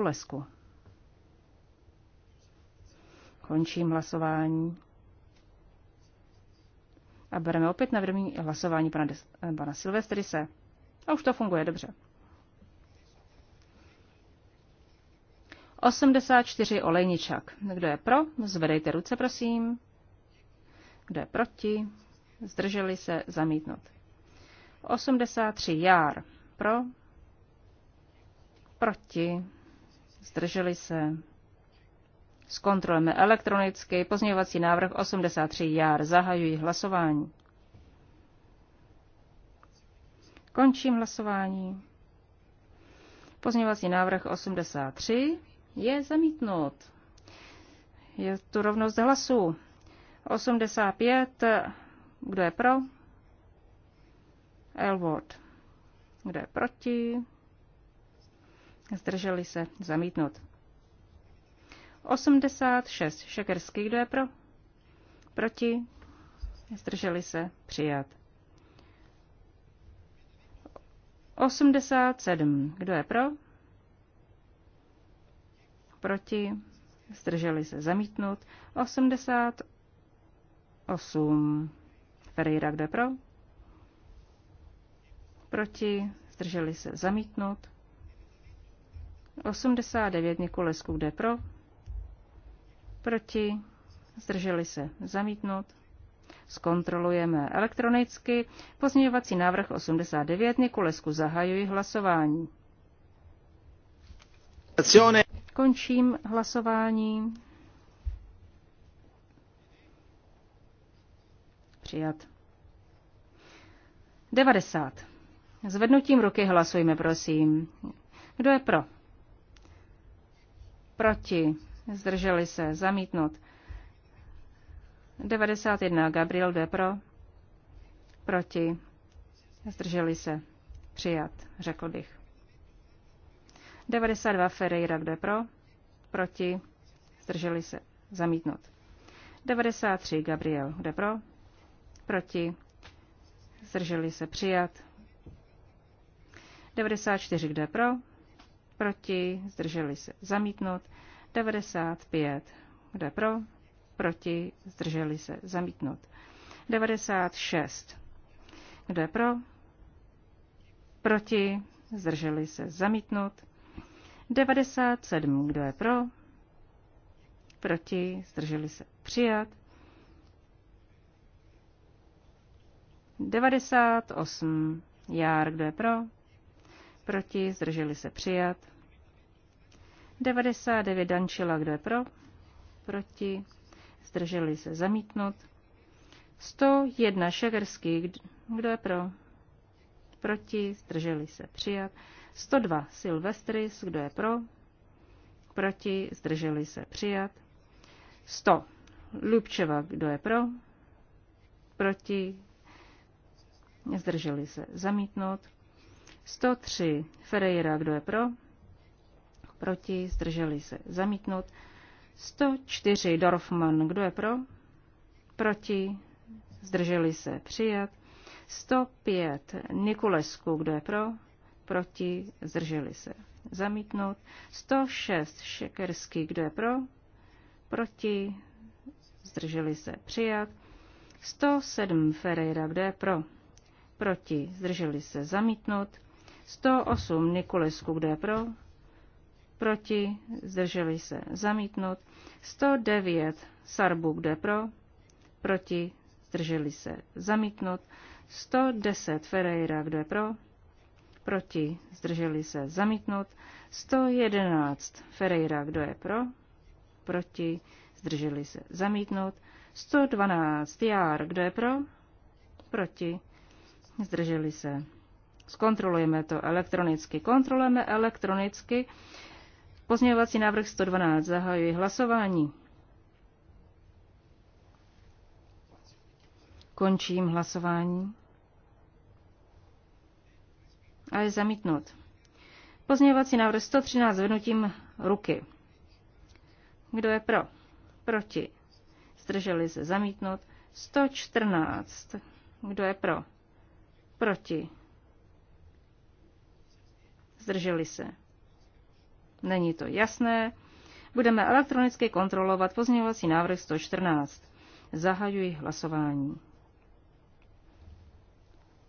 Polesku. Končím hlasování. A bereme opět na vědomí hlasování pana, pana Silvestrise. A už to funguje dobře. 84 olejničak. Kdo je pro? Zvedejte ruce, prosím. Kdo je proti? Zdrželi se zamítnout. 83 jár. Pro? Proti? zdrželi se. Zkontrolujeme elektronicky pozměňovací návrh 83 JAR. Zahajuji hlasování. Končím hlasování. Pozměňovací návrh 83 je zamítnut. Je tu rovnost hlasů. 85. Kdo je pro? Elwood. Kdo je proti? Zdrželi se. Zamítnut. 86. Šekerský. Kdo je pro? Proti? Zdrželi se. Přijat. 87. Kdo je pro? Proti? Zdrželi se. Zamítnut. 88. Ferreira. Kdo je pro? Proti? Zdrželi se. Zamítnut. 89 Nikolesku jde pro, proti, zdrželi se zamítnout. Zkontrolujeme elektronicky. Pozměňovací návrh 89 Nikolesku zahajuji hlasování. Končím hlasování. Přijat. 90. Zvednutím ruky hlasujme, prosím. Kdo je pro? proti, zdrželi se, zamítnut. 91 Gabriel jde pro, proti, zdrželi se, přijat, řekl bych. 92 Ferreira jde pro, proti, zdrželi se, zamítnut. 93 Gabriel jde pro, proti, zdrželi se, přijat. 94 kde pro, proti, zdrželi se zamítnout. 95, kdo je pro, proti, zdrželi se zamítnout. 96, kdo je pro, proti, zdrželi se zamítnout. 97, kdo je pro, proti, zdrželi se přijat. 98, jár, kdo je pro, proti, zdrželi se přijat. 99 Dančila, kdo je pro, proti, zdrželi se zamítnout. 101 Šegerský, kdo je pro, proti, zdrželi se přijat. 102 Silvestris, kdo je pro, proti, zdrželi se přijat. 100 Lubčeva, kdo je pro, proti, zdrželi se zamítnout. 103 Ferreira, kdo je pro? Proti, zdrželi se, zamítnut. 104 Dorfman, kdo je pro? Proti, zdrželi se, přijat. 105 Nikulesku, kdo je pro? Proti, zdrželi se, zamítnout. 106 Šekerský, kdo je pro? Proti, zdrželi se, přijat. 107 Ferreira, kdo je pro? Proti, zdrželi se, zamítnout. 108 Nikolesku, kde je pro, proti, zdrželi se, zamítnut. 109 Sarbu, kde pro, proti, zdrželi se, zamítnut. 110 Ferreira, kde pro, proti, zdrželi se, zamítnut. 111 Ferreira, kdo je pro, proti, zdrželi se, zamítnut. 112 Jár, kdo je pro, proti, zdrželi se, Zkontrolujeme to elektronicky. Kontrolujeme elektronicky. Pozměňovací návrh 112. Zahajuji hlasování. Končím hlasování. A je zamítnut. Pozměňovací návrh 113 zvednutím ruky. Kdo je pro? Proti. Zdrželi se zamítnout. 114. Kdo je pro? Proti zdrželi se. Není to jasné. Budeme elektronicky kontrolovat pozměňovací návrh 114. Zahajuji hlasování.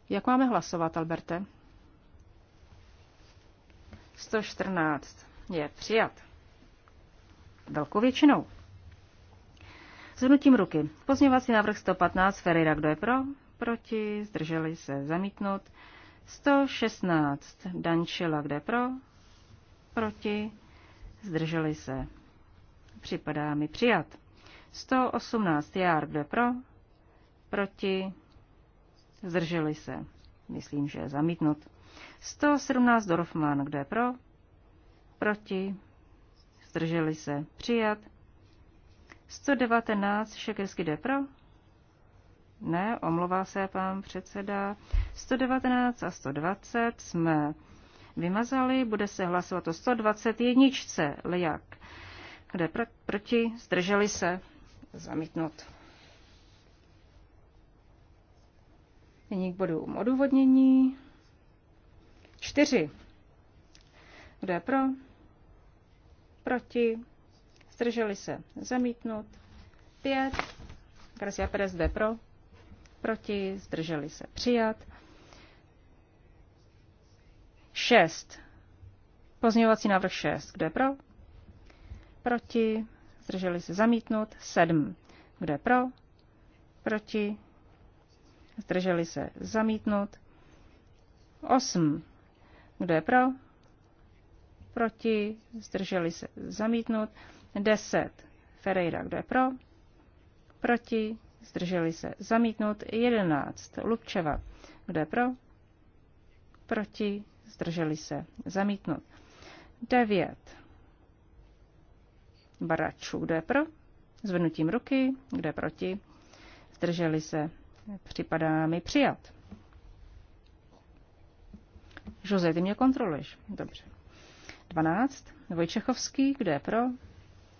Jak máme hlasovat, Alberte? 114 je přijat. Velkou většinou. Zhrnutím ruky. Pozměňovací návrh 115 Ferreira, kdo je pro? Proti, zdrželi se zamítnout. 116 Dančila, kde pro, proti, zdrželi se. Připadá mi přijat. 118 Jár, kde pro, proti, zdrželi se. Myslím, že je zamítnut. 117 Dorfman, kde pro, proti, zdrželi se. Přijat. 119 Šekersky, kde pro, ne, omlouvá se pan předseda. 119 a 120 jsme vymazali, bude se hlasovat o 121. Liak. Kde pr- proti? Zdrželi se? Zamítnut. Nyní k bodům odůvodnění. 4. Kdo je pro? Proti? Zdrželi se? Zamítnut. 5. Garcia Perez je pro proti, zdrželi se přijat. 6. Pozměňovací návrh 6. Kdo je pro? Proti. Zdrželi se zamítnout. 7. Kdo je pro? Proti. Zdrželi se zamítnout. 8. Kdo je pro? Proti. Zdrželi se zamítnout. 10. Ferreira. Kdo je pro? Proti zdrželi se zamítnout 11. Lubčeva, kdo je pro, proti, zdrželi se zamítnout 9. Baračů, kdo je pro, zvednutím ruky, kdo je proti, zdrželi se, připadá mi přijat. Jose, ty mě kontroluješ. Dobře. 12. Vojčechovský, kdo je pro?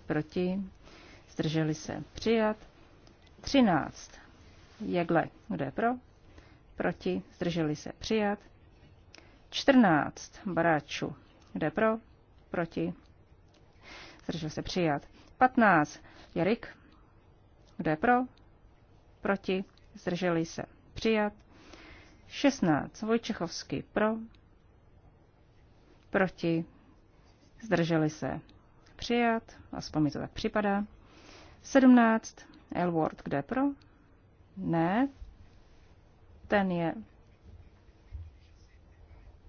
Proti. Zdrželi se. Přijat. 13. Jegle. Kdo je pro? Proti. Zdrželi se. Přijat. 14. Baráču. Kdo je pro? Proti. Zdržel se. Přijat. 15. Jarik. Kdo je pro? Proti. Zdrželi se. Přijat. 16. Vojčechovský. Pro. Proti. Zdrželi se. Přijat. Aspoň mi to tak připadá. 17. Elward, kde pro? Ne. Ten je...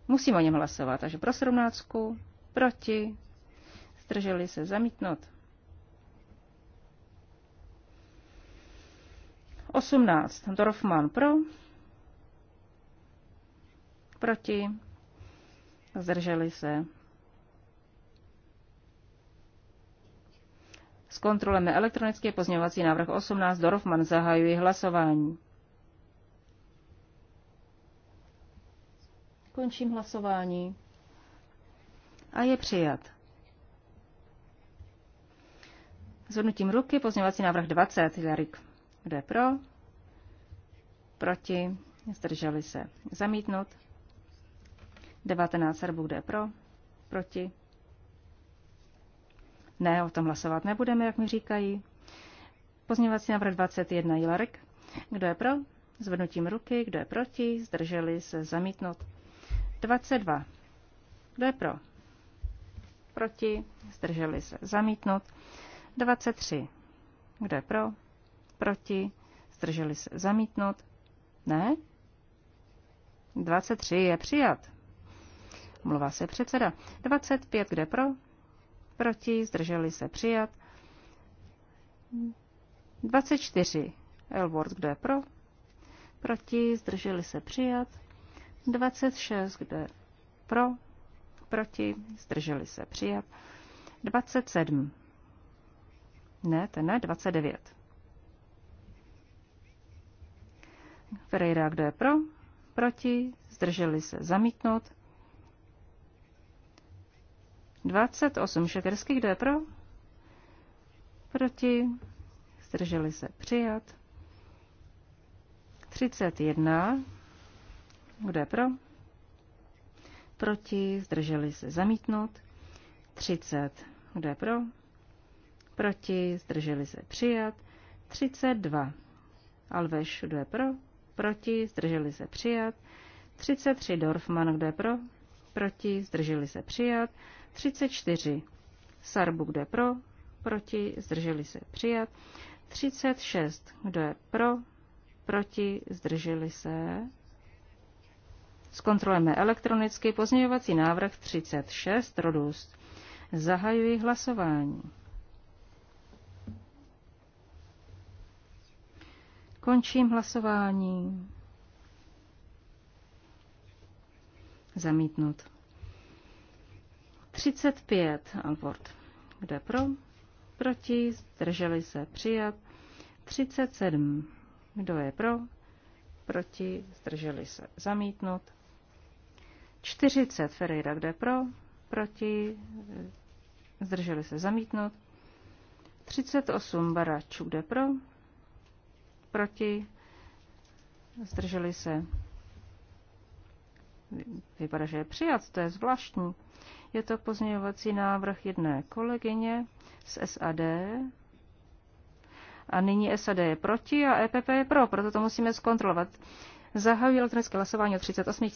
Musím o něm hlasovat. Takže pro 17, proti, zdrželi se zamítnout. 18. Dorfman pro, proti, zdrželi se Zkontrolujeme elektronické pozměňovací návrh 18. Dorfman zahajuje hlasování. Končím hlasování. A je přijat. Zhodnutím ruky pozměňovací návrh 20. Jarik. Kde pro? Proti? Zdrželi se. Zamítnout. 19. Serbu, Kde pro? Proti? Ne, o tom hlasovat nebudeme, jak mi říkají. Pozměňovací návrh 21 Jilarek. Kdo je pro? Zvednutím ruky. Kdo je proti? Zdrželi se zamítnout. 22. Kdo je pro? Proti? Zdrželi se zamítnout. 23. Kdo je pro? Proti? Zdrželi se zamítnout. Ne? 23 je přijat. Mluvá se předseda. 25. Kde pro? proti, zdrželi se přijat. 24 Elworth, kdo je pro, proti, zdrželi se přijat. 26, kdo je pro, proti, zdrželi se přijat. 27. Ne, ten ne, 29. Ferreira, kdo je pro, proti, zdrželi se zamítnout. 28 šekerských, kdo je pro? Proti? Zdrželi se přijat. 31, kdo je pro? Proti? Zdrželi se zamítnout. 30, kdo je pro? Proti? Zdrželi se přijat. 32, Alveš, kdo je pro? Proti? Zdrželi se přijat. 33, Dorfman, kdo je pro? Proti? Zdrželi se přijat. 34. Sarbu, kdo je pro? Proti? Zdrželi se? Přijat. 36. Kdo je pro? Proti? Zdrželi se? Zkontrolujeme elektronicky pozměňovací návrh 36 Rodust. Zahajuji hlasování. Končím hlasování. Zamítnut. 35 Antwort. Kde pro? Proti? Zdrželi se přijat. 37. Kdo je pro? Proti? Zdrželi se zamítnout. 40 Ferreira. Kde pro? Proti? Zdrželi se zamítnout. 38 Baračů. Kde pro? Proti? Zdrželi se. Vypadá, že je přijat, to je zvláštní. Je to pozměňovací návrh jedné kolegyně z SAD. A nyní SAD je proti a EPP je pro, proto to musíme zkontrolovat. Zahajuji elektronické hlasování o 38.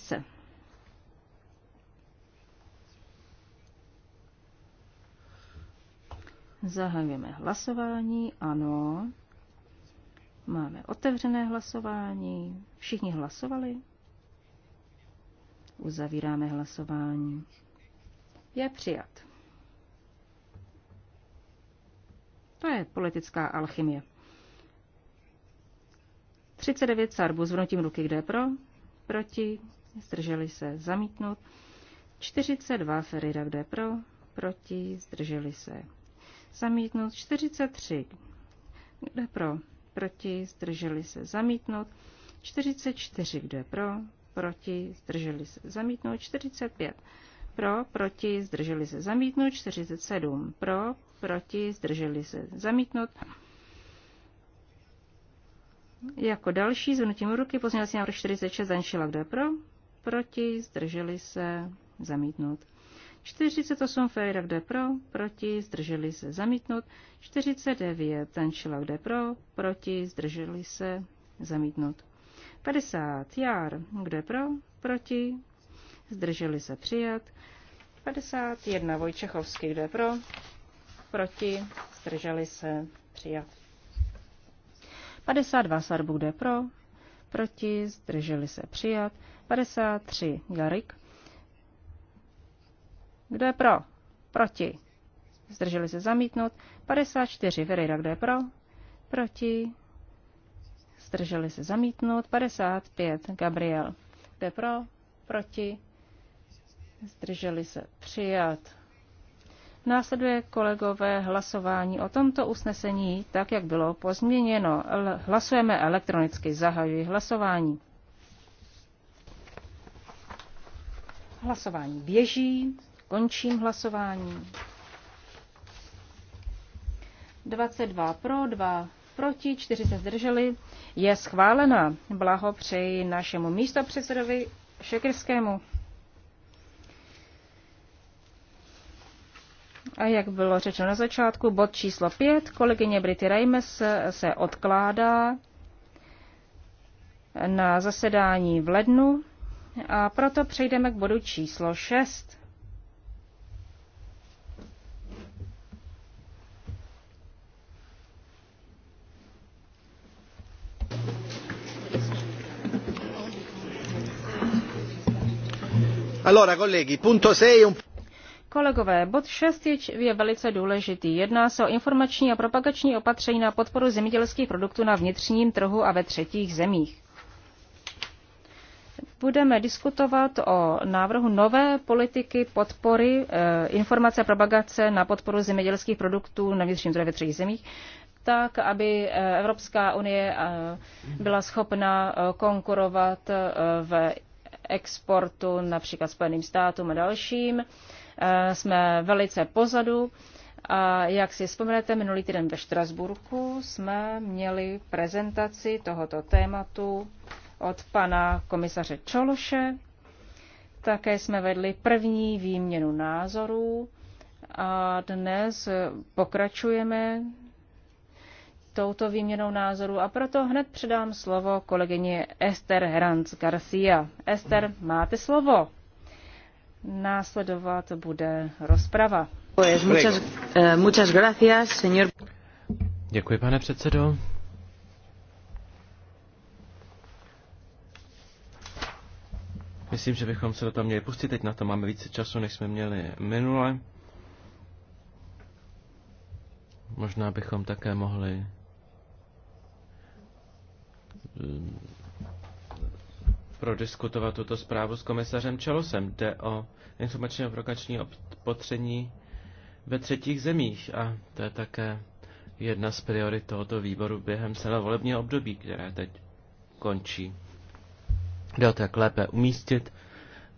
Zahajujeme hlasování, ano. Máme otevřené hlasování. Všichni hlasovali? Uzavíráme hlasování je přijat. To je politická alchymie. 39 sarbu s vnutím ruky, kde pro, proti, zdrželi se zamítnout. 42 Ferida, kde pro, proti, zdrželi se zamítnout. 43 kde pro, proti, zdrželi se zamítnout. 44 kde pro, proti, zdrželi se zamítnout. 45 pro, proti, zdrželi se zamítnut, 47 pro, proti, zdrželi se zamítnut. Jako další zhrnutím ruky pozměňovací návrh 46 Zanšila, kdo je pro, proti, zdrželi se zamítnut. 48 Ferreira, kdo je pro, proti, zdrželi se zamítnut. 49 Danšila, kdo je pro, proti, zdrželi se zamítnut. 50 Jár, kdo je pro, proti, zdrželi se přijat. 51 Vojčechovský, kdo pro, proti, zdrželi se přijat. 52 Sarbu, kdo pro, proti, zdrželi se přijat. 53 Jarik, kdo je pro, proti, zdrželi se zamítnout. 54 Verejra, kdo je pro, proti, zdrželi se zamítnout. 55 Gabriel, kdo je pro, proti, zdrželi se přijat. Následuje kolegové hlasování o tomto usnesení, tak jak bylo pozměněno. Hlasujeme elektronicky. Zahajuji hlasování. Hlasování běží. Končím hlasování. 22 pro, 2 proti, 4 se zdrželi. Je schválena. Blahopřeji našemu místopředsedovi Šekerskému. A jak bylo řečeno na začátku, bod číslo 5, kolegyně Brity Reimes se odkládá na zasedání v lednu a proto přejdeme k bodu číslo 6. Allora, colleghi, punto 6 un Kolegové, bod 6 je velice důležitý. Jedná se o informační a propagační opatření na podporu zemědělských produktů na vnitřním trhu a ve třetích zemích. Budeme diskutovat o návrhu nové politiky podpory eh, informace a propagace na podporu zemědělských produktů na vnitřním trhu a ve třetích zemích tak, aby eh, Evropská unie eh, byla schopna eh, konkurovat v exportu například Spojeným státům a dalším Eh, jsme velice pozadu. A jak si vzpomenete, minulý týden ve Štrasburku jsme měli prezentaci tohoto tématu od pana komisaře Čološe. Také jsme vedli první výměnu názorů a dnes pokračujeme touto výměnou názoru a proto hned předám slovo kolegyně Esther Heranz Garcia. Esther, máte slovo. Následovat bude rozprava. Eh, Děkuji, pane předsedo. Myslím, že bychom se do toho měli pustit. Teď na to máme více času, než jsme měli minule. Možná bychom také mohli prodiskutovat tuto zprávu s komisařem Čelosem. Jde o informačně prokační opatření ve třetích zemích a to je také jedna z priorit tohoto výboru během celého volebního období, které teď končí. Jde o to, jak lépe umístit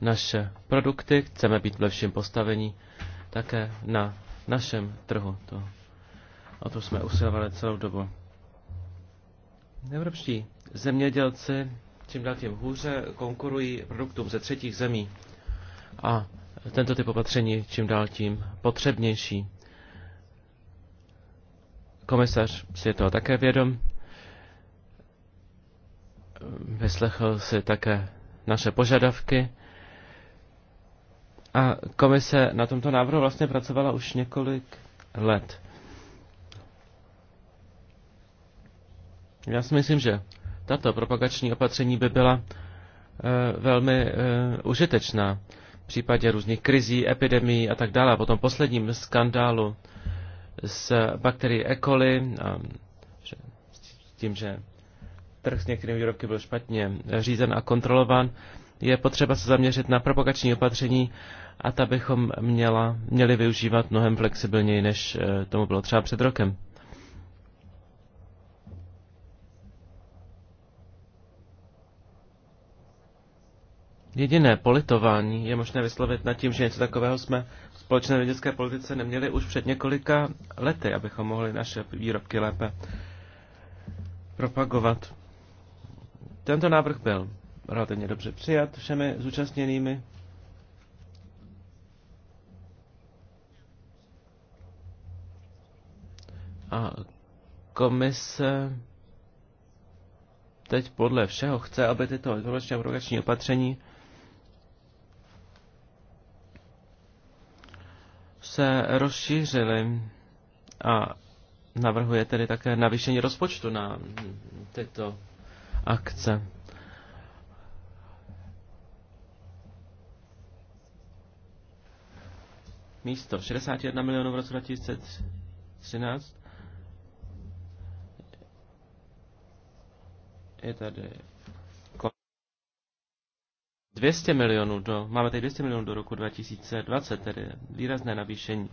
naše produkty, chceme být v lepším postavení také na našem trhu. To, o to jsme usilovali celou dobu. Evropští zemědělci čím dál tím hůře konkurují produktům ze třetích zemí. A tento typ opatření čím dál tím potřebnější. Komisař si je toho také vědom. Vyslechl si také naše požadavky. A komise na tomto návrhu vlastně pracovala už několik let. Já si myslím, že tato propagační opatření by byla eh, velmi eh, užitečná v případě různých krizí, epidemií a tak dále. potom posledním skandálu s bakterií E. coli, a s tím, že trh s některými výrobky byl špatně řízen a kontrolován, je potřeba se zaměřit na propagační opatření a ta bychom měla, měli využívat mnohem flexibilněji, než eh, tomu bylo třeba před rokem. Jediné politování je možné vyslovit nad tím, že něco takového jsme v společné vědecké politice neměli už před několika lety, abychom mohli naše výrobky lépe propagovat. Tento návrh byl relativně dobře přijat všemi zúčastněnými. A komise teď podle všeho chce, aby tyto informační a opatření se rozšířily a navrhuje tedy také navýšení rozpočtu na tyto akce. Místo 61 milionů v roce 2013 je tady 200 milionů do, máme tady 200 milionů do roku 2020, tedy výrazné navýšení.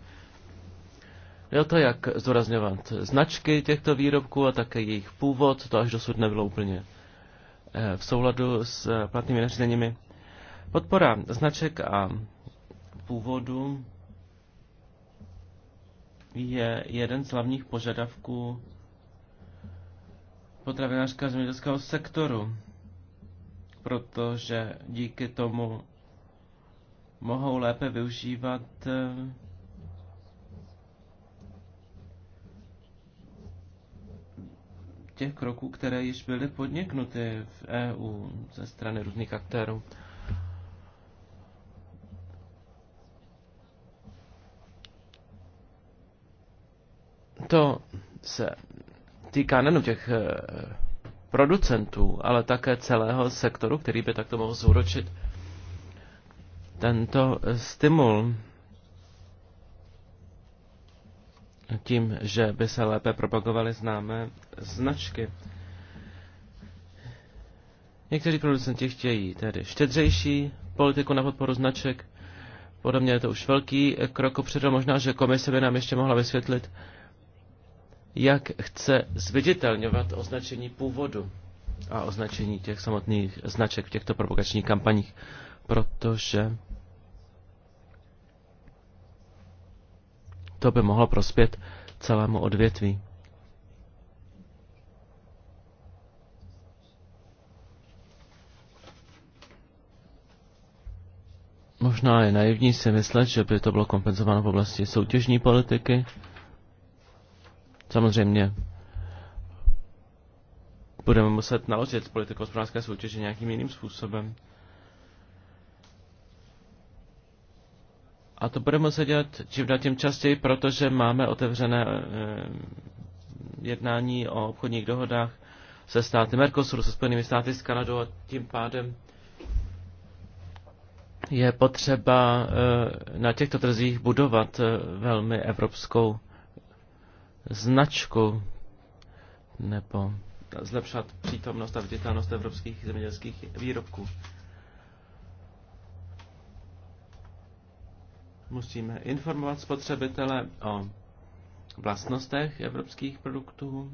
Je to, jak zdůrazňovat značky těchto výrobků a také jejich původ, to až dosud nebylo úplně eh, v souladu s platnými nařízeními. Podpora značek a původu je jeden z hlavních požadavků potravinářského zemědělského sektoru protože díky tomu mohou lépe využívat eh, těch kroků, které již byly podniknuty v EU ze strany různých aktérů. To se týká nejen těch eh, producentů, ale také celého sektoru, který by takto mohl zúročit tento stimul tím, že by se lépe propagovaly známé značky. Někteří producenti chtějí tedy štědřejší politiku na podporu značek. Podobně je to už velký krok předem. Možná, že komise by nám ještě mohla vysvětlit, jak chce zviditelňovat označení původu a označení těch samotných značek v těchto propagačních kampaních, protože to by mohlo prospět celému odvětví. Možná je naivní si myslet, že by to bylo kompenzováno v oblasti soutěžní politiky, Samozřejmě budeme muset naložit s politikou hospodářské soutěže nějakým jiným způsobem. A to budeme muset dělat čím dál tím častěji, protože máme otevřené eh, jednání o obchodních dohodách se státy Mercosuru, se Spojenými státy, s Kanadou a tím pádem je potřeba eh, na těchto trzích budovat eh, velmi evropskou značku nebo zlepšat přítomnost a viditelnost evropských zemědělských výrobků. Musíme informovat spotřebitele o vlastnostech evropských produktů,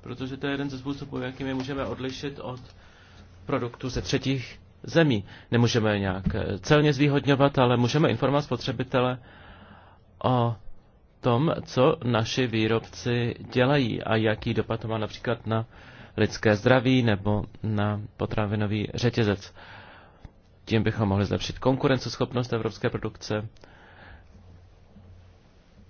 protože to je jeden ze způsobů, jakými můžeme odlišit od produktů ze třetích zemí. Nemůžeme nějak celně zvýhodňovat, ale můžeme informovat spotřebitele o tom, co naši výrobci dělají a jaký dopad to má například na lidské zdraví nebo na potravinový řetězec. Tím bychom mohli zlepšit konkurenceschopnost evropské produkce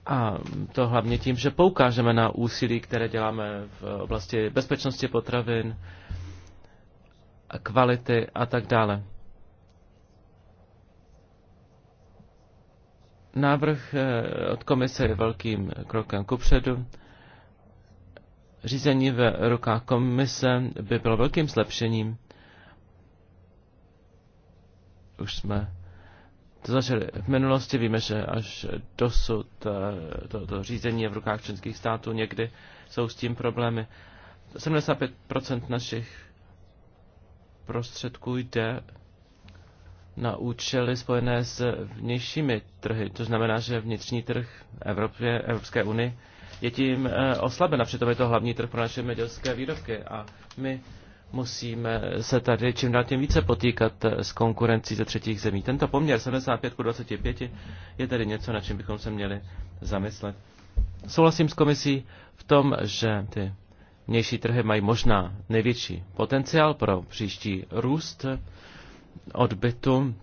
a to hlavně tím, že poukážeme na úsilí, které děláme v oblasti bezpečnosti potravin, kvality a tak dále. Návrh eh, od komise je velkým krokem kupředu. Řízení ve rukách komise by bylo velkým zlepšením. Už jsme to zažili v minulosti, víme, že až dosud eh, to, to řízení je v rukách členských států, někdy jsou s tím problémy. 75% našich prostředků jde na účely spojené s vnějšími trhy. To znamená, že vnitřní trh Evropě, Evropské unii je tím eh, oslaben a přitom je to hlavní trh pro naše medělské výrobky a my musíme se tady čím dál tím více potýkat eh, s konkurencí ze třetích zemí. Tento poměr 75 k 25 je tedy něco, na čem bychom se měli zamyslet. Souhlasím s komisí v tom, že ty vnější trhy mají možná největší potenciál pro příští růst odbytu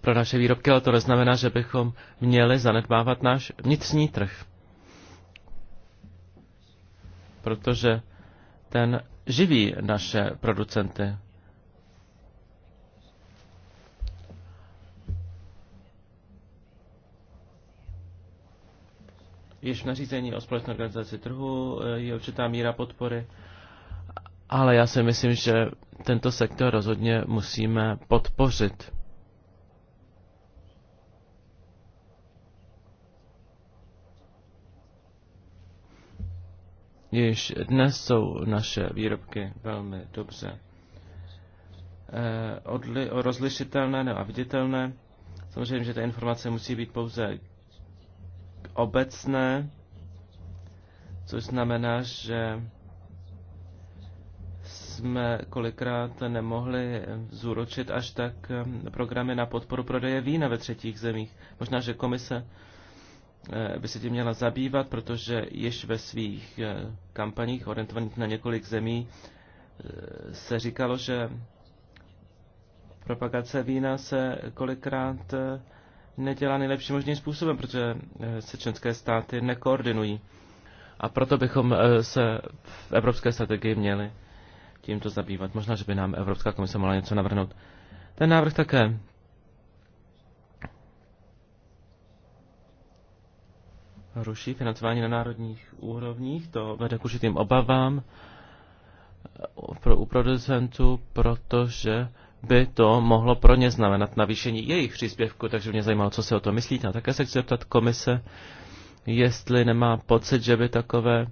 pro naše výrobky, ale to neznamená, že bychom měli zanedbávat náš vnitřní trh. Protože ten živí naše producenty. Již v nařízení o společné organizaci trhu je určitá míra podpory ale já si myslím, že tento sektor rozhodně musíme podpořit. Již dnes jsou naše výrobky velmi dobře eh, rozlišitelné nebo viditelné. Samozřejmě, že ta informace musí být pouze obecné, což znamená, že jsme kolikrát nemohli zúročit až tak eh, programy na podporu prodeje vína ve třetích zemích. Možná, že komise eh, by se tím měla zabývat, protože již ve svých eh, kampaních orientovaných na několik zemí se říkalo, že propagace vína se kolikrát nedělá nejlepším možným způsobem, protože se členské státy nekoordinují. A proto bychom se v evropské strategii měli tímto zabývat. Možná, že by nám Evropská komise mohla něco navrhnout. Ten návrh také ruší financování na národních úrovních. To vede k určitým obavám eh, pro, u producentů, protože by to mohlo pro ně znamenat navýšení jejich příspěvku, takže mě zajímalo, co se o to myslíte. A také se chci zeptat komise, jestli nemá pocit, že by takové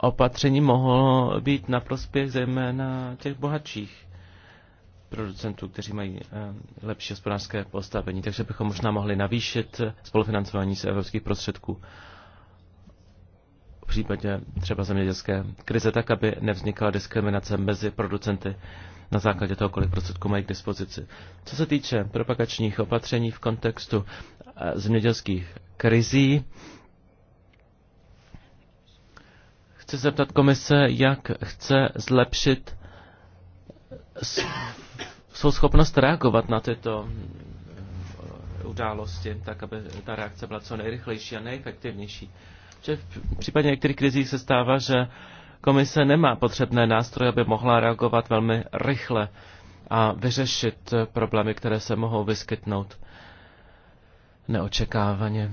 opatření mohlo být na prospěch zejména těch bohatších producentů, kteří mají eh, lepší hospodářské postavení. Takže bychom možná mohli navýšit spolufinancování z evropských prostředků v případě třeba zemědělské krize, tak aby nevznikala diskriminace mezi producenty na základě toho, kolik prostředků mají k dispozici. Co se týče propagačních opatření v kontextu eh, zemědělských krizí, chci zeptat komise, jak chce zlepšit svou schopnost reagovat na tyto eh, události, tak aby ta reakce byla co nejrychlejší a nejefektivnější. Protože v případě některých krizí se stává, že komise nemá potřebné nástroje, aby mohla reagovat velmi rychle a vyřešit eh, problémy, které se mohou vyskytnout neočekávaně.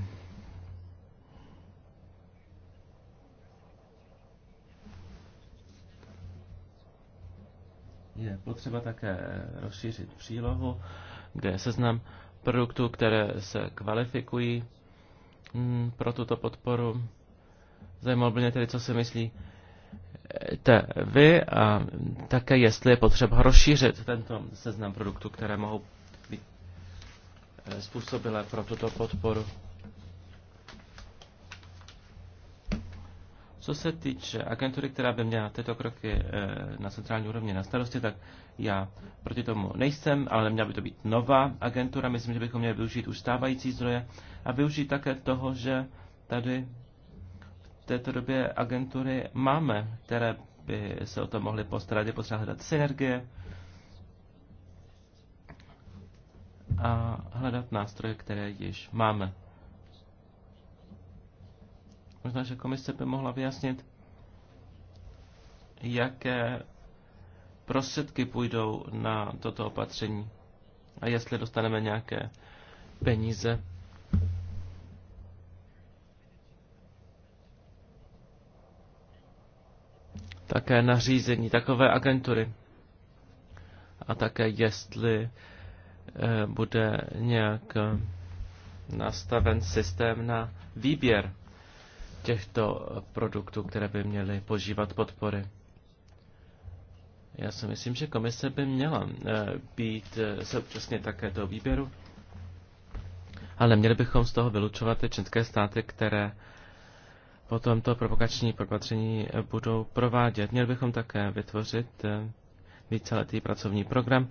Je potřeba také rozšířit přílohu, kde je seznam produktů, které se kvalifikují mm, pro tuto podporu. Zajímalo by mě tedy, co si myslí te vy a také jestli je potřeba rozšířit tento seznam produktů, které mohou být eh, způsobilé pro tuto podporu. Co se týče agentury, která by měla tyto kroky eh, na centrální úrovni na starosti, tak já proti tomu nejsem, ale neměla by to být nová agentura. Myslím, že bychom měli využít už stávající zdroje a využít také toho, že tady v této době agentury máme, které by se o to mohly postarat, je potřeba hledat synergie a hledat nástroje, které již máme. Možná, že komise by mohla vyjasnit, jaké prostředky půjdou na toto opatření a jestli dostaneme nějaké peníze. Také nařízení takové agentury. A také jestli eh, bude nějak eh, nastaven systém na výběr těchto produktů, které by měly požívat podpory. Já si myslím, že komise by měla eh, být eh, se účastnit také do výběru, ale měli bychom z toho vylučovat ty členské státy, které po tomto propagační propatření eh, budou provádět. Měli bychom také vytvořit víceletý pracovní program,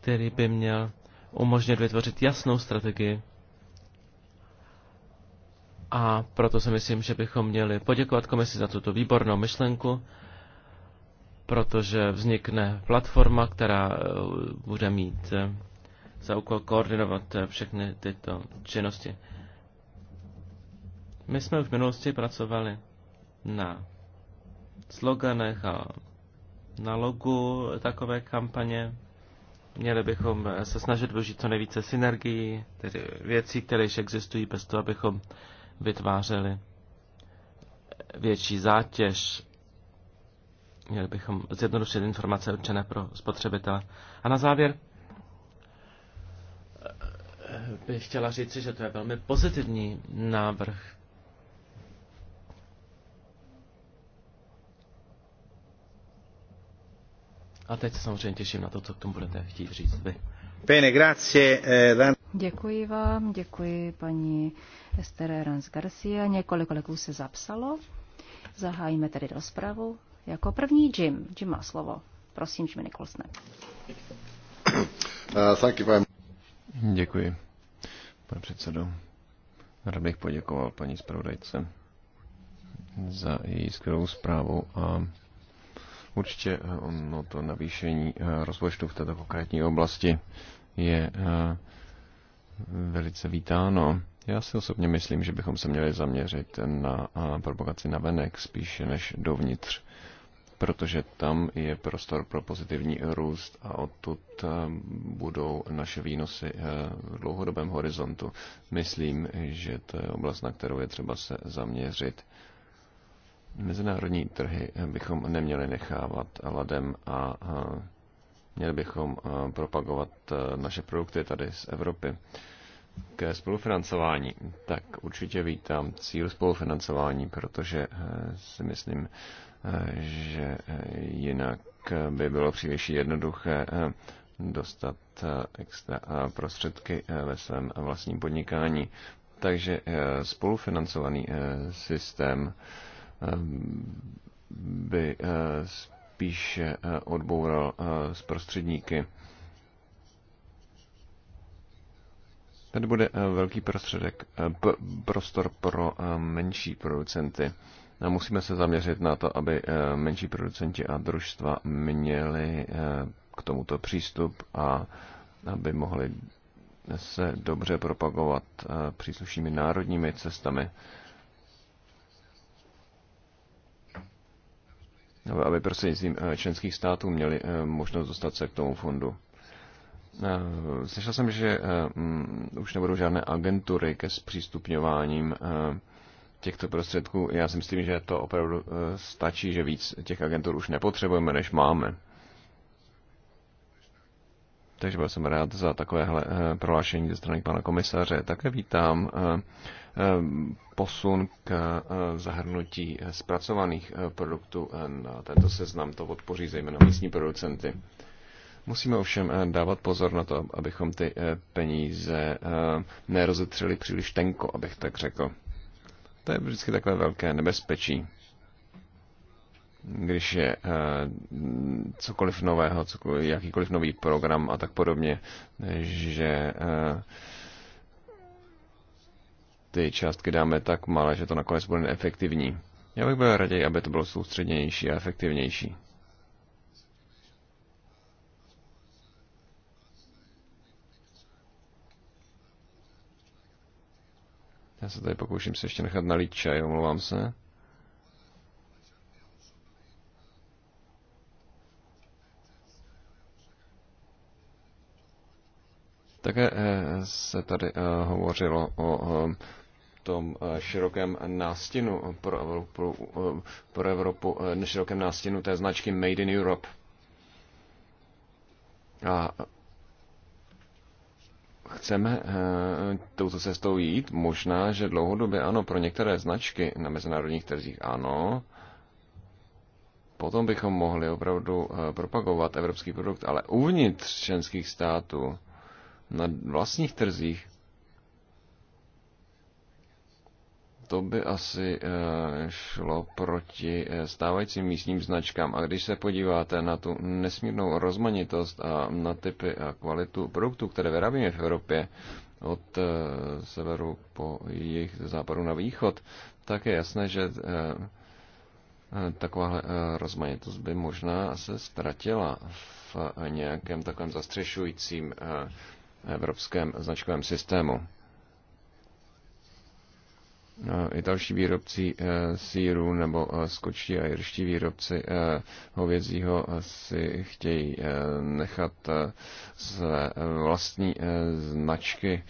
který by měl umožnit vytvořit jasnou strategii a proto si myslím, že bychom měli poděkovat komisi za tuto výbornou myšlenku, protože vznikne platforma, která eh, bude mít eh, za úkol koordinovat eh, všechny tyto činnosti. My jsme v minulosti pracovali na sloganech a na logu takové kampaně. Měli bychom se snažit využít co nejvíce synergií, tedy věcí, které již existují, bez toho, abychom vytvářely větší zátěž. Měli bychom zjednodušit informace určené pro spotřebitele. A na závěr bych chtěla říci, že to je velmi pozitivní návrh. A teď se samozřejmě těším na to, co k tomu budete chtít říct vy. Eh, děkuji vám, děkuji paní Esther Rans Garcia. Několik kolegů se zapsalo. Zahájíme tedy rozpravu. Jako první Jim. Jim má slovo. Prosím, Jim Nicholson. Eh, děkuji, pane předsedo. Rád bych poděkoval paní zpravodajce za její skvělou zprávu a Určitě no, to navýšení eh, rozpočtu v této konkrétní oblasti je eh, velice vítáno. Já si osobně myslím, že bychom se měli zaměřit na propagaci na venek spíše než dovnitř, protože tam je prostor pro pozitivní růst a odtud budou naše výnosy v dlouhodobém horizontu. Myslím, že to je oblast, na kterou je třeba se zaměřit Mezinárodní trhy bychom neměli nechávat ladem a měli bychom propagovat naše produkty tady z Evropy. Ke spolufinancování, tak určitě vítám cíl spolufinancování, protože e, si myslím, e, že e, jinak by bylo příliš jednoduché dostat extra prostředky ve svém vlastním podnikání. Takže spolufinancovaný systém Eh, by eh, spíše eh, odboural z prostředníky. Tady bude velký prostředek, prostor pro menší producenty. musíme se zaměřit na to, aby menší producenti a družstva měli k tomuto přístup a aby mohli se dobře propagovat příslušnými národními cestami. No, aby prostřednictvím eh, členských států měli eh, možnost dostat se k tomu fondu. Eh, slyšel jsem, že mm, už nebudou žádné agentury ke zpřístupňováním těchto prostředků. Já si myslím, že to opravdu stačí, že víc těch agentur už nepotřebujeme, než máme. Takže byl jsem rád za takovéhle eh, prohlášení ze strany pana komisaře. Také vítám eh, eh, posun k zahrnutí zpracovaných produktů na tento seznam. To podpoří zejména místní producenty. Musíme ovšem dávat pozor na to, abychom ty peníze nerozetřeli příliš tenko, abych tak řekl. To je vždycky takové velké nebezpečí když je eh, cokoliv nového, cokoliv, jakýkoliv nový program a tak podobně, že eh, ty částky dáme tak malé, že to nakonec bude neefektivní. Já bych byl raději, aby to bylo soustřednější a efektivnější. Já se tady pokouším se ještě nechat nalít čaj, omlouvám se. Také eh, se tady eh, hovořilo o eh, tom širokém nástinu pro Evropu, pro Evropu širokém nástinu té značky Made in Europe. A chceme touto cestou jít? Možná, že dlouhodobě ano, pro některé značky na mezinárodních trzích ano. Potom bychom mohli opravdu propagovat evropský produkt, ale uvnitř členských států na vlastních trzích, to by asi eh, šlo proti eh, stávajícím místním značkám. A když se podíváte na tu nesmírnou rozmanitost a na typy a kvalitu produktů, které vyrábíme v Evropě, od eh, severu po jejich západu na východ, tak je jasné, že taková rozmanitost by možná se ztratila v nějakém takovém zastřešujícím evropském značkovém systému. No, další výrobci eh, síru nebo eh, skočtí a jirští výrobci eh, hovězího si chtějí nechat své vlastní značky,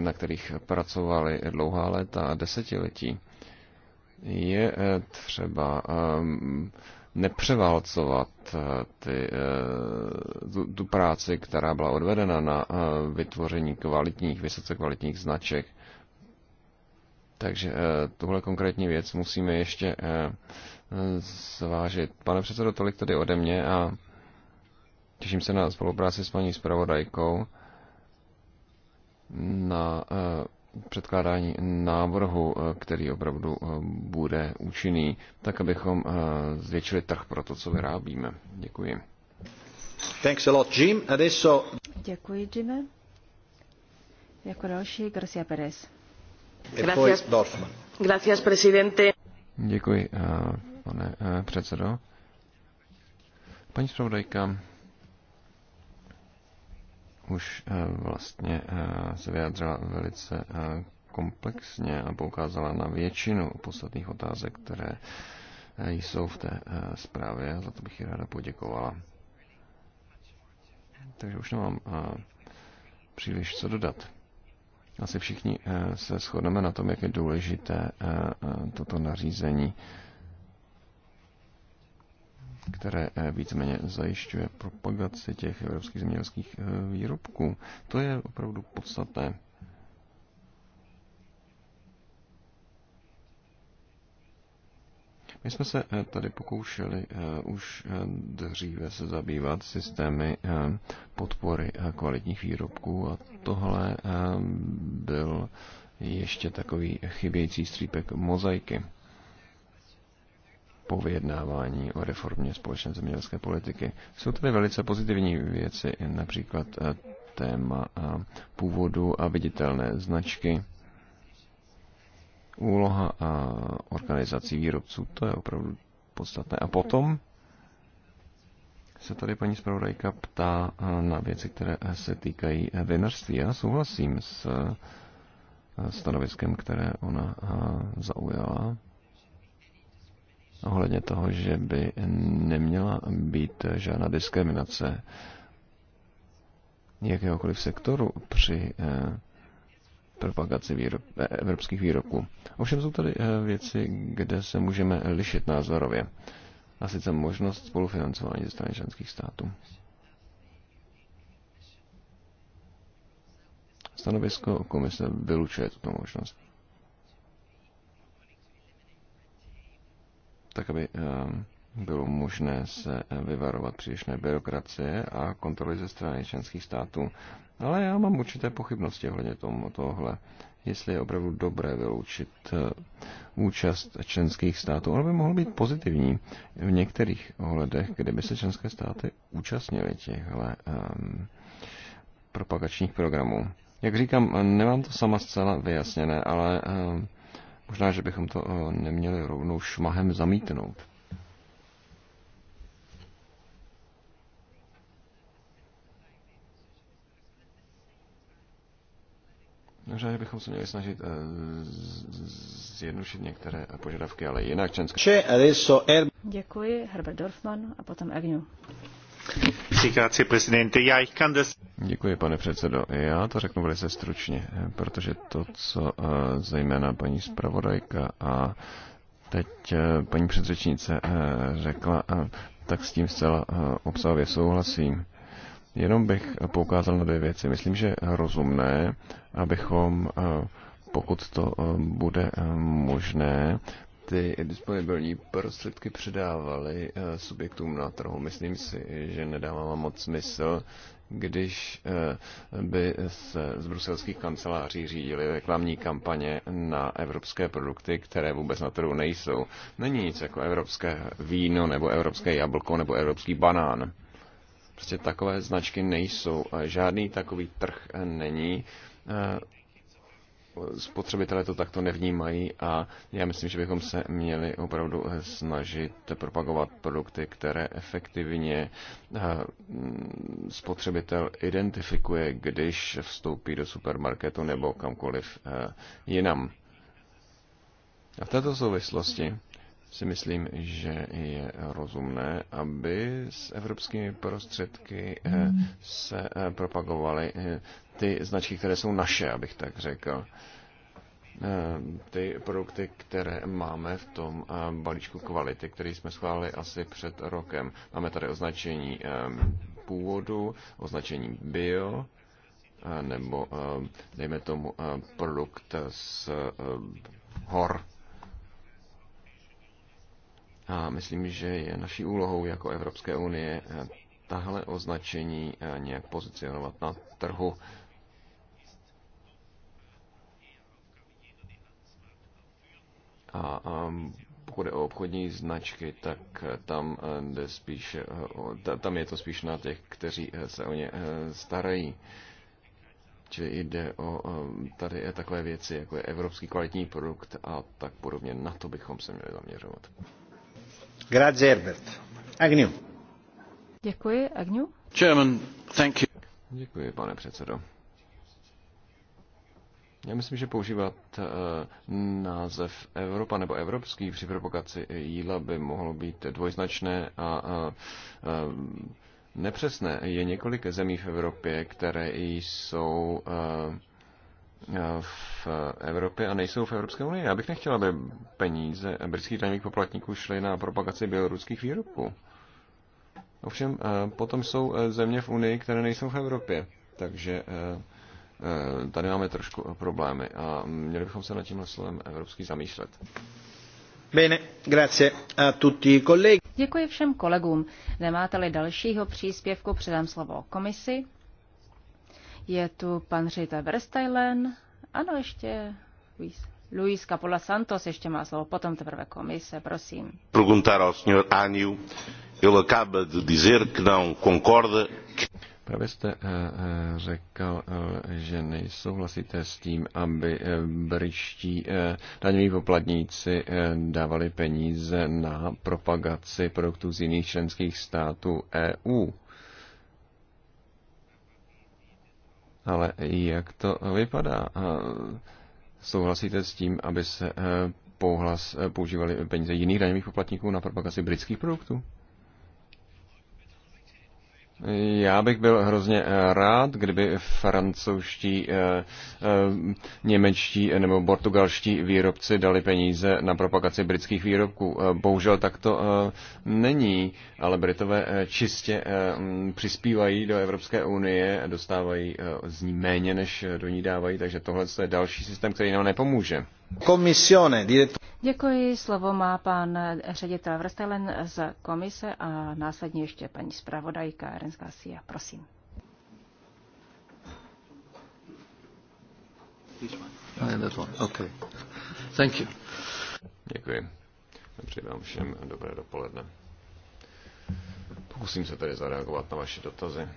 na kterých pracovali dlouhá léta a desetiletí. Je třeba nepřeválcovat eh, ty, eh, tu, tu práci, která byla odvedena na eh, vytvoření kvalitních, vysoce kvalitních značek. Takže tuhle konkrétní věc musíme ještě zvážit. Pane předsedo, tolik tady ode mě a těším se na spolupráci s paní zpravodajkou na předkládání návrhu, eh, který opravdu eh, bude účinný, tak abychom eh, zvětšili trh pro to, co vyrábíme. Děkuji. Thanks a lot, Jim. Adesso... Děkuji, Jimmy. Jako další Garcia Perez. Gracias, Gracias presidente. Děkuji, pane předsedo. Paní zpravodajka, už eh, vlastně eh, se vyjádřila velice eh, komplexně a poukázala na většinu podstatných otázek, které jsou v té zprávě. Za to bych ji ráda poděkovala. Takže už nemám příliš co dodat. Asi všichni se shodneme na tom, jak je důležité toto nařízení které eh, víceméně zajišťuje propagaci těch evropských zemědělských eh, výrobků. To je opravdu podstatné. My jsme se eh, tady pokoušeli už dříve se zabývat systémy podpory kvalitních výrobků a tohle byl ještě takový chybějící střípek mozaiky po vyjednávání o reformě společné zemědělské politiky. Jsou tady velice pozitivní věci, například eh, téma eh, původu a viditelné značky. Úloha a eh, organizací výrobců, to je opravdu podstatné. A potom se tady paní zpravodajka ptá na věci, které se týkají vinařství. Já souhlasím s stanoviskem, které ona zaujala ohledně toho, že by neměla být žádná diskriminace jakéhokoliv sektoru při eh, propagaci výrob, eh, evropských výrobků. Ovšem jsou tady eh, věci, kde se můžeme lišit názorově. A sice možnost spolufinancování ze strany členských států. Stanovisko komise vylučuje tuto možnost. tak aby eh, bylo možné se vyvarovat přílišné byrokracie a kontroly ze strany členských států. Ale já mám určité pochybnosti ohledně tomu, tohle, jestli je opravdu dobré vyloučit eh, účast členských států. Ono by mohlo být pozitivní v některých ohledech, kdyby se členské státy účastnily těchto um, eh, propagačních programů. Jak říkám, nemám to sama zcela vyjasněné, ale um, Možná, že bychom to eh, neměli rovnou šmahem zamítnout. Možná, že bychom se měli snažit eh, zjednodušit některé požadavky, ale jinak čenské. Er- Děkuji, Herbert Dorfman a potom Agnew. Děkuji, pane předsedo. Já to řeknu velice stručně, protože to, co eh, zejména paní zpravodajka a teď eh, paní předřečnice eh, řekla, tak s tím zcela obsahově souhlasím. Jenom bych poukázal na dvě věci. Myslím, že rozumné, abychom pokud to bude možné, ty disponibilní prostředky předávaly eh, subjektům na trhu. Myslím si, že nedává moc smysl, když eh, by se z bruselských kanceláří řídili reklamní kampaně na evropské produkty, které vůbec na trhu nejsou. Není nic jako evropské víno, nebo evropské jablko, nebo evropský banán. Prostě takové značky nejsou. Žádný takový trh eh, není spotřebitelé to takto nevnímají a já myslím, že bychom se měli opravdu snažit propagovat produkty, které efektivně eh, spotřebitel identifikuje, když vstoupí do supermarketu nebo kamkoliv eh, jinam. A v této souvislosti si myslím, že je rozumné, aby s evropskými prostředky eh, se propagovaly ty značky, které jsou naše, abych tak řekl. Eh, ty produkty, které máme v tom eh, balíčku kvality, který jsme schválili asi před rokem. Máme tady označení eh, původu, označení bio, nebo dejme tomu produkt z hor. A myslím, že je naší úlohou jako Evropské unie tahle označení nějak pozicionovat na trhu A, a pokud je o obchodní značky, tak tam, eh, jde spíš, eh, tam je to spíš na těch, kteří eh, se o ně starají. Čili jde o tady je takové věci, jako je evropský kvalitní produkt a tak podobně. Na to bychom se měli zaměřovat. Grazie, Herbert. Agnew. Děkuji, Agnew. Chairman, thank you. Děkuji, pane předsedo. Já myslím, že používat eh, název Evropa nebo evropský při propagaci eh, jídla by mohlo být dvojznačné a eh, nepřesné. Je několik zemí v Evropě, které jsou v Evropě a nejsou v Evropské unii. Já bych nechtěl, aby peníze britských daňových poplatníků šly na propagaci běloruských výrobků. Ovšem, potom jsou země v Unii, které nejsou v Evropě. Takže Uh, Eh, tady máme trošku problémy a měli bychom se nad tímhle slovem evropský zamýšlet. Bene, grazie a tutti colleghi. Děkuji všem kolegům. Nemáte-li dalšího příspěvku, předám slovo komisi. Je tu pan ředitel Verstajlen. Ano, ještě Luis. Luis Capola Santos ještě má slovo, potom teprve komise, prosím. Perguntar ao senhor Aniu, ele acaba de dizer que não concorda. Que... Právě jste eh, eh, řekl, eh, že nejsouhlasíte s tím, aby brýští daňoví poplatníci dávali peníze na propagaci produktů z jiných členských států EU. Ale jak to vypadá? Souhlasíte s tím, aby se pouhlas používali peníze jiných daňových poplatníků na propagaci britských produktů? Já bych byl hrozně eh, rád, kdyby francouzští, eh, eh, němečtí nebo portugalští výrobci dali peníze na propagaci britských výrobků. Bohužel tak to není, ale Britové čistě přispívají do Evropské unie, dostávají z ní méně, než do ní dávají, takže tohle je další systém, který nám nepomůže. Komisione, Děkuji, slovo má pan ředitel Vrstelen z komise a následně ještě paní zpravodajka Erenská Sia. Prosím. Okay. Thank you. Děkuji. Přeji vám všem dobré dopoledne. Pokusím se tedy zareagovat na vaše dotazy.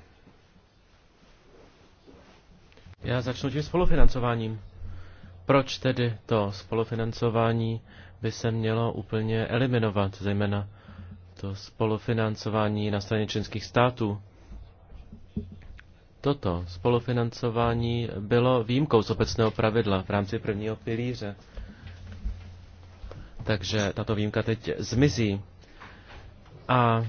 Já začnu tím spolufinancováním. Proč tedy to spolufinancování by se mělo úplně eliminovat, zejména to spolufinancování na straně členských států? Toto spolufinancování bylo výjimkou z obecného pravidla v rámci prvního pilíře. Takže tato výjimka teď zmizí. A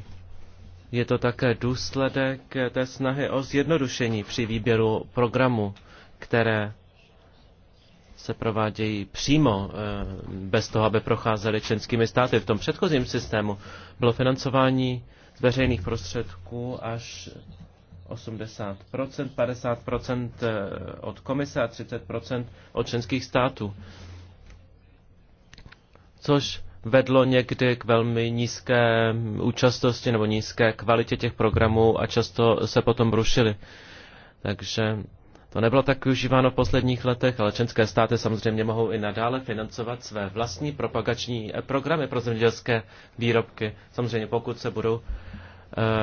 je to také důsledek té snahy o zjednodušení při výběru programu, které se provádějí přímo eh, bez toho, aby procházely členskými státy. V tom předchozím systému bylo financování z veřejných prostředků až 80%, 50% eh, od komise a 30% od členských států. Což vedlo někdy k velmi nízké účastnosti nebo nízké kvalitě těch programů a často se potom rušily. Takže to nebylo tak užíváno v posledních letech, ale členské státy samozřejmě mohou i nadále financovat své vlastní propagační eh, programy pro zemědělské výrobky. Samozřejmě pokud se budou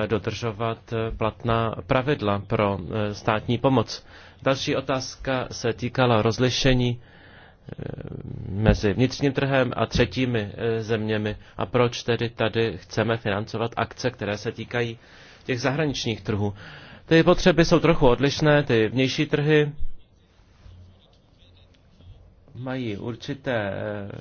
eh, dodržovat eh, platná pravidla pro státní pomoc. Další otázka se týkala rozlišení mezi vnitřním trhem a třetími zeměmi a proč tedy tady chceme financovat akce, které se týkají těch zahraničních trhů. Ty potřeby jsou trochu odlišné, ty vnější trhy mají určité eh,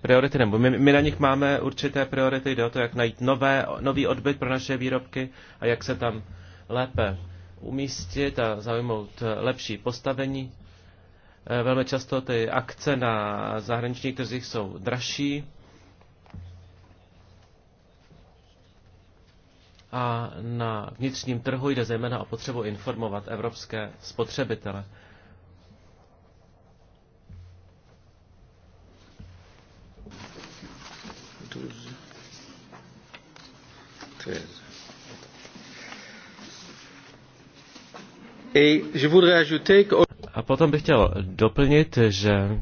priority, nebo my, my na nich máme určité priority, jde o to, jak najít nové, nový odbyt pro naše výrobky a jak se tam lépe umístit a zaujmout eh, lepší postavení. Eh, velmi často ty akce na zahraničních trzích jsou dražší a na vnitřním trhu jde zejména o potřebu informovat evropské spotřebitele. A potom bych chtěl doplnit, že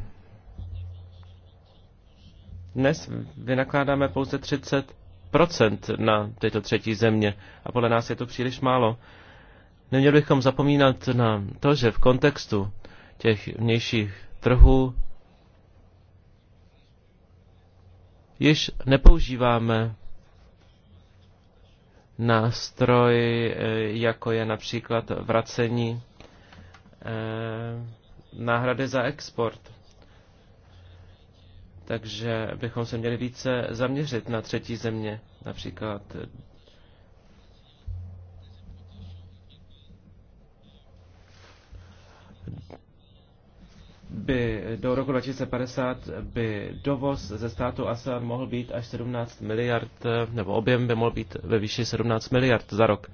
dnes vynakládáme pouze 30 procent na této třetí země a podle nás je to příliš málo. Neměli bychom zapomínat na to, že v kontextu těch vnějších trhů již nepoužíváme nástroj, eh, jako je například vracení eh, náhrady za export. Takže bychom se měli více zaměřit na třetí země, například by do roku 2050 by dovoz ze státu ASEAN mohl být až 17 miliard, nebo objem by mohl být ve výši 17 miliard za rok.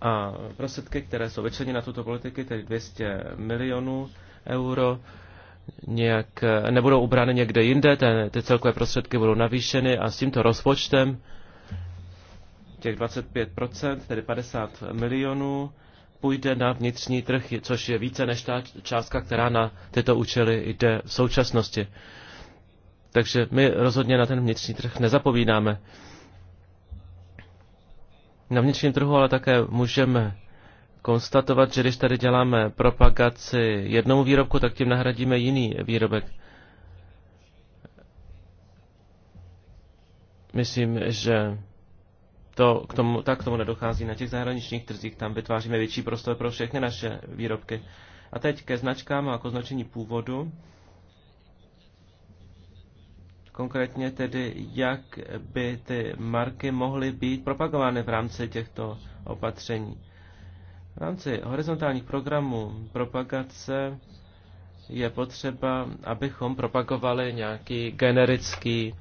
A prostředky, které jsou vyčleněny na tuto politiky, tedy 200 milionů euro, nějak, eh, nebudou ubrány někde jinde, ten, ty celkové prostředky budou navýšeny a s tímto rozpočtem těch 25%, tedy 50 milionů, půjde na vnitřní trh, což je více než ta částka, která na tyto účely jde v současnosti. Takže my rozhodně na ten vnitřní trh nezapovídáme. Na vnitřním trhu ale také můžeme konstatovat, že když tady děláme propagaci jednomu výrobku, tak tím nahradíme jiný výrobek. Myslím, že to k tomu, tak k tomu nedochází na těch zahraničních trzích, tam vytváříme větší prostor pro všechny naše výrobky. A teď ke značkám a k označení původu. Konkrétně tedy, jak by ty marky mohly být propagovány v rámci těchto opatření rámci horizontálních programů propagace je potřeba, abychom propagovali nějaký generický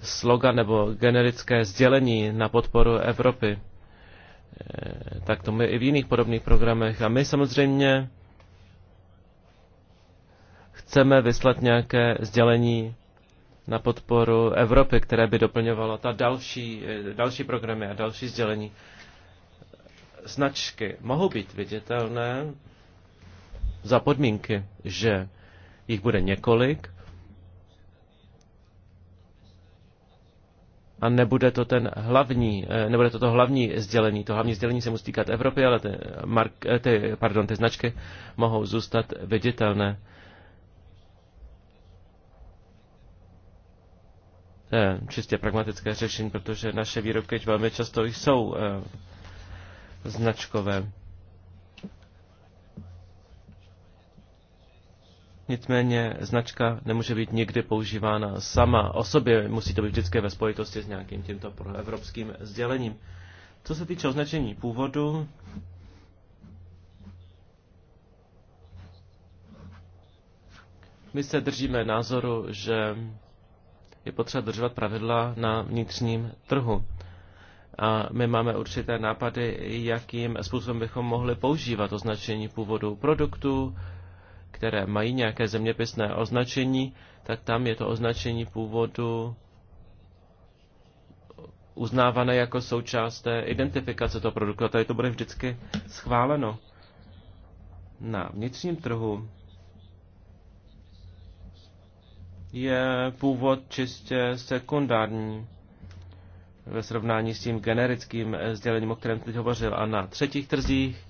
slogan nebo generické sdělení na podporu Evropy. E, tak tomu je i v jiných podobných programech. A my samozřejmě chceme vyslat nějaké sdělení na podporu Evropy, které by doplňovalo ta další, e, další programy a další sdělení značky mohou být viditelné za podmínky, že jich bude několik a nebude to ten hlavní, eh, nebude to to hlavní sdělení. To hlavní sdělení se musí týkat Evropy, ale ty, mark, eh, ty, pardon, ty značky mohou zůstat viditelné. To je čistě pragmatické řešení, protože naše výrobky velmi často jsou eh, značkové. Nicméně značka nemůže být nikdy používána sama o sobě, musí to být vždycky ve spojitosti s nějakým tímto evropským sdělením. Co se týče označení původu, my se držíme názoru, že je potřeba držovat pravidla na vnitřním trhu a my máme určité nápady, jakým způsobem bychom mohli používat označení původu produktů, které mají nějaké zeměpisné označení, tak tam je to označení původu uznávané jako součást té identifikace toho produktu. A tady to bude vždycky schváleno. Na vnitřním trhu je původ čistě sekundární ve srovnání s tím generickým eh, sdělením, o kterém teď hovořil. A na třetích trzích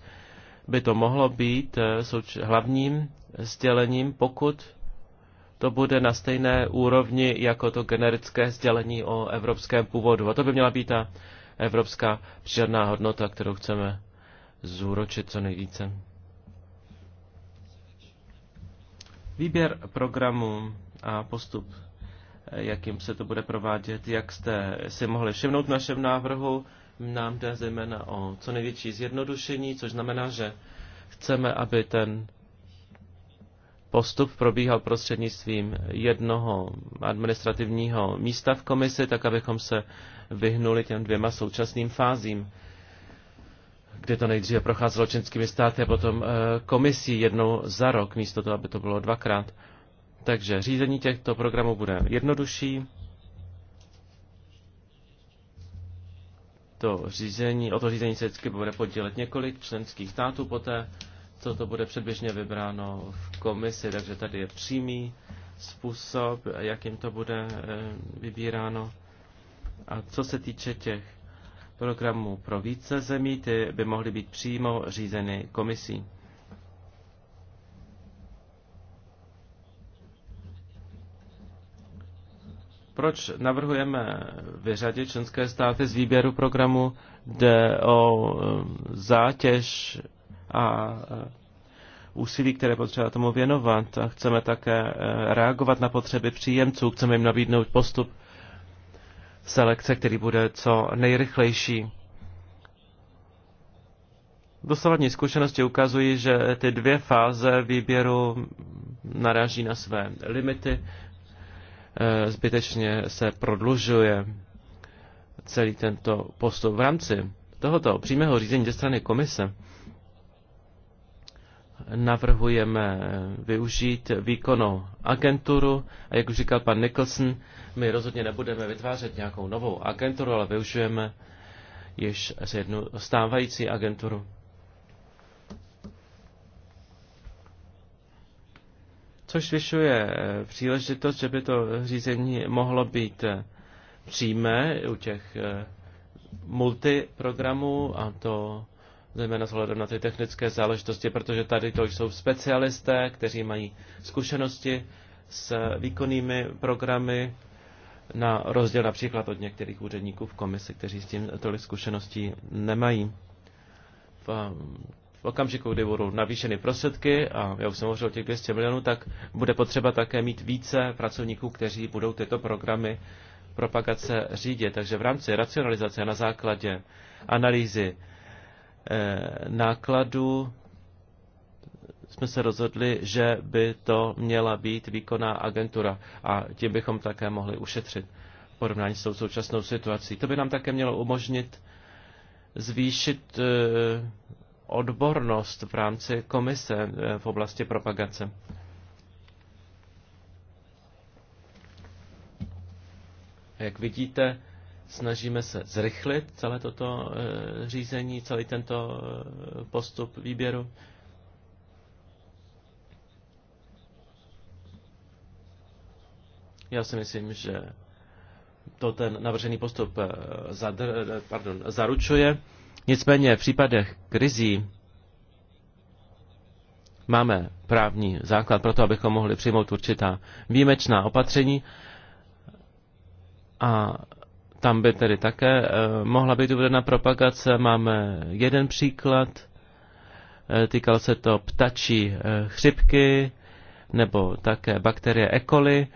by to mohlo být eh, hlavním eh, sdělením, pokud to bude na stejné úrovni jako to generické sdělení o evropském původu. A to by měla být ta evropská přírodná hodnota, kterou chceme zúročit co nejvíce. Výběr programu a postup jakým se to bude provádět. Jak jste si mohli všimnout v našem návrhu, nám jde zejména o co největší zjednodušení, což znamená, že chceme, aby ten postup probíhal prostřednictvím jednoho administrativního místa v komisi, tak abychom se vyhnuli těm dvěma současným fázím, kde to nejdříve procházelo členskými státy a potom eh, komisí jednou za rok, místo toho, aby to bylo dvakrát. Takže řízení těchto programů bude jednodušší. To řízení, o to řízení se vždycky bude podílet několik členských států poté, co to bude předběžně vybráno v komisi, takže tady je přímý způsob, jakým to bude eh, vybíráno. A co se týče těch programů pro více zemí, ty by mohly být přímo řízeny komisí. Proč navrhujeme vyřadit členské státy z výběru programu, jde o um, zátěž a uh, úsilí, které potřeba tomu věnovat a chceme také uh, reagovat na potřeby příjemců, chceme jim nabídnout postup selekce, který bude co nejrychlejší. Dosavadní zkušenosti ukazují, že ty dvě fáze výběru naráží na své limity. Eh, zbytečně se prodlužuje celý tento postup. V rámci tohoto přímého řízení ze strany komise navrhujeme využít výkonnou agenturu a jak už říkal pan Nicholson, my rozhodně nebudeme vytvářet nějakou novou agenturu, ale využijeme již jednu stávající agenturu. což zvyšuje eh, příležitost, že by to řízení mohlo být eh, přímé u těch eh, multiprogramů a to zejména s na ty technické záležitosti, protože tady to jsou specialisté, kteří mají zkušenosti s výkonnými programy, na rozdíl například od některých úředníků v komisi, kteří s tím tolik zkušeností nemají. V v okamžiku, kdy budou navýšeny prostředky, a já už jsem hovořil o těch 200 milionů, tak bude potřeba také mít více pracovníků, kteří budou tyto programy propagace řídit. Takže v rámci racionalizace na základě analýzy eh, nákladů jsme se rozhodli, že by to měla být výkonná agentura a tím bychom také mohli ušetřit porovnání s tou současnou situací. To by nám také mělo umožnit zvýšit eh, odbornost v rámci komise eh, v oblasti propagace. Jak vidíte, snažíme se zrychlit celé toto eh, řízení, celý tento eh, postup výběru. Já si myslím, že to ten navržený postup zadr, pardon, zaručuje. Nicméně v případech krizí máme právní základ pro to, abychom mohli přijmout určitá výjimečná opatření a tam by tedy také eh, mohla být uvedena propagace. Máme jeden příklad, eh, týkal se to ptačí eh, chřipky nebo také bakterie E. coli,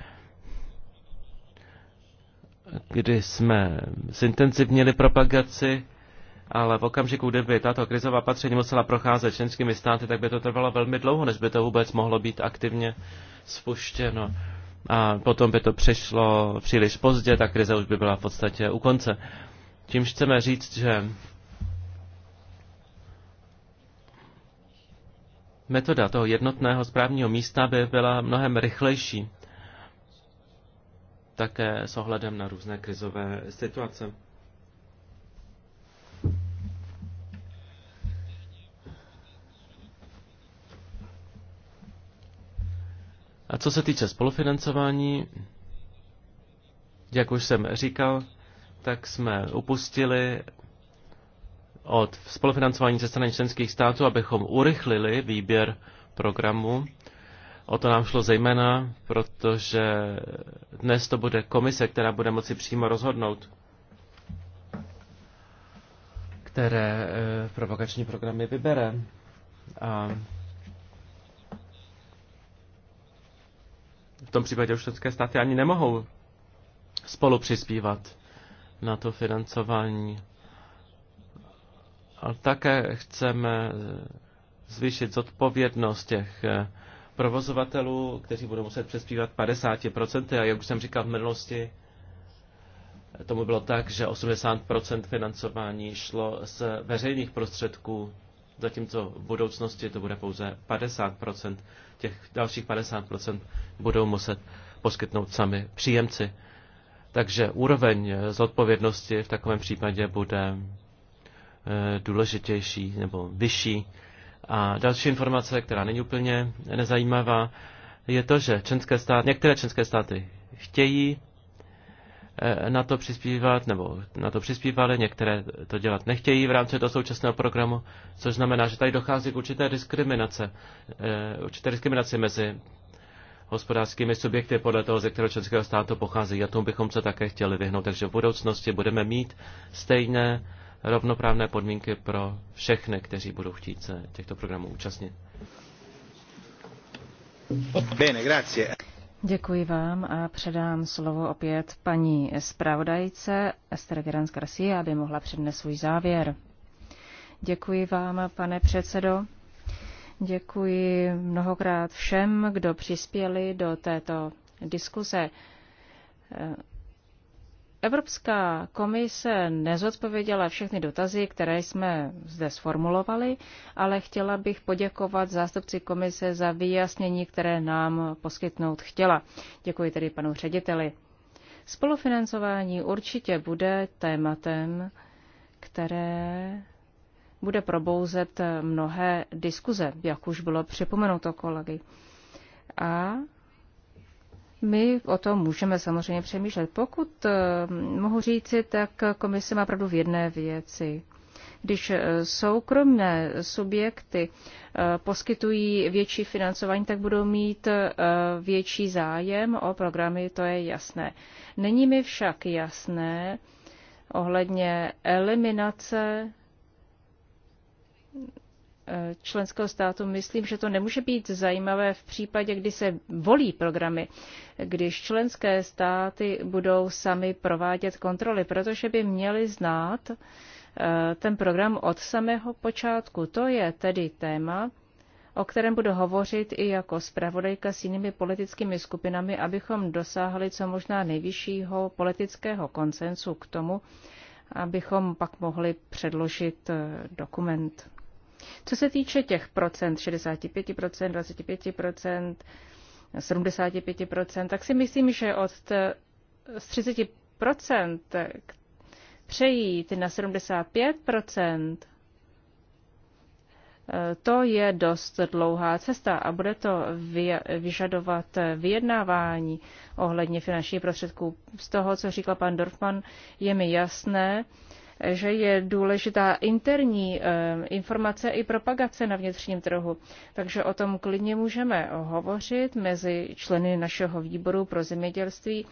kdy jsme zintenzivnili propagaci ale v okamžiku, kdyby tato krizová opatření musela procházet členskými státy, tak by to trvalo velmi dlouho, než by to vůbec mohlo být aktivně spuštěno. A potom by to přišlo příliš pozdě, ta krize už by byla v podstatě u konce. Tím chceme říct, že metoda toho jednotného správního místa by byla mnohem rychlejší, také s ohledem na různé krizové situace. A co se týče spolufinancování, jak už jsem říkal, tak jsme upustili od spolufinancování ze strany členských států, abychom urychlili výběr programu. O to nám šlo zejména, protože dnes to bude komise, která bude moci přímo rozhodnout, které eh, provokační programy vybere. A v tom případě už členské státy ani nemohou spolu přispívat na to financování. Ale také chceme eh, zvýšit zodpovědnost těch eh, provozovatelů, kteří budou muset přespívat 50%. A jak už jsem říkal v minulosti, eh, tomu bylo tak, že 80% financování šlo z veřejných prostředků zatímco v budoucnosti to bude pouze 50%. Těch dalších 50% budou muset poskytnout sami příjemci. Takže úroveň zodpovědnosti v takovém případě bude eh, důležitější nebo vyšší. A další informace, která není úplně nezajímavá, je to, že členské státy, některé členské státy chtějí Eh, na to přispívat, nebo na to přispívali, některé to dělat nechtějí v rámci toho současného programu, což znamená, že tady dochází k určité diskriminace, eh, určité diskriminaci mezi hospodářskými subjekty podle toho, ze kterého českého státu pochází. A tomu bychom se také chtěli vyhnout. Takže v budoucnosti budeme mít stejné rovnoprávné podmínky pro všechny, kteří budou chtít se těchto programů účastnit. Bene, grazie. Děkuji vám a předám slovo opět paní zpravodajce Ester Gerans Garcia, aby mohla přednést svůj závěr. Děkuji vám, pane předsedo. Děkuji mnohokrát všem, kdo přispěli do této diskuze. Evropská komise nezodpověděla všechny dotazy, které jsme zde sformulovali, ale chtěla bych poděkovat zástupci komise za vyjasnění, které nám poskytnout chtěla. Děkuji tedy panu řediteli. Spolufinancování určitě bude tématem, které bude probouzet mnohé diskuze, jak už bylo připomenuto kolegy. A my o tom můžeme samozřejmě přemýšlet. Pokud eh, mohu říci, tak komise má pravdu v jedné věci. Když eh, soukromné subjekty eh, poskytují větší financování, tak budou mít větší zájem o programy, to je jasné. Není mi však jasné ohledně eliminace Eh, členského státu, myslím, že to nemůže být zajímavé v případě, kdy se volí programy, když členské státy budou sami provádět kontroly, protože by měli znát eh, ten program od samého počátku. To je tedy téma, o kterém budu hovořit i jako zpravodajka s jinými politickými skupinami, abychom dosáhli co možná nejvyššího politického konsensu k tomu, abychom pak mohli předložit eh, dokument. Co se týče těch procent, 65%, 25%, 75%, tak si myslím, že od z 30% přejít na 75%, to je dost dlouhá cesta a bude to vyžadovat vyjednávání ohledně finančních prostředků. Z toho, co říkal pan Dorfman, je mi jasné, že je důležitá interní eh, informace i propagace na vnitřním trhu. Takže o tom klidně můžeme hovořit mezi členy našeho výboru pro zemědělství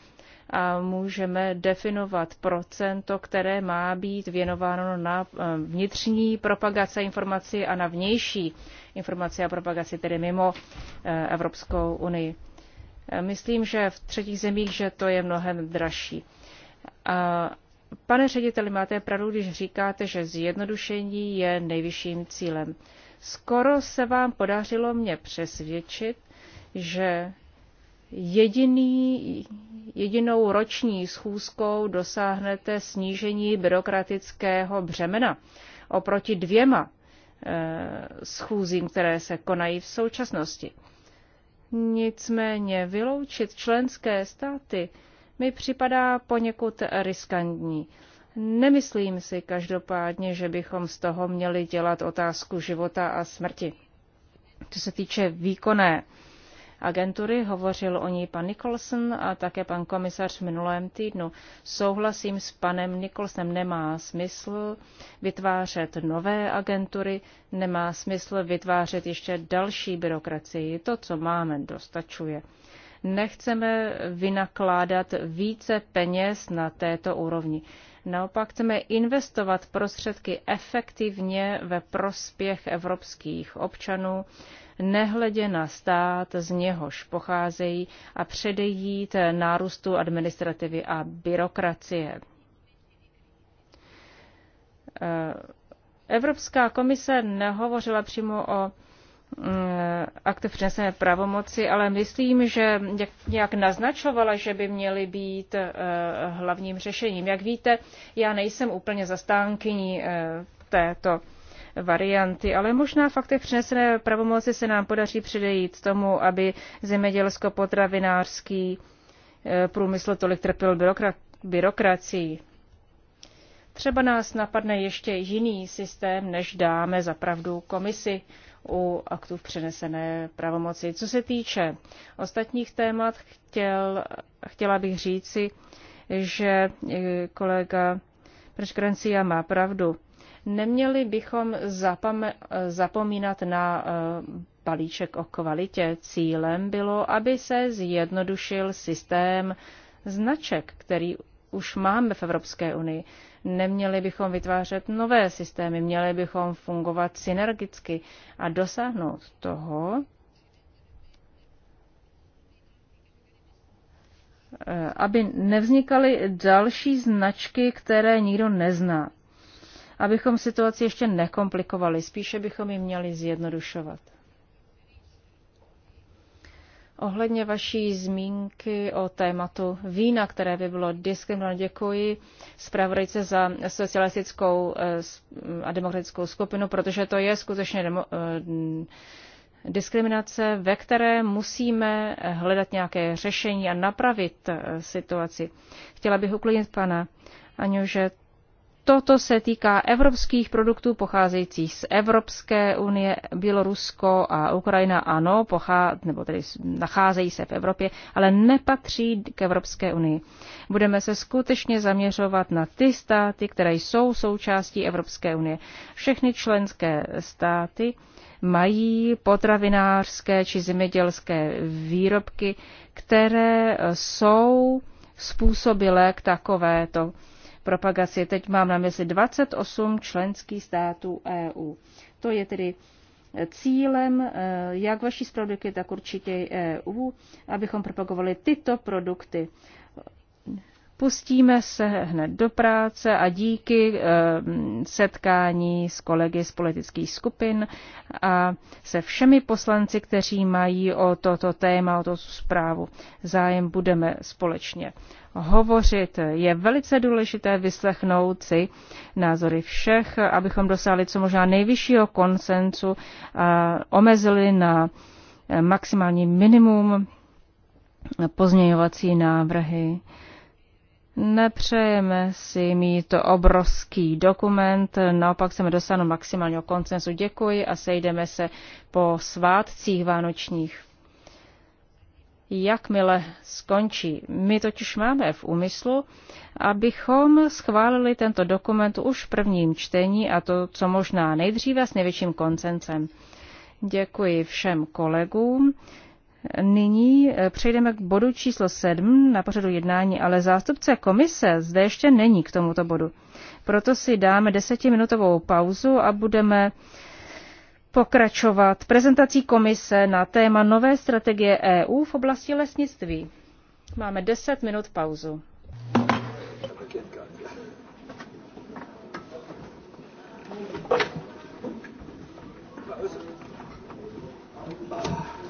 a můžeme definovat procento, které má být věnováno na eh, vnitřní propagace informací a na vnější informace a propagaci, tedy mimo eh, Evropskou unii. Myslím, že v třetích zemích, že to je mnohem dražší. Pane řediteli, máte pravdu, když říkáte, že zjednodušení je nejvyšším cílem. Skoro se vám podařilo mě přesvědčit, že jediný, jedinou roční schůzkou dosáhnete snížení byrokratického břemena oproti dvěma eh, schůzím, které se konají v současnosti. Nicméně vyloučit členské státy mi připadá poněkud riskantní. Nemyslím si každopádně, že bychom z toho měli dělat otázku života a smrti. Co se týče výkonné agentury, hovořil o ní pan Nicholson a také pan komisař v minulém týdnu. Souhlasím s panem Nicholsonem, nemá smysl vytvářet nové agentury, nemá smysl vytvářet ještě další byrokracii. To, co máme, dostačuje nechceme vynakládat více peněz na této úrovni. Naopak chceme investovat prostředky efektivně ve prospěch evropských občanů, nehledě na stát, z něhož pocházejí a předejít nárůstu administrativy a byrokracie. Evropská komise nehovořila přímo o Eh, aktiv přenesené pravomoci, ale myslím, že nějak naznačovala, že by měly být eh, hlavním řešením. Jak víte, já nejsem úplně zastánkyní eh, této varianty, ale možná v aktech přenesené pravomoci se nám podaří předejít tomu, aby zemědělsko-potravinářský průmysl tolik trpěl byrokra- byrokracií. Třeba nás napadne ještě jiný systém, než dáme zapravdu komisi u aktů v přenesené pravomoci. Co se týče ostatních témat, chtěl, chtěla bych říci, že eh, kolega Preškrencia má pravdu. Neměli bychom zapam- zapomínat na eh, balíček o kvalitě. Cílem bylo, aby se zjednodušil systém značek, který už máme v Evropské unii. Neměli bychom vytvářet nové systémy, měli bychom fungovat synergicky a dosáhnout toho, eh, aby nevznikaly další značky, které nikdo nezná. Abychom situaci ještě nekomplikovali, spíše bychom ji měli zjednodušovat. Ohledně vaší zmínky o tématu vína, které by bylo diskriminované, děkuji zpravodajce za socialistickou eh, a demokratickou skupinu, protože to je skutečně demo, eh, diskriminace, ve které musíme hledat nějaké řešení a napravit eh, situaci. Chtěla bych uklidnit pana Aňu, že Toto se týká evropských produktů pocházejících z Evropské unie, Bělorusko a Ukrajina ano, pochá, nebo tedy nacházejí se v Evropě, ale nepatří k Evropské unii. Budeme se skutečně zaměřovat na ty státy, které jsou součástí Evropské unie. Všechny členské státy mají potravinářské či zemědělské výrobky, které jsou způsobilé k takovéto propagaci. Teď mám na mysli 28 členských států EU. To je tedy cílem eh, jak vaší zpravodajky, tak určitě EU, abychom propagovali tyto produkty. Pustíme se hned do práce a díky eh, setkání s kolegy z politických skupin a se všemi poslanci, kteří mají o toto téma, o toto zprávu zájem, budeme společně hovořit. Je velice důležité vyslechnout si názory všech, abychom dosáhli co možná nejvyššího konsenzu a omezili na maximální minimum pozměňovací návrhy Nepřejeme si mít obrovský dokument, naopak chceme dosáhnout maximálního koncenzu. Děkuji a sejdeme se po svátcích vánočních. Jakmile skončí, my totiž máme v úmyslu, abychom schválili tento dokument už v prvním čtení a to, co možná nejdříve s největším koncencem. Děkuji všem kolegům. Nyní eh, přejdeme k bodu číslo 7 na pořadu jednání, ale zástupce komise zde ještě není k tomuto bodu. Proto si dáme desetiminutovou pauzu a budeme pokračovat prezentací komise na téma nové strategie EU v oblasti lesnictví. Máme 10 minut pauzu. Thank you.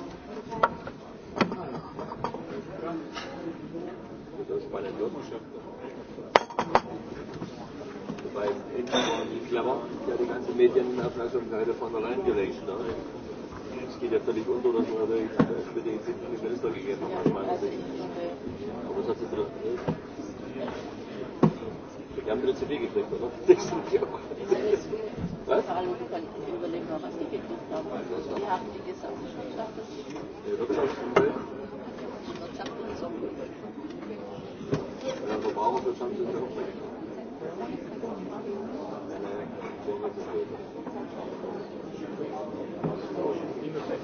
das bei der Bürgerschaft Wobei in die Klammer ja die ganze Medienaufmerksamkeit von allein gelegt. Ne? Es geht ja völlig unter, dass man das mit den siebten Minister gegeben hat, aus meiner Sicht. Aber es hat sich doch. Die haben eine CD gekriegt, oder? Das sind die auch. Was? Überlegen wir, was die gekriegt haben. Die haben die gesamte Wirtschaft. Die Wirtschaft und Wirtschaft und so pauze, jsem se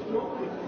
Thank you.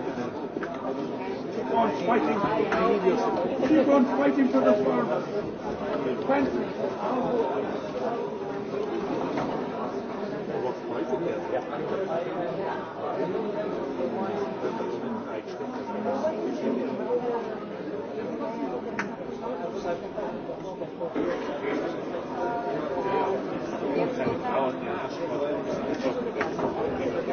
on fighting. Keep on fighting for the farmers. Fences. Thank you.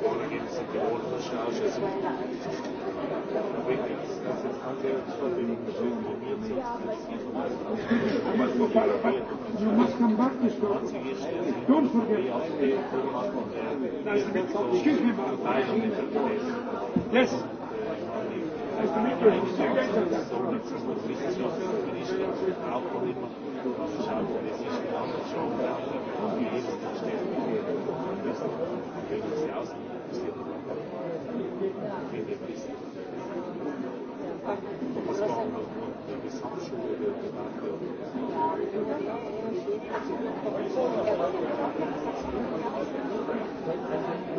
born again You must come back, Mr. Don't forget. Excuse me, ma'am. Yes. meet you. Thank you.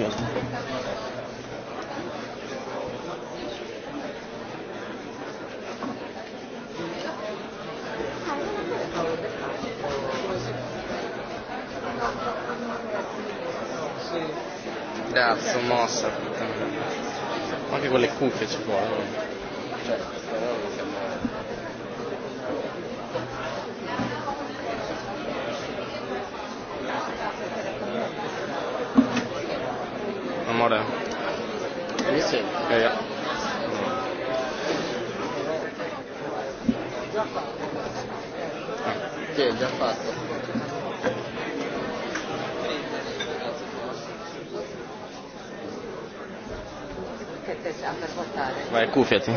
Yes. Cazzo, mossa, puttana. Anche quelle cuffie ci può. كوفتي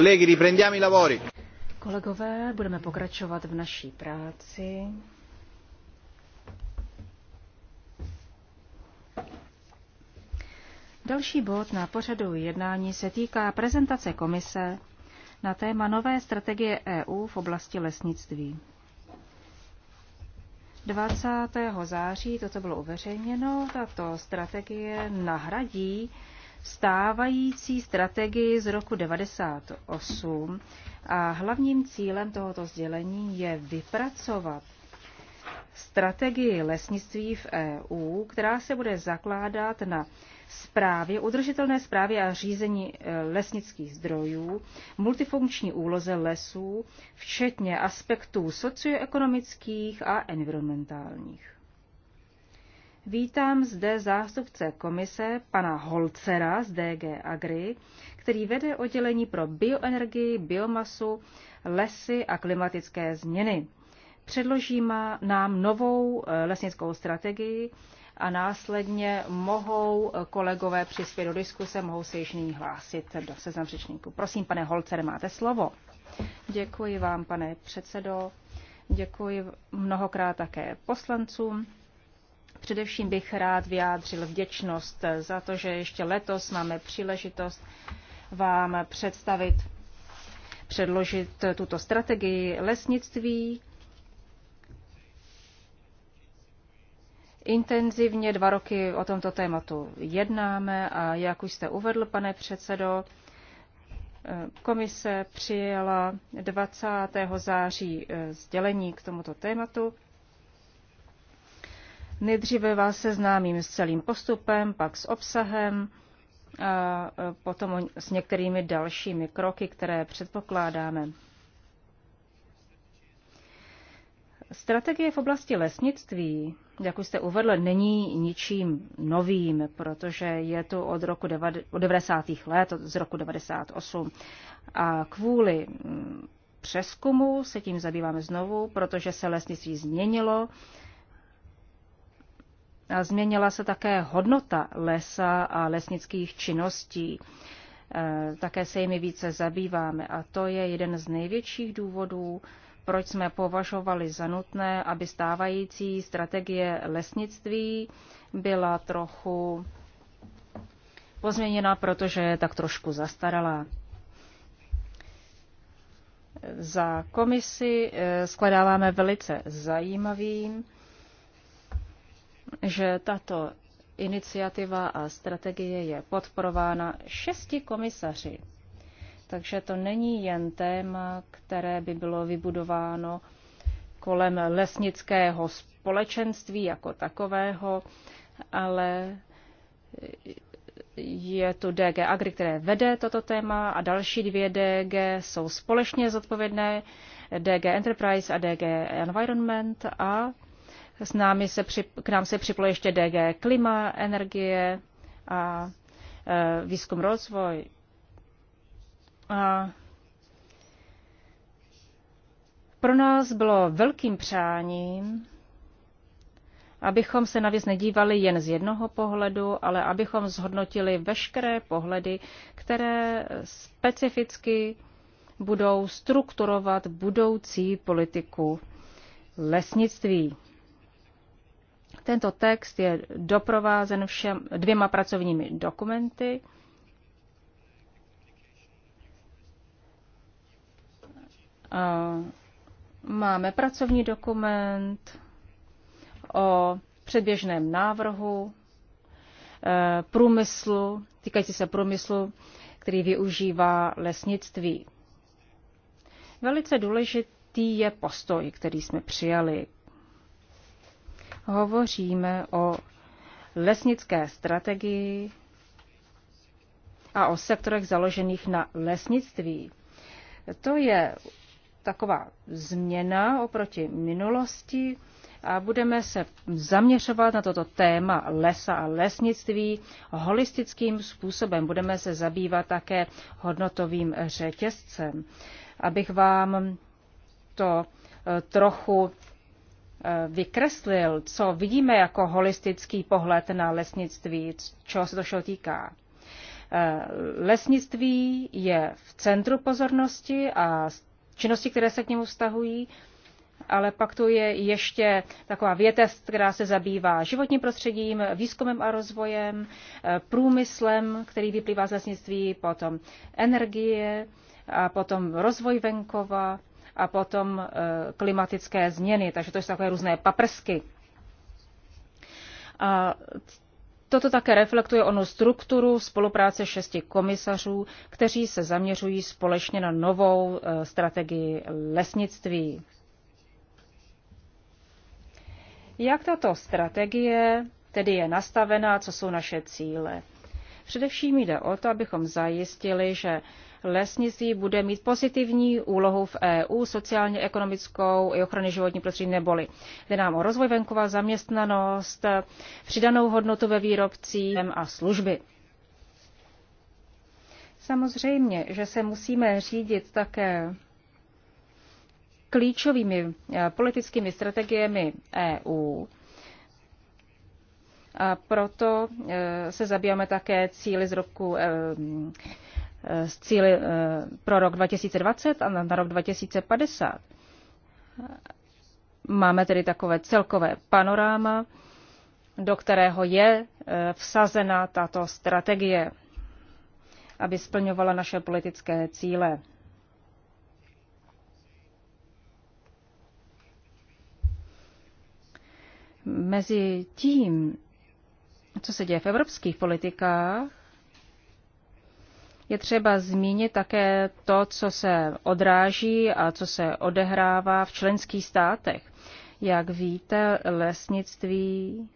Colleghi, riprendiamo i lavori. Kolegové, budeme pokračovat v naší práci. Další bod na pořadu jednání se týká prezentace komise na téma nové strategie EU v oblasti lesnictví. 20. září toto bylo uveřejněno. Tato strategie nahradí stávající strategii z roku 1998 a hlavním cílem tohoto sdělení je vypracovat strategii lesnictví v EU, která se bude zakládat na správě, udržitelné správě a řízení e, lesnických zdrojů, multifunkční úloze lesů, včetně aspektů socioekonomických a environmentálních. Vítám zde zástupce komise, pana Holcera z DG Agri, který vede oddělení pro bioenergii, biomasu, lesy a klimatické změny. Předloží nám novou eh, lesnickou strategii a následně mohou eh, kolegové přispět do diskuse, mohou se již nyní hlásit do seznam řečníků. Prosím, pane Holcer, máte slovo. Děkuji vám, pane předsedo. Děkuji mnohokrát také poslancům Především bych rád vyjádřil vděčnost za to, že ještě letos máme příležitost vám představit, předložit tuto strategii lesnictví. Intenzivně dva roky o tomto tématu jednáme a jak už jste uvedl, pane předsedo, komise přijela 20. září eh, sdělení k tomuto tématu. Nejdříve vás seznámím s celým postupem, pak s obsahem, a potom s některými dalšími kroky, které předpokládáme. Strategie v oblasti lesnictví, jak už jste uvedl, není ničím novým, protože je tu od roku 90. let, od z roku 98. A kvůli mm, přeskumu se tím zabýváme znovu, protože se lesnictví změnilo a změnila se také hodnota lesa a lesnických činností. E, také se jimi více zabýváme a to je jeden z největších důvodů, proč jsme považovali za nutné, aby stávající strategie lesnictví byla trochu pozměněna, protože je tak trošku zastaralá. Za komisi e, skladáváme velice zajímavým že tato iniciativa a strategie je podporována šesti komisaři. Takže to není jen téma, které by bylo vybudováno kolem lesnického společenství jako takového, ale je tu DG Agri, které vede toto téma a další dvě DG jsou společně zodpovědné, DG Enterprise a DG Environment a s námi se při, k nám se připlo ještě DG klima, energie a e, výzkum rozvoj. A pro nás bylo velkým přáním, abychom se navíc nedívali jen z jednoho pohledu, ale abychom zhodnotili veškeré pohledy, které specificky budou strukturovat budoucí politiku lesnictví. Tento text je doprovázen všem dvěma pracovními dokumenty. Máme pracovní dokument o předběžném návrhu e, průmyslu, týkající se průmyslu, který využívá lesnictví. Velice důležitý je postoj, který jsme přijali hovoříme o lesnické strategii a o sektorech založených na lesnictví. To je taková změna oproti minulosti a budeme se zaměřovat na toto téma lesa a lesnictví holistickým způsobem. Budeme se zabývat také hodnotovým řetězcem. Abych vám to eh, trochu Eh, vykreslil, co vidíme jako holistický pohled na lesnictví, čeho se to všeho týká. Eh, lesnictví je v centru pozornosti a činnosti, které se k němu vztahují, ale pak tu je ještě taková větev, která se zabývá životním prostředím, výzkumem a rozvojem, eh, průmyslem, který vyplývá z lesnictví, potom energie, a potom rozvoj venkova, a potom e, klimatické změny. Takže to jsou takové různé paprsky. A toto také reflektuje onu strukturu spolupráce šesti komisařů, kteří se zaměřují společně na novou e, strategii lesnictví. Jak tato strategie tedy je nastavená, co jsou naše cíle? Především jde o to, abychom zajistili, že lesnictví bude mít pozitivní úlohu v EU, sociálně ekonomickou i ochrany životní prostředí neboli. Jde nám o rozvoj venkova, zaměstnanost, přidanou hodnotu ve výrobcích a služby. Samozřejmě, že se musíme řídit také klíčovými eh, politickými strategiemi EU, a proto eh, se zabýváme také cíly z roku z eh, eh, cíly pro rok 2020 a na rok 2050. Máme tedy takové celkové panoráma, do kterého je vsazena tato strategie, aby splňovala naše politické cíle. Mezi tím, co se děje v evropských politikách, je třeba zmínit také to, co se odráží a co se odehrává v členských státech. Jak víte, lesnictví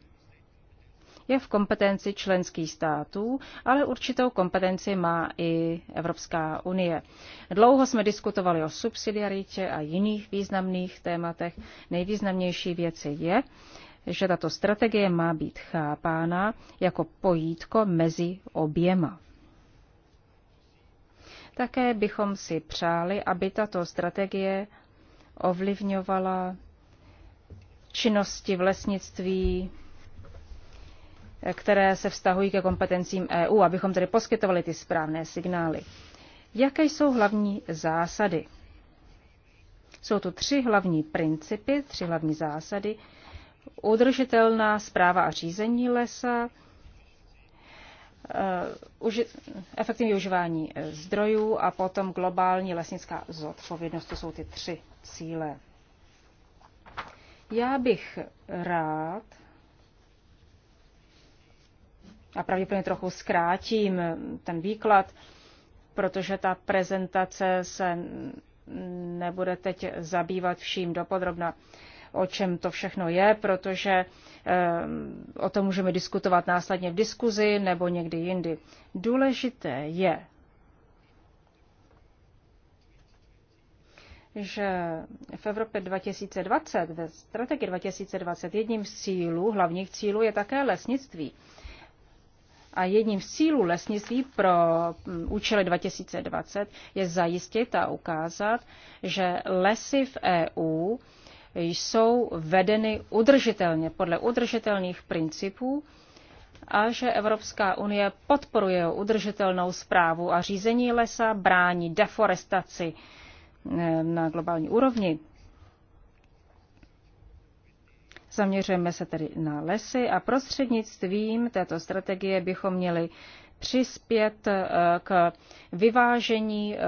je v kompetenci členských států, ale určitou kompetenci má i Evropská unie. Dlouho jsme diskutovali o subsidiaritě a jiných významných tématech. Nejvýznamnější věci je, že tato strategie má být chápána jako pojítko mezi oběma. Také bychom si přáli, aby tato strategie ovlivňovala činnosti v lesnictví, které se vztahují ke kompetencím EU, abychom tedy poskytovali ty správné signály. Jaké jsou hlavní zásady? Jsou tu tři hlavní principy, tři hlavní zásady, udržitelná zpráva a řízení lesa, eh, uži, efektivní využívání eh, zdrojů a potom globální lesnická zodpovědnost. To jsou ty tři cíle. Já bych rád, a pravděpodobně trochu zkrátím eh, ten výklad, protože ta prezentace se nebude teď zabývat vším dopodrobna o čem to všechno je, protože eh, o tom můžeme diskutovat následně v diskuzi nebo někdy jindy. Důležité je, že v Evropě 2020, ve strategii 2020, jedním z cílů, hlavních cílů je také lesnictví. A jedním z cílů lesnictví pro mm, účely 2020 je zajistit a ukázat, že lesy v EU jsou vedeny udržitelně, podle udržitelných principů a že Evropská unie podporuje udržitelnou zprávu a řízení lesa, brání deforestaci eh, na globální úrovni. Zaměřujeme se tedy na lesy a prostřednictvím této strategie bychom měli přispět eh, k vyvážení eh,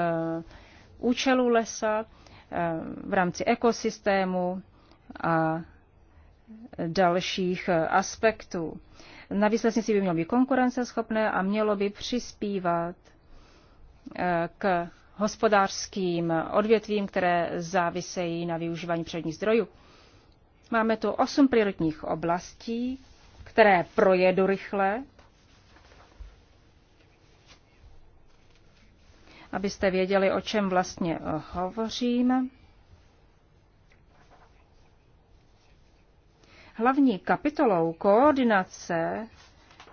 účelu lesa v rámci ekosystému a dalších eh, aspektů. Na výslednictví by mělo být konkurenceschopné a mělo by přispívat eh, k hospodářským odvětvím, které závisejí na využívání předních zdrojů. Máme tu osm prioritních oblastí, které projedu rychle, abyste věděli, o čem vlastně eh, hovořím. Hlavní kapitolou koordinace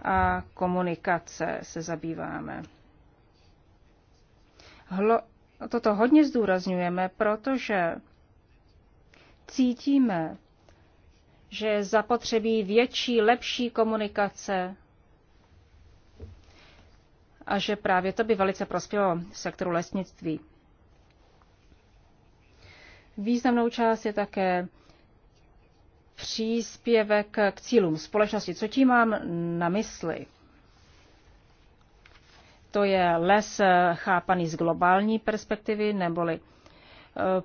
a komunikace se zabýváme. Hlo, toto hodně zdůrazňujeme, protože cítíme, že je zapotřebí větší, lepší komunikace a že právě to by velice prospělo sektoru lesnictví. Významnou část je také příspěvek k cílům společnosti. Co tím mám na mysli? To je les chápaný z globální perspektivy, neboli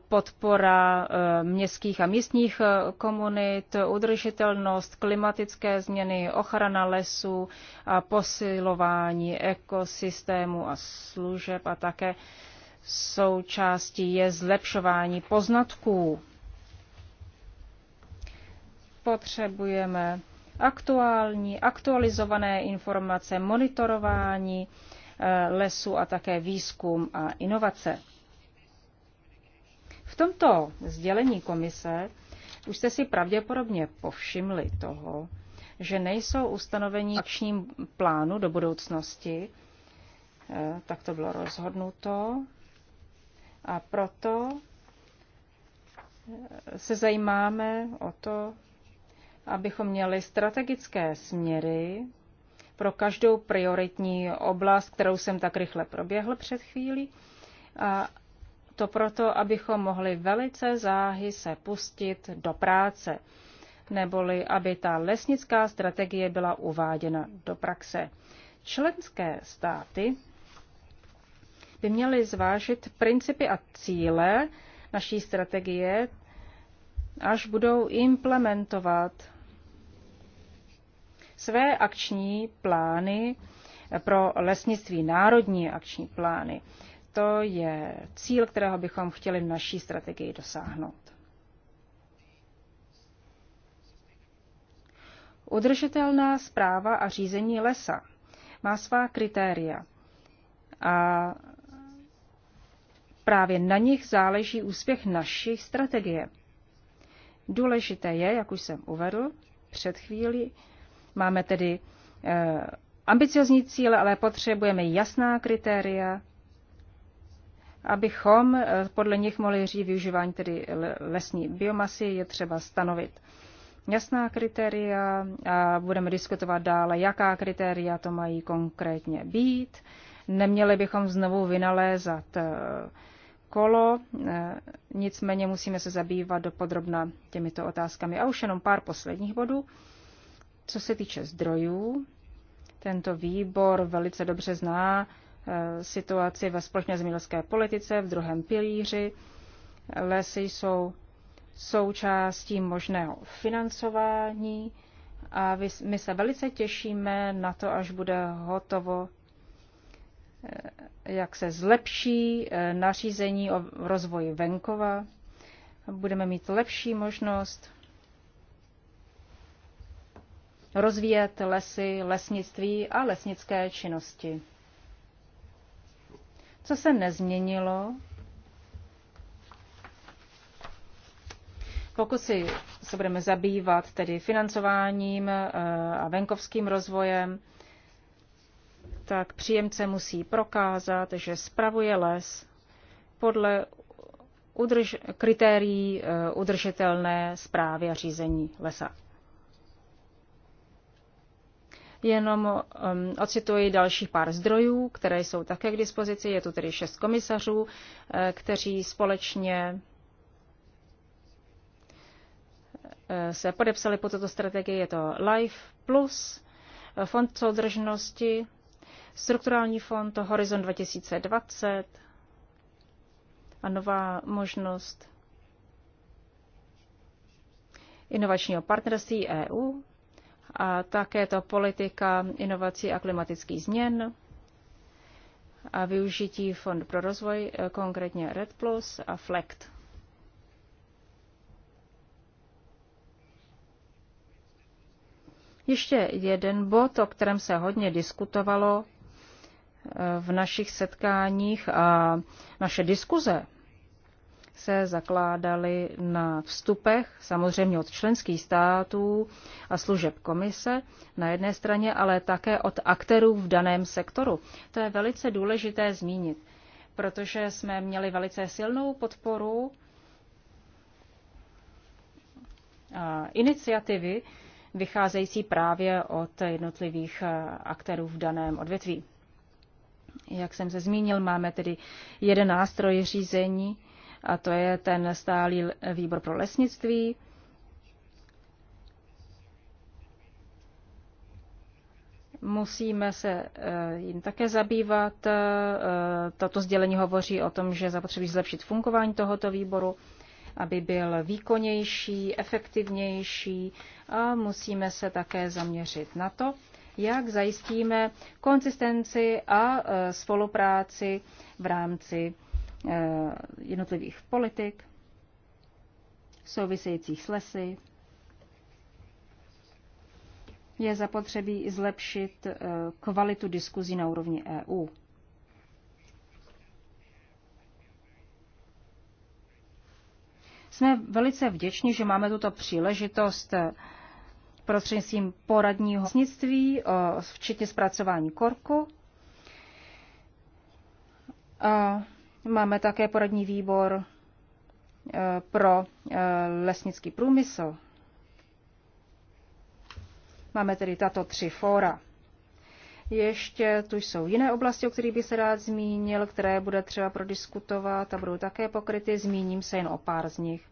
podpora eh, městských a místních eh, komunit, udržitelnost, klimatické změny, ochrana lesů a posilování ekosystému a služeb a také součástí je zlepšování poznatků. Potřebujeme aktuální, aktualizované informace, monitorování eh, lesů a také výzkum a inovace tomto sdělení komise už jste si pravděpodobně povšimli toho, že nejsou ustanovení akčním plánu do budoucnosti, eh, tak to bylo rozhodnuto. A proto eh, se zajímáme o to, abychom měli strategické směry pro každou prioritní oblast, kterou jsem tak rychle proběhl před chvílí, a to proto, abychom mohli velice záhy se pustit do práce, neboli aby ta lesnická strategie byla uváděna do praxe. Členské státy by měly zvážit principy a cíle naší strategie, až budou implementovat své akční plány pro lesnictví, národní akční plány to je cíl, kterého bychom chtěli v naší strategii dosáhnout. Udržitelná zpráva a řízení lesa má svá kritéria a právě na nich záleží úspěch naší strategie. Důležité je, jak už jsem uvedl před chvílí, máme tedy eh, ambiciozní cíle, ale potřebujeme jasná kritéria, abychom eh, podle nich mohli říct využívání tedy lesní biomasy, je třeba stanovit jasná kritéria a budeme diskutovat dále, jaká kritéria to mají konkrétně být. Neměli bychom znovu vynalézat eh, kolo, eh, nicméně musíme se zabývat dopodrobna těmito otázkami. A už jenom pár posledních bodů. Co se týče zdrojů, tento výbor velice dobře zná Eh, situaci ve společné zemědělské politice v druhém pilíři. Lesy jsou součástí možného financování a my se velice těšíme na to, až bude hotovo, eh, jak se zlepší eh, nařízení o rozvoji venkova. Budeme mít lepší možnost rozvíjet lesy, lesnictví a lesnické činnosti. Co se nezměnilo? Pokud si se budeme zabývat tedy financováním eh, a venkovským rozvojem, tak příjemce musí prokázat, že spravuje les podle udrž- kritérií eh, udržitelné zprávy a řízení lesa. Jenom um, ocituji dalších pár zdrojů, které jsou také k dispozici. Je tu tedy šest komisařů, eh, kteří společně eh, se podepsali po tuto strategii. Je to LIFE plus, eh, Fond soudržnosti, Strukturální fond Horizon 2020 a nová možnost inovačního partnerství EU a také to politika inovací a klimatických změn a využití Fond pro rozvoj, eh, konkrétně RED Plus a FLECT. Ještě jeden bod, o kterém se hodně diskutovalo eh, v našich setkáních a naše diskuze se zakládaly na vstupech, samozřejmě od členských států a služeb komise na jedné straně, ale také od aktérů v daném sektoru. To je velice důležité zmínit, protože jsme měli velice silnou podporu iniciativy vycházející právě od jednotlivých aktérů v daném odvětví. Jak jsem se zmínil, máme tedy jeden nástroj řízení, a to je ten stálý výbor pro lesnictví. Musíme se eh, jim také zabývat. Eh, toto sdělení hovoří o tom, že zapotřebí zlepšit fungování tohoto výboru, aby byl výkonnější, efektivnější a musíme se také zaměřit na to, jak zajistíme konsistenci a eh, spolupráci v rámci Eh, jednotlivých politik souvisejících s lesy. Je zapotřebí zlepšit eh, kvalitu diskuzí na úrovni EU. Jsme velice vděční, že máme tuto příležitost eh, prostřednictvím poradního vlastnictví, včetně zpracování korku. A Máme také poradní výbor eh, pro eh, lesnický průmysl. Máme tedy tato tři fóra. Ještě tu jsou jiné oblasti, o kterých by se rád zmínil, které bude třeba prodiskutovat a budou také pokryty. Zmíním se jen o pár z nich.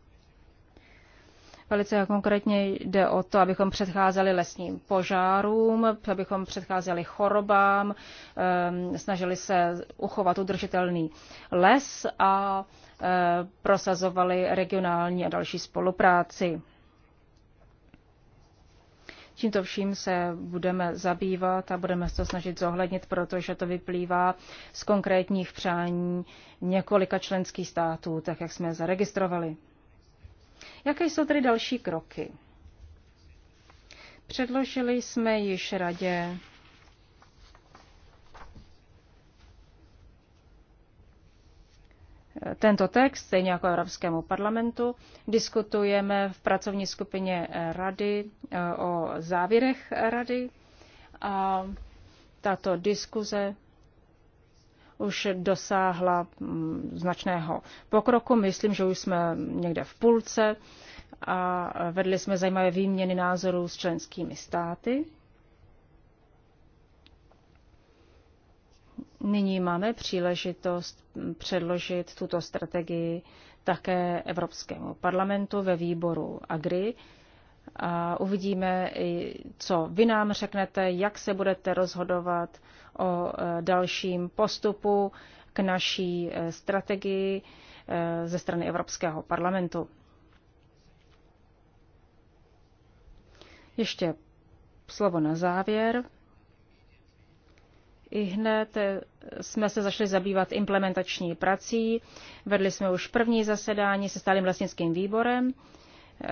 Velice konkrétně jde o to, abychom předcházeli lesním požárům, abychom předcházeli chorobám, ehm, snažili se uchovat udržitelný les a eh, prosazovali regionální a další spolupráci. Tímto vším se budeme zabývat a budeme se to snažit zohlednit, protože to vyplývá z konkrétních přání několika členských států, tak jak jsme je zaregistrovali. Jaké jsou tedy další kroky? Předložili jsme již radě tento text, stejně jako Evropskému parlamentu. Diskutujeme v pracovní skupině rady eh, o závěrech rady a tato diskuze už dosáhla mm, značného pokroku. Myslím, že už jsme někde v půlce a vedli jsme zajímavé výměny názorů s členskými státy. Nyní máme příležitost předložit tuto strategii také Evropskému parlamentu ve výboru AGRI, a uvidíme, co vy nám řeknete, jak se budete rozhodovat o e, dalším postupu k naší e, strategii e, ze strany Evropského parlamentu. Ještě slovo na závěr. I hned jsme se zašli zabývat implementační prací. Vedli jsme už první zasedání se stálým lesnickým výborem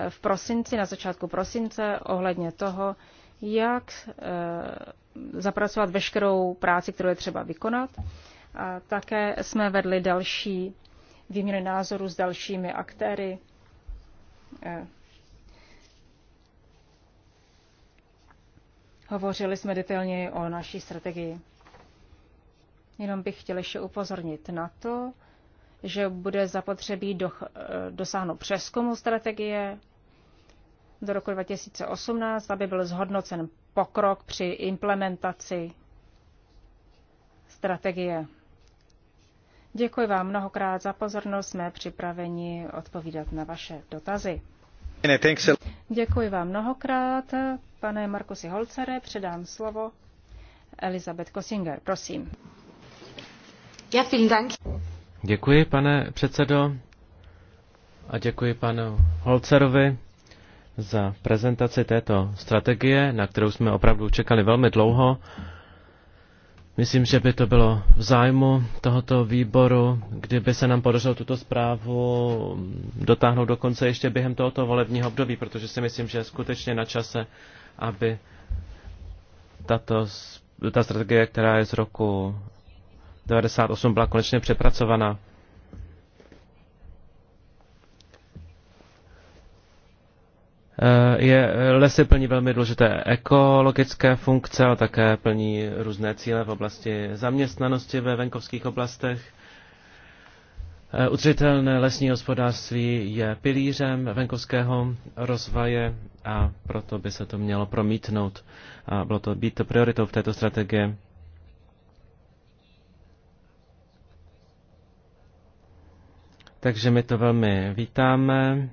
v prosinci, na začátku prosince, ohledně toho, jak eh, zapracovat veškerou práci, kterou je třeba vykonat. A také jsme vedli další výměny názorů s dalšími aktéry. Eh, hovořili jsme detailně o naší strategii. Jenom bych chtěl ještě upozornit na to, že bude zapotřebí do, dosáhnout přeskumu strategie do roku 2018, aby byl zhodnocen pokrok při implementaci strategie. Děkuji vám mnohokrát za pozornost. Jsme připraveni odpovídat na vaše dotazy. Děkuji vám mnohokrát. Pane Markusi Holcere, předám slovo Elizabeth Kosinger. Prosím. Ja, vielen Dank. Děkuji, pane předsedo, a děkuji panu Holcerovi za prezentaci této strategie, na kterou jsme opravdu čekali velmi dlouho. Myslím, že by to bylo v zájmu tohoto výboru, kdyby se nám podařilo tuto zprávu dotáhnout do konce ještě během tohoto volebního období, protože si myslím, že je skutečně na čase, aby tato, ta strategie, která je z roku 98 byla konečně přepracovaná. Eh, je, lesy plní velmi důležité ekologické funkce, ale také plní různé cíle v oblasti zaměstnanosti ve venkovských oblastech. Eh, udržitelné lesní hospodářství je pilířem venkovského rozvoje a proto by se to mělo promítnout a bylo to být prioritou v této strategii. Takže my to velmi vítáme.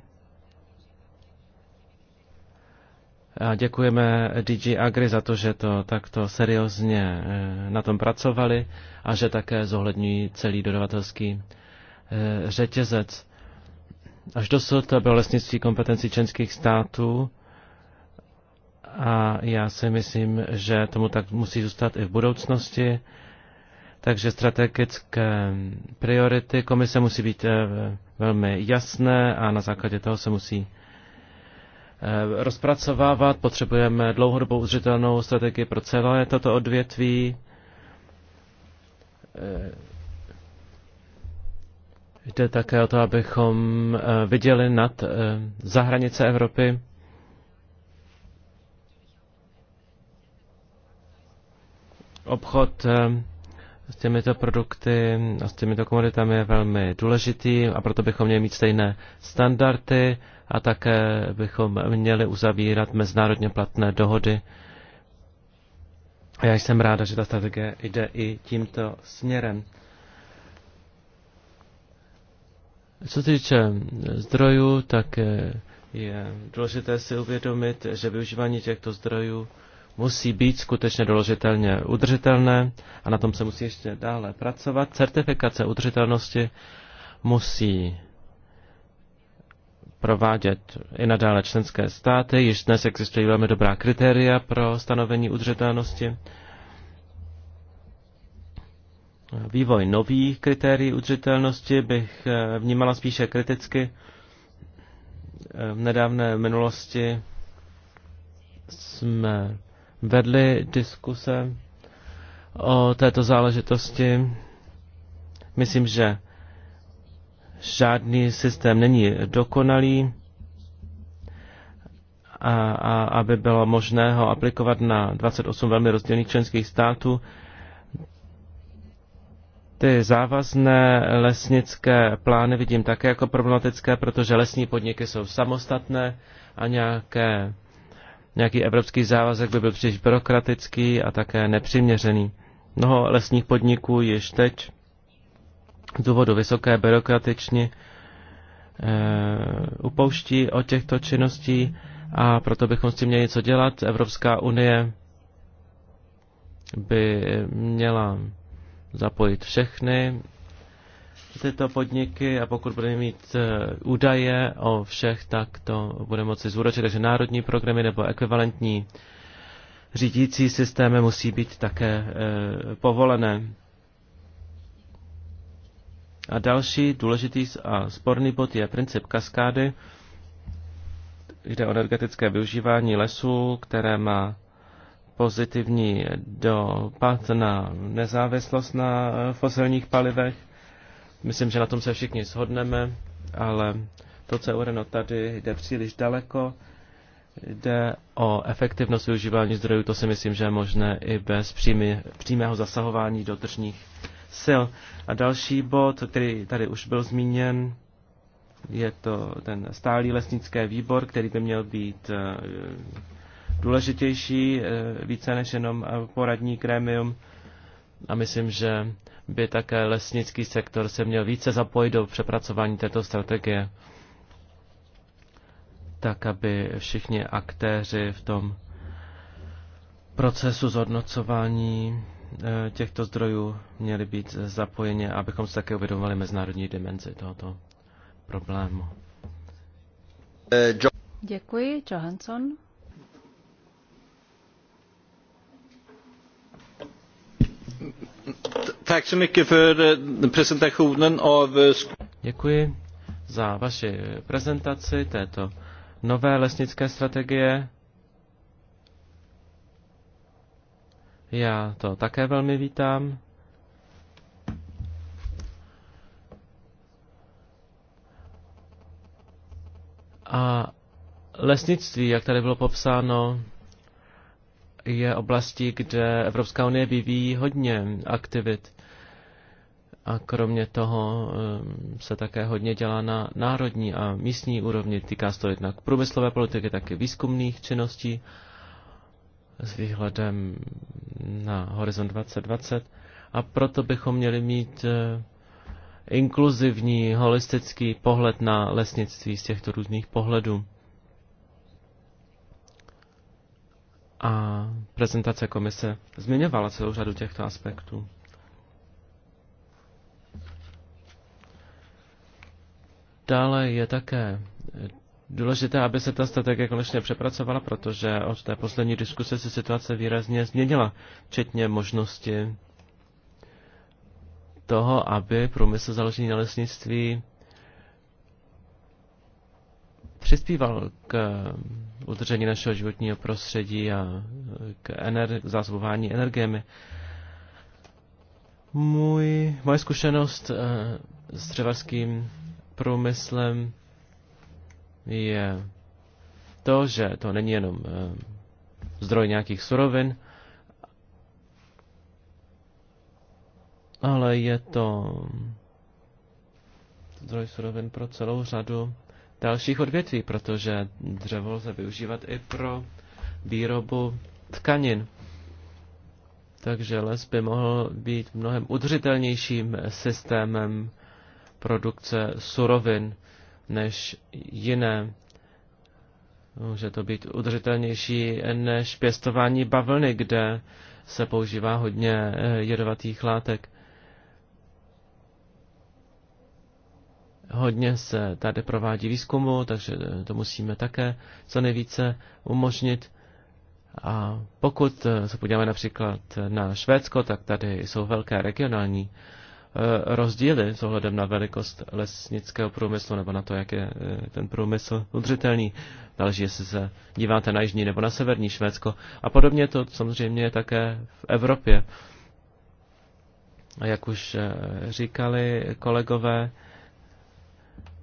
A děkujeme DG Agri za to, že to takto seriózně e, na tom pracovali a že také zohledňují celý dodavatelský e, řetězec. Až dosud to bylo lesnictví kompetencí členských států a já si myslím, že tomu tak musí zůstat i v budoucnosti. Takže strategické priority komise musí být eh, velmi jasné a na základě toho se musí eh, rozpracovávat. Potřebujeme dlouhodobou udržitelnou strategii pro celé toto odvětví. Eh, jde také o to, abychom viděli nad za hranice Evropy. Obchod s těmito produkty a s těmito komoditami je velmi důležitý a proto bychom měli mít stejné standardy a také bychom měli uzavírat mezinárodně platné dohody. A já jsem ráda, že ta strategie jde i tímto směrem. Co se týče zdrojů, tak je důležité si uvědomit, že využívání těchto zdrojů musí být skutečně doložitelně udržitelné a na tom se musí ještě dále pracovat. Certifikace udržitelnosti musí provádět i nadále členské státy. Již dnes existují velmi dobrá kritéria pro stanovení udržitelnosti. Vývoj nových kritérií udržitelnosti bych eh, vnímala spíše kriticky. Eh, v nedávné minulosti jsme vedli diskuse o této záležitosti. Myslím, že žádný systém není dokonalý a, a aby bylo možné ho aplikovat na 28 velmi rozdílných členských států. Ty závazné lesnické plány vidím také jako problematické, protože lesní podniky jsou samostatné a nějaké Nějaký evropský závazek by byl příliš byrokratický a také nepřiměřený. Mnoho lesních podniků již teď z důvodu vysoké byrokratičně eh, upouští od těchto činností a proto bychom s tím měli něco dělat. Evropská unie by měla zapojit všechny tyto podniky a pokud budeme mít eh, údaje o všech, tak to bude moci zúročit. Takže národní programy nebo ekvivalentní řídící systémy musí být také eh, povolené. A další důležitý a sporný bod je princip kaskády. Jde o energetické využívání lesů, které má pozitivní dopad na nezávislost na eh, fosilních palivech. Myslím, že na tom se všichni shodneme, ale to, co je uvedeno tady, jde příliš daleko. Jde o efektivnost využívání zdrojů, to si myslím, že je možné i bez přímy, přímého zasahování do tržních sil. A další bod, který tady už byl zmíněn, je to ten stálý lesnický výbor, který by měl být eh, důležitější, eh, více než jenom poradní krémium a myslím, že by také lesnický sektor se měl více zapojit do přepracování této strategie, tak aby všichni aktéři v tom procesu zhodnocování eh, těchto zdrojů měli být zapojeni, abychom se také uvědomovali mezinárodní dimenzi tohoto problému. Eh, Děkuji, Johansson. Eh, eh, Děkuji za vaši prezentaci této nové lesnické strategie. Já to také velmi vítám. A lesnictví, jak tady bylo popsáno, je oblastí, kde Evropská unie vyvíjí hodně aktivit. A kromě toho um, se také hodně dělá na národní a místní úrovni. Týká se to jednak průmyslové politiky, také výzkumných činností s výhledem na horizont 2020. A proto bychom měli mít uh, inkluzivní, holistický pohled na lesnictví z těchto různých pohledů. A prezentace komise zmiňovala celou řadu těchto aspektů. Dále je také důležité, aby se ta strategie konečně přepracovala, protože od té poslední diskuse se situace výrazně změnila, včetně možnosti toho, aby průmysl založený na lesnictví přispíval k udržení našeho životního prostředí a e, k ener- zásobování energiemi. Můj, moje zkušenost e, s dřevařským průmyslem je to, že to není jenom e, zdroj nějakých surovin, ale je to zdroj surovin pro celou řadu dalších odvětví, protože dřevo lze využívat i pro výrobu tkanin. Takže les by mohl být mnohem udržitelnějším systémem produkce surovin než jiné. Může to být udržitelnější než pěstování bavlny, kde se používá hodně eh, jedovatých látek. Hodně se tady provádí výzkumu, takže eh, to musíme také co nejvíce umožnit. A pokud eh, se podíváme například na Švédsko, tak tady jsou velké regionální eh, rozdíly s ohledem na velikost lesnického průmyslu nebo na to, jak je ten průmysl udržitelný. Další, jestli se díváte na jižní nebo na severní Švédsko. A podobně to samozřejmě je také v Evropě. A jak už říkali kolegové,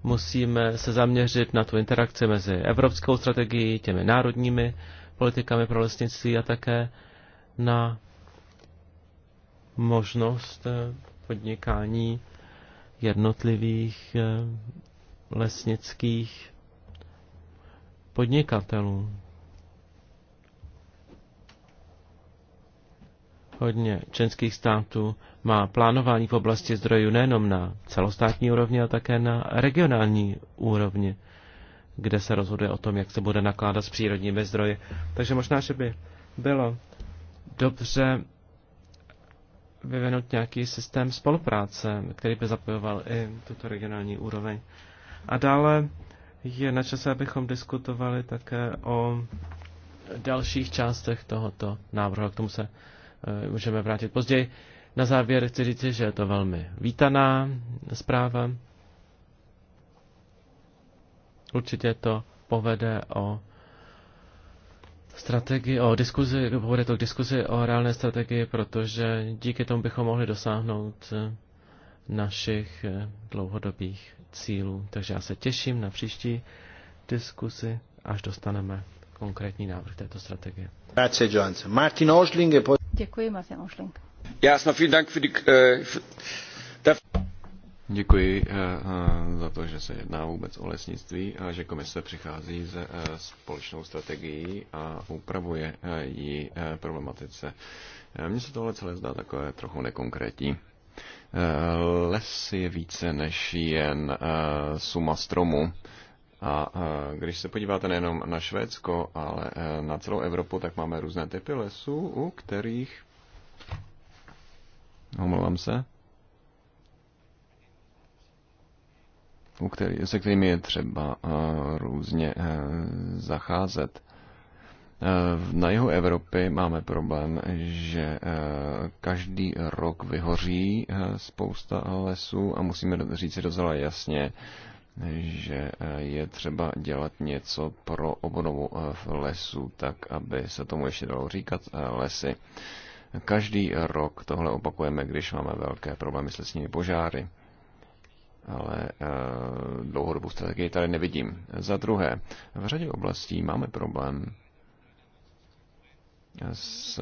musíme se zaměřit na tu interakci mezi evropskou strategií, těmi národními politikami pro lesnictví a také na možnost eh, podnikání jednotlivých eh, lesnických podnikatelů. Hodně členských států má plánování v oblasti zdrojů nejenom na celostátní úrovni, ale také na regionální úrovni, kde se rozhoduje o tom, jak se bude nakládat s přírodními zdroji. Takže možná, že by bylo dobře vyvinout nějaký systém spolupráce, který by zapojoval i tuto regionální úroveň. A dále je na čase, abychom diskutovali také o dalších částech tohoto návrhu. K tomu se Eh, můžeme vrátit později. Na závěr chci říct, že je to velmi vítaná zpráva. Určitě to povede o strategii, o diskuzi, povede to k diskuzi o reálné strategii, protože díky tomu bychom mohli dosáhnout eh, našich eh, dlouhodobých cílů. Takže já se těším na příští diskuzi, až dostaneme konkrétní návrh této strategie. Martin Osling je po... Děkuji, Já snad eh, Děkuji eh, za to, že se jedná vůbec o lesnictví a že komise přichází se eh, společnou strategií a upravuje ji problematice. Mně se tohle celé zdá takové trochu nekonkrétní. Les je více než jen suma stromů. A e, když se podíváte nejenom na Švédsko, ale e, na celou Evropu, tak máme různé typy lesů, u kterých. Omlouvám se. U který, se kterými je třeba e, různě zacházet. Na jihu Evropy máme problém, že každý rok vyhoří spousta lesů a musíme říct si docela jasně, že eh, je třeba dělat něco pro obnovu eh, lesů, tak aby se tomu ještě dalo říkat eh, lesy. Každý rok tohle opakujeme, když máme velké problémy s lesními požáry, ale dlouhodobou strategii tady nevidím. Za druhé, v řadě oblastí máme problém s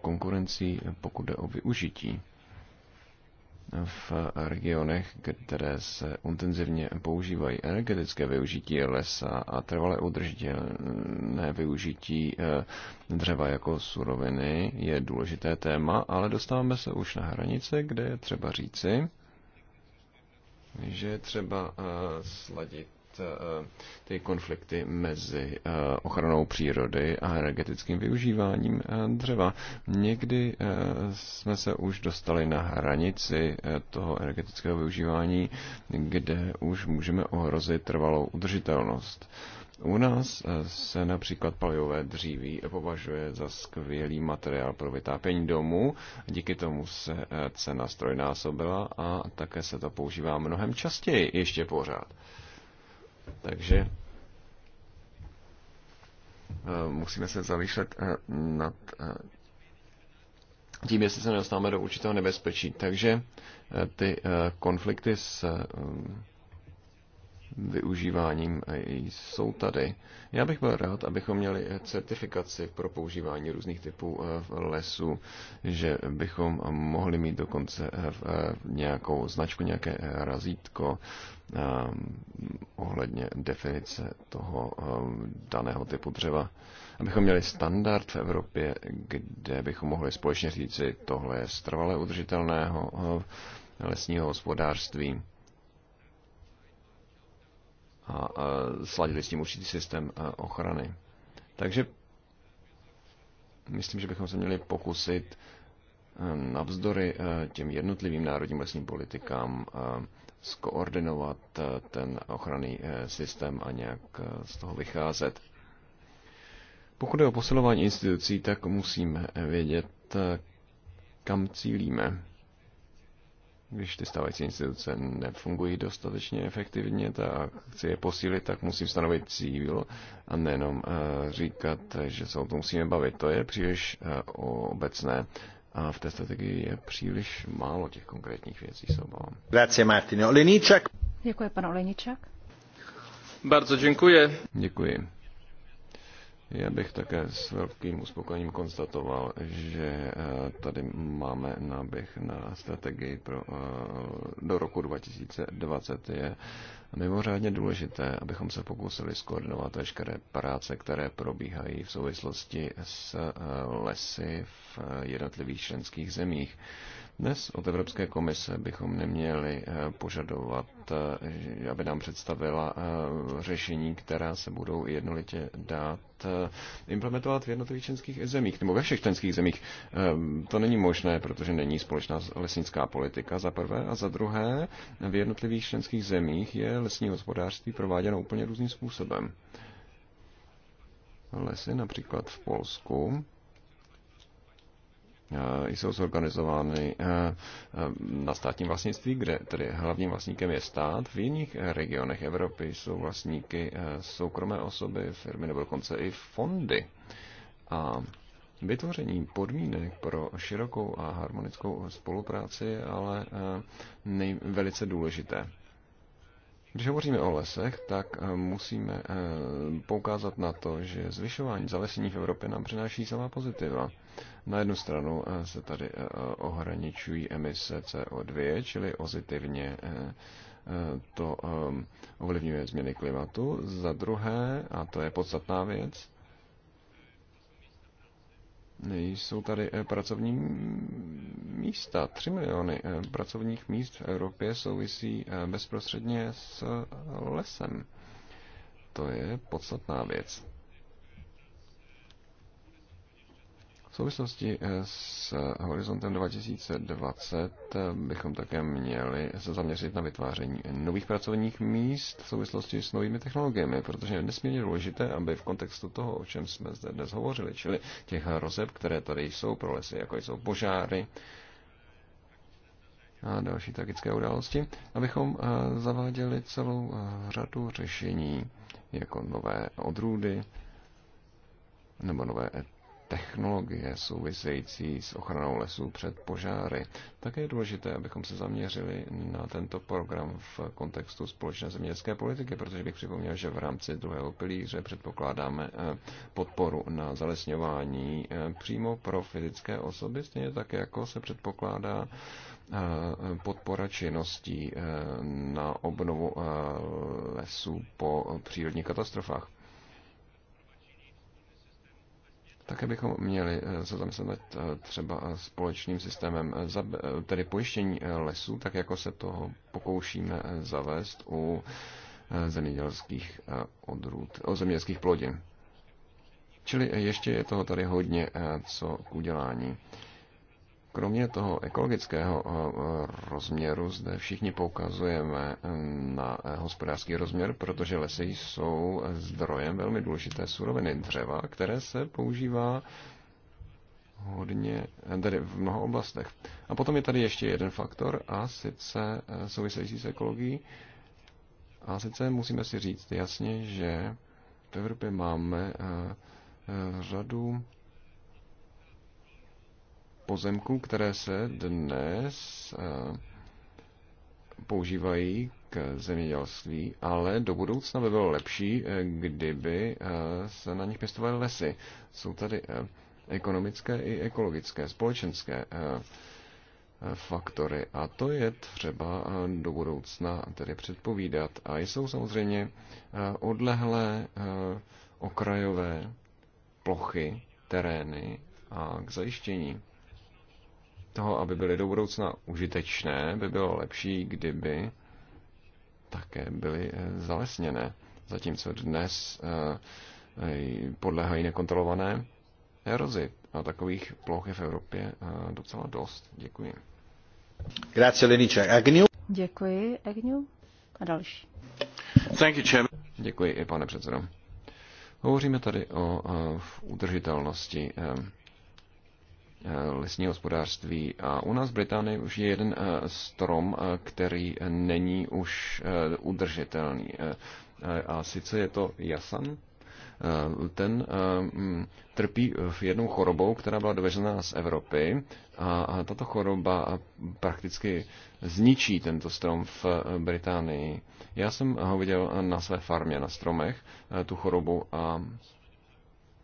konkurencí, pokud jde o využití v regionech, které se intenzivně používají energetické využití lesa a trvale udržitelné využití eh, dřeva jako suroviny je důležité téma, ale dostáváme se už na hranice, kde je třeba říci, že je třeba eh, sladit Eh, ty konflikty mezi eh, ochranou přírody a energetickým využíváním eh, dřeva. Někdy jsme se už dostali na hranici toho energetického využívání, kde už můžeme ohrozit trvalou udržitelnost. U nás se například palivové dříví považuje za skvělý materiál pro vytápění domů. Díky tomu se cena strojnásobila a také se to používá mnohem častěji ještě pořád. Takže eh, musíme se zamýšlet eh, nad eh, tím, jestli se nedostáváme do určitého nebezpečí. Takže ty konflikty s využíváním jsou tady. Já bych byl rád, abychom měli certifikaci pro používání různých typů eh, lesů, že bychom mohli mít dokonce eh, eh, nějakou značku, nějaké razítko ohledně definice toho daného typu dřeva. Abychom měli standard v Evropě, kde bychom mohli společně říci, tohle je strvale udržitelného lesního hospodářství a sladili s tím určitý systém ochrany. Takže myslím, že bychom se měli pokusit e, navzdory e, těm jednotlivým národním lesním politikám e, skoordinovat ten ochranný systém a nějak z toho vycházet. Pokud je o posilování institucí, tak musíme vědět, kam cílíme když ty stávající instituce nefungují dostatečně efektivně, tak chci je posílit, tak musím stanovit cíl a nejenom eh, říkat, že se o tom musíme bavit. To je příliš eh, obecné a v té strategii je příliš málo těch konkrétních věcí, se obávám. Grazie Martine. Oleničak. Děkuji, pan Oleničak. Bardzo děkuji. Děkuji. Já bych také s velkým uspokojením konstatoval, že eh, tady máme náběh na strategii pro, eh, do roku 2020. Je mimořádně důležité, abychom se pokusili skoordinovat veškeré práce, které probíhají v souvislosti s eh, lesy v jednotlivých členských zemích. Dnes od Evropské komise bychom neměli eh, požadovat, eh, aby nám představila eh, řešení, která se budou jednolitě dát implementovat v jednotlivých členských zemích, nebo ve všech členských zemích. To není možné, protože není společná lesnická politika, za prvé. A za druhé, v jednotlivých členských zemích je lesní hospodářství prováděno úplně různým způsobem. Lesy například v Polsku Eh, jsou zorganizovány eh, na státním vlastnictví, kde tedy hlavním vlastníkem je stát. V jiných eh, regionech Evropy jsou vlastníky soukromé osoby, firmy nebo dokonce i fondy. A Vytvoření podmínek pro širokou a harmonickou spolupráci je ale nej, velice důležité. Když hovoříme o lesech, tak musíme poukázat na to, že zvyšování zalesnění v Evropě nám přináší samá pozitiva. Na jednu stranu eh, se tady eh, ohraničují emise CO2, čili pozitivně eh, to ovlivňuje změny klimatu. Za druhé, a to je podstatná věc, jsou tady pracovní místa. 3 miliony pracovních míst v Evropě souvisí bezprostředně s lesem. To je podstatná věc. V souvislosti eh, s horizontem 2020 eh, bychom také měli se zaměřit na vytváření nových pracovních míst v souvislosti s novými technologiemi, protože je nesmírně důležité, aby v kontextu toho, o čem jsme zde dnes hovořili, čili těch hrozeb, které tady jsou pro lesy, jako jsou požáry, a další tragické události, abychom eh, zaváděli celou řadu řešení jako nové odrůdy nebo nové technologie související s ochranou lesů před požáry. Také je důležité, abychom se zaměřili na tento program v kontextu společné zemědělské politiky, protože bych připomněl, že v rámci druhého pilíře předpokládáme eh, podporu na zalesňování eh, přímo pro fyzické osoby, stejně tak, jako se předpokládá eh, podpora činností na obnovu lesů po přírodních katastrofách. Také bychom měli eh, se zamyslet eh, třeba eh, společným systémem tedy pojištění lesů, tak jako se toho pokoušíme zavést u zemědělských odrůd, o zemědělských plodin. Čili ještě je toho tady hodně co k udělání. Kromě toho ekologického eh, rozměru zde všichni poukazujeme eh, na eh, hospodářský rozměr, protože lesy jsou zdrojem velmi důležité suroviny dřeva, které se používá hodně, tedy v mnoha oblastech. A potom je tady ještě jeden faktor, a sice související s ekologií. A sice musíme si říct jasně, že v Evropě máme řadu pozemků, které se dnes eh, používají k zemědělství, ale do budoucna by bylo lepší, eh, kdyby eh, se na nich pěstovaly lesy. Jsou tady ekonomické i ekologické, společenské faktory a to je třeba do budoucna tedy předpovídat. A jsou samozřejmě odlehlé okrajové plochy, terény a k zajištění toho, aby byly do budoucna užitečné, by bylo lepší, kdyby také byly eh, zalesněné. Zatímco dnes eh, podlehají nekontrolované erozi. A takových ploch je v Evropě eh, docela dost. Děkuji. Grazie, Lenice. Agnew. Děkuji, Agnew. A další. Thank you, chairman. Děkuji, pane předsedo. Hovoříme tady o, o udržitelnosti Eh, lesní hospodářství. A u nás v Británii už je jeden eh, strom, eh, který není už udržitelný. A sice je to jasan. Ten mm, trpí jednou chorobou, která byla dovezená z Evropy a tato choroba prakticky zničí tento strom v Británii. Já jsem ho viděl na své farmě, na stromech, tu chorobu a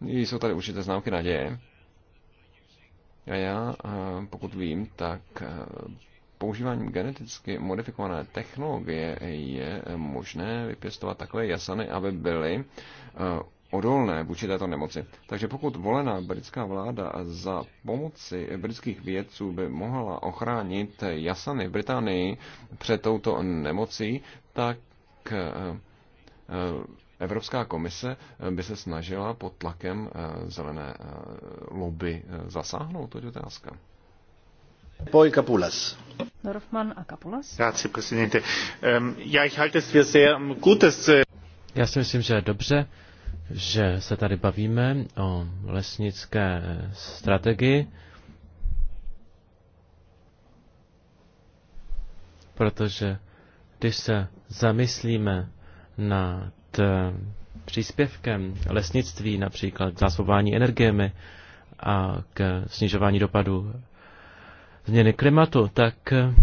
jsou tady určité známky naděje a já, eh, pokud vím, tak eh, používáním geneticky modifikované technologie je eh, možné vypěstovat takové jasany, aby byly odolné vůči této nemoci. Takže pokud volená britská vláda za pomoci britských vědců by mohla ochránit jasany v Británii před touto nemocí, tak Evropská komise eh, by se snažila pod tlakem eh, zelené eh, lobby zasáhnout, to je otázka. Poi Capulas. Dorfman a Capulas. Grazie, presidente. Ehm, Já ich halte es für sehr ähm, gutes... Äh, Já si myslím, že je dobře, že se tady bavíme o lesnické strategii, protože když se zamyslíme nad E, příspěvkem lesnictví, například zásobování energiemi a k snižování dopadu změny klimatu, tak e,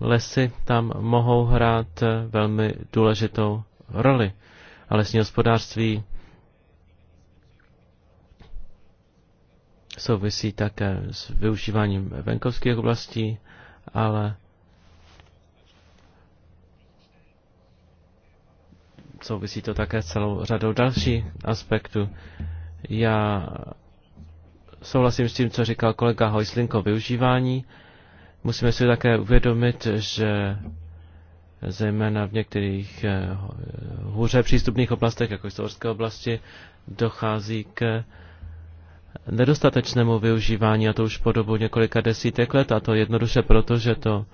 lesy tam mohou hrát velmi důležitou roli. A lesní hospodářství souvisí také s využíváním venkovských oblastí, ale souvisí to také s celou řadou dalších aspektů. Já souhlasím s tím, co říkal kolega Hojslink o využívání. Musíme si také uvědomit, že zejména v některých eh, hůře přístupných oblastech, jako jsou horské oblasti, dochází k nedostatečnému využívání, a to už po dobu několika desítek let, a to jednoduše proto, že to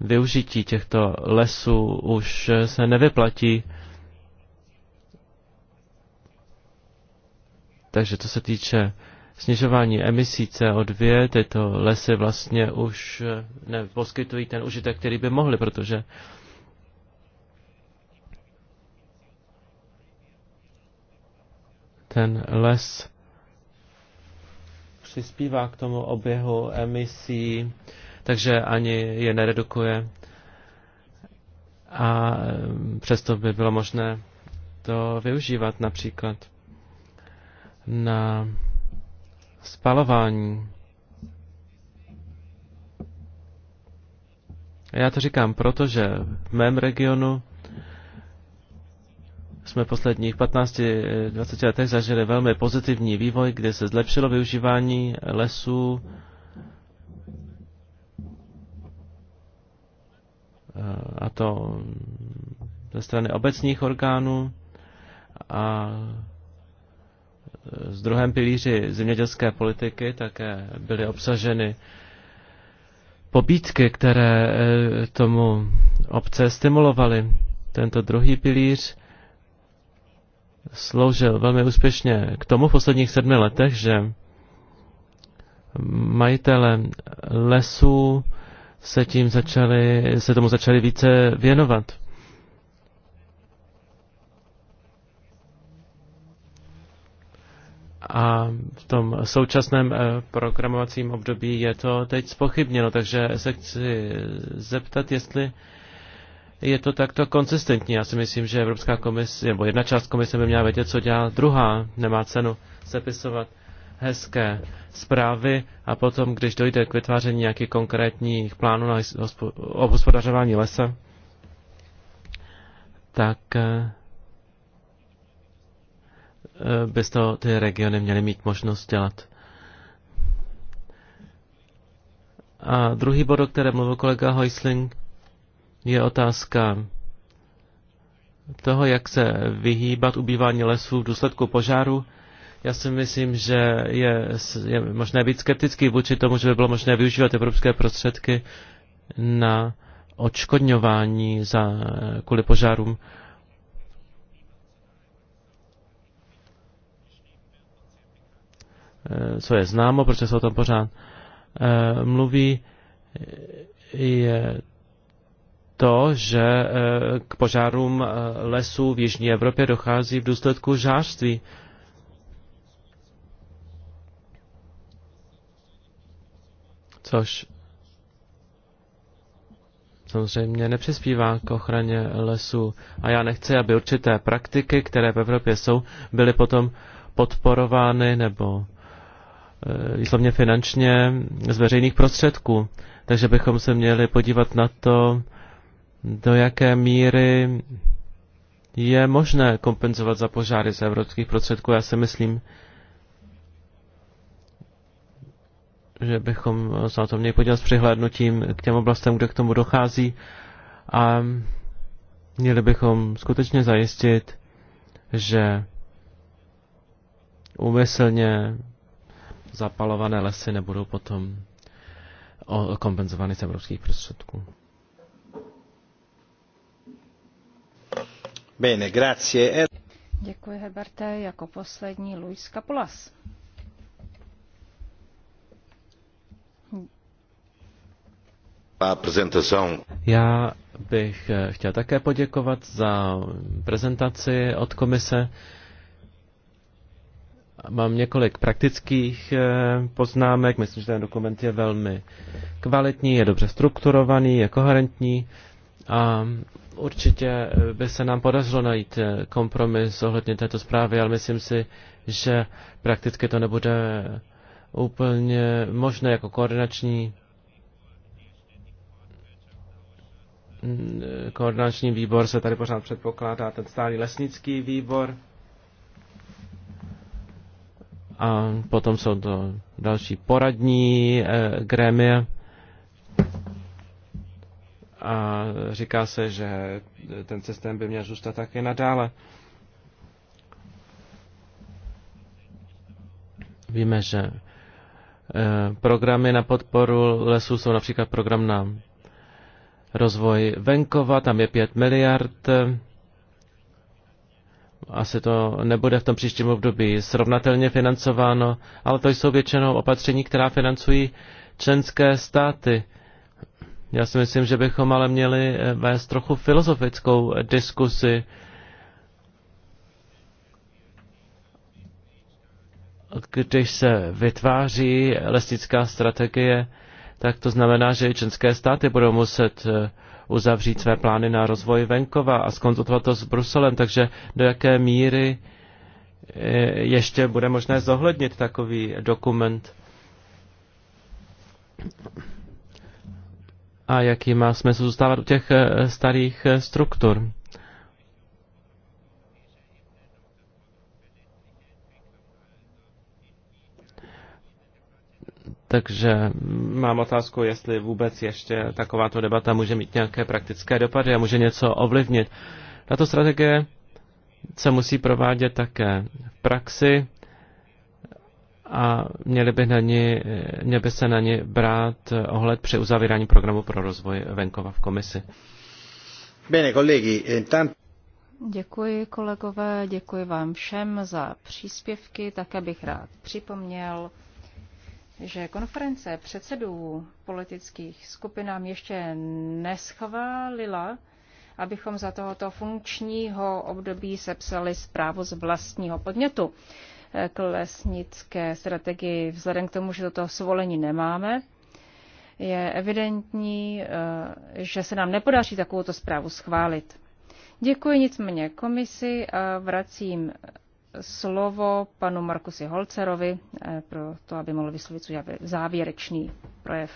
využití těchto lesů už se nevyplatí Takže to se týče snižování emisí CO2, tyto lesy vlastně už eh, neposkytují ten užitek, který by mohly, protože ten les přispívá k tomu oběhu emisí, takže ani je neredukuje. A eh, přesto by bylo možné to využívat například na spalování. Já to říkám, protože v mém regionu jsme v posledních 15-20 letech zažili velmi pozitivní vývoj, kde se zlepšilo využívání lesů, a to ze strany obecních orgánů a z druhém pilíři zemědělské politiky také byly obsaženy pobídky, které eh, tomu obce stimulovaly. Tento druhý pilíř sloužil velmi úspěšně k tomu v posledních sedmi letech, že majitele lesů se, tím začali, se tomu začali více věnovat. A v tom současném eh, programovacím období je to teď spochybněno, takže se chci zeptat, jestli je to takto konsistentní. Já si myslím, že Evropská komise, nebo jedna část komise by měla vědět, co dělá druhá. Nemá cenu sepisovat hezké zprávy a potom, když dojde k vytváření nějakých konkrétních plánů na hospodařování lesa, tak eh, Eh, bez toho ty regiony měly mít možnost dělat. A druhý bod, o kterém mluvil kolega Heusling, je otázka toho, jak se vyhýbat ubývání lesů v důsledku požáru. Já si myslím, že je, je možné být skeptický vůči tomu, že by bylo možné využívat evropské prostředky na odškodňování za, kvůli požárům. Eh, co je známo, protože se o tom pořád eh, mluví, je to, že eh, k požárům lesů v Jižní Evropě dochází v důsledku žářství. Což samozřejmě nepřispívá k ochraně lesů. A já nechci, aby určité praktiky, které v Evropě jsou, byly potom podporovány nebo Eh, výslovně finančně z veřejných prostředků. Takže bychom se měli podívat na to, do jaké míry je možné kompenzovat za požáry z evropských prostředků. Já si myslím, že bychom se na to měli podívat s přihlédnutím k těm oblastem, kde k tomu dochází a měli bychom skutečně zajistit, že úmyslně zapalované lesy nebudou potom kompenzovány z evropských prostředků. Bene, grazie. Děkuji, Heberte. Jako poslední Luis Capulas. Já bych eh, chtěl také poděkovat za prezentaci od komise. Mám několik praktických eh, poznámek. Myslím, že ten dokument je velmi kvalitní, je dobře strukturovaný, je koherentní a určitě eh, by se nám podařilo najít eh, kompromis ohledně této zprávy, ale myslím si, že prakticky to nebude úplně možné jako koordinační mm, koordinační výbor se tady pořád předpokládá ten stálý lesnický výbor a potom jsou to další poradní eh, grémie a říká se, že ten systém by měl zůstat také nadále. Víme, že eh, programy na podporu lesů jsou například program na rozvoj venkova, tam je 5 miliard, eh, asi to nebude v tom příštím období srovnatelně financováno, ale to jsou většinou opatření, která financují členské státy. Já si myslím, že bychom ale měli eh, vést trochu filozofickou diskusi. Když se vytváří lesnická strategie, tak to znamená, že i členské státy budou muset eh, uzavřít své plány na rozvoj venkova a skonzultovat to s Bruselem, takže do jaké míry e, ještě bude možné zohlednit takový dokument a jaký má smysl zůstávat u těch e, starých e, struktur. Takže mám otázku, jestli vůbec ještě takováto debata může mít nějaké praktické dopady a může něco ovlivnit. Tato strategie se musí provádět také v praxi a měli by, na ní, mě by se na ní brát ohled při uzavírání programu pro rozvoj venkova v komisi. Bene, kolegy, tam... Děkuji kolegové, děkuji vám všem za příspěvky. Také bych rád připomněl, že konference předsedů politických skupin nám ještě neschválila, abychom za tohoto funkčního období sepsali zprávu z vlastního podnětu k lesnické strategii. Vzhledem k tomu, že toto svolení nemáme, je evidentní, eh, že se nám nepodaří takovouto zprávu schválit. Děkuji nicméně komisi a vracím slovo panu Markusi Holcerovi eh, pro to, aby mohl vyslovit svůj závěrečný projev.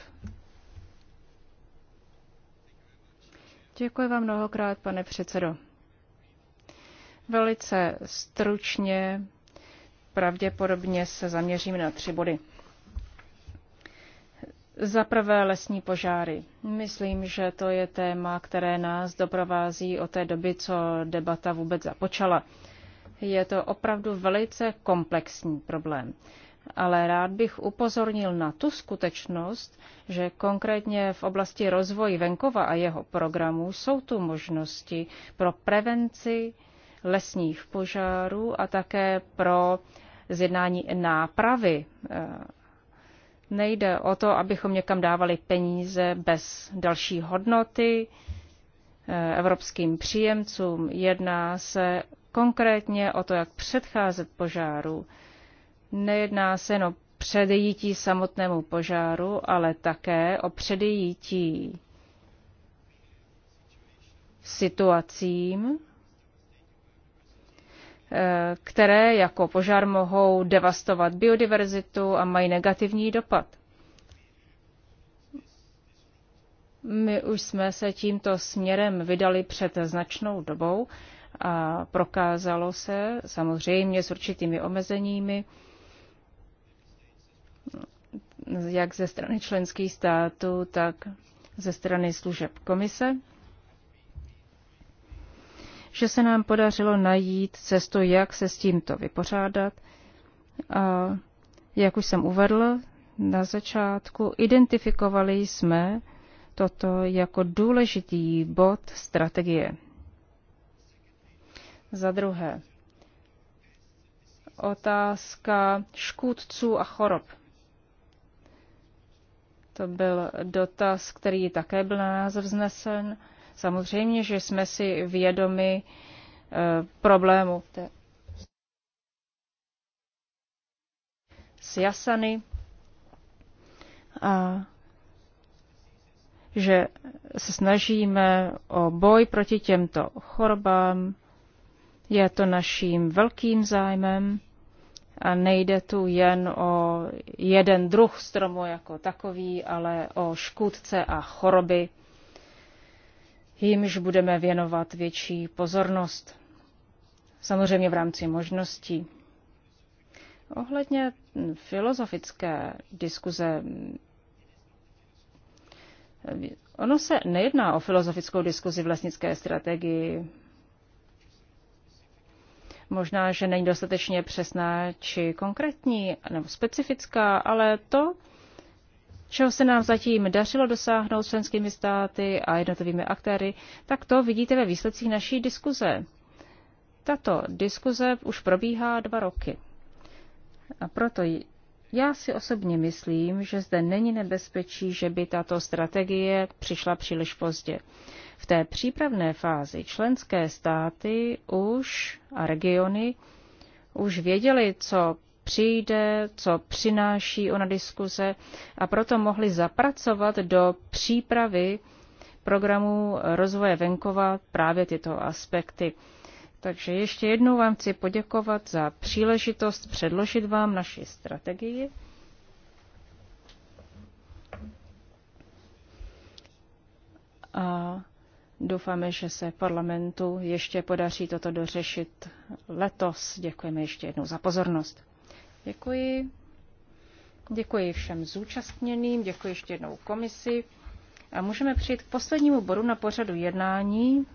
Děkuji vám mnohokrát, pane předsedo. Velice stručně, pravděpodobně se zaměřím na tři body. Za prvé lesní požáry. Myslím, že to je téma, které nás doprovází od té doby, co debata vůbec započala. Je to opravdu velice komplexní problém. Ale rád bych upozornil na tu skutečnost, že konkrétně v oblasti rozvoji venkova a jeho programů jsou tu možnosti pro prevenci lesních požárů a také pro zjednání nápravy. Nejde o to, abychom někam dávali peníze bez další hodnoty evropským příjemcům. Jedná se konkrétně o to, jak předcházet požáru. Nejedná se jen o předejítí samotnému požáru, ale také o předejítí situacím, eh, které jako požár mohou devastovat biodiverzitu a mají negativní dopad. My už jsme se tímto směrem vydali před značnou dobou a prokázalo se, samozřejmě s určitými omezeními, jak ze strany členských států, tak ze strany služeb komise, že se nám podařilo najít cestu, jak se s tímto vypořádat. A jak už jsem uvedl na začátku, identifikovali jsme toto jako důležitý bod strategie. Za druhé, otázka škůdců a chorob. To byl dotaz, který také byl na nás vznesen. Samozřejmě, že jsme si vědomi eh, problému s jasany a že se snažíme o boj proti těmto chorobám je to naším velkým zájmem a nejde tu jen o jeden druh stromu jako takový, ale o škůdce a choroby, jimž budeme věnovat větší pozornost. Samozřejmě v rámci možností. Ohledně filozofické diskuze, ono se nejedná o filozofickou diskuzi v lesnické strategii, Možná, že není dostatečně přesná či konkrétní nebo specifická, ale to, čeho se nám zatím dařilo dosáhnout členskými státy a jednotlivými aktéry, tak to vidíte ve výsledcích naší diskuze. Tato diskuze už probíhá dva roky. A proto já si osobně myslím, že zde není nebezpečí, že by tato strategie přišla příliš pozdě. V té přípravné fázi členské státy už a regiony už věděli, co přijde, co přináší ona diskuze a proto mohli zapracovat do přípravy programu rozvoje venkova právě tyto aspekty. Takže ještě jednou vám chci poděkovat za příležitost předložit vám naši strategii. A doufáme, že se parlamentu ještě podaří toto dořešit letos. Děkujeme ještě jednou za pozornost. Děkuji. Děkuji všem zúčastněným, děkuji ještě jednou komisi. A můžeme přijít k poslednímu bodu na pořadu jednání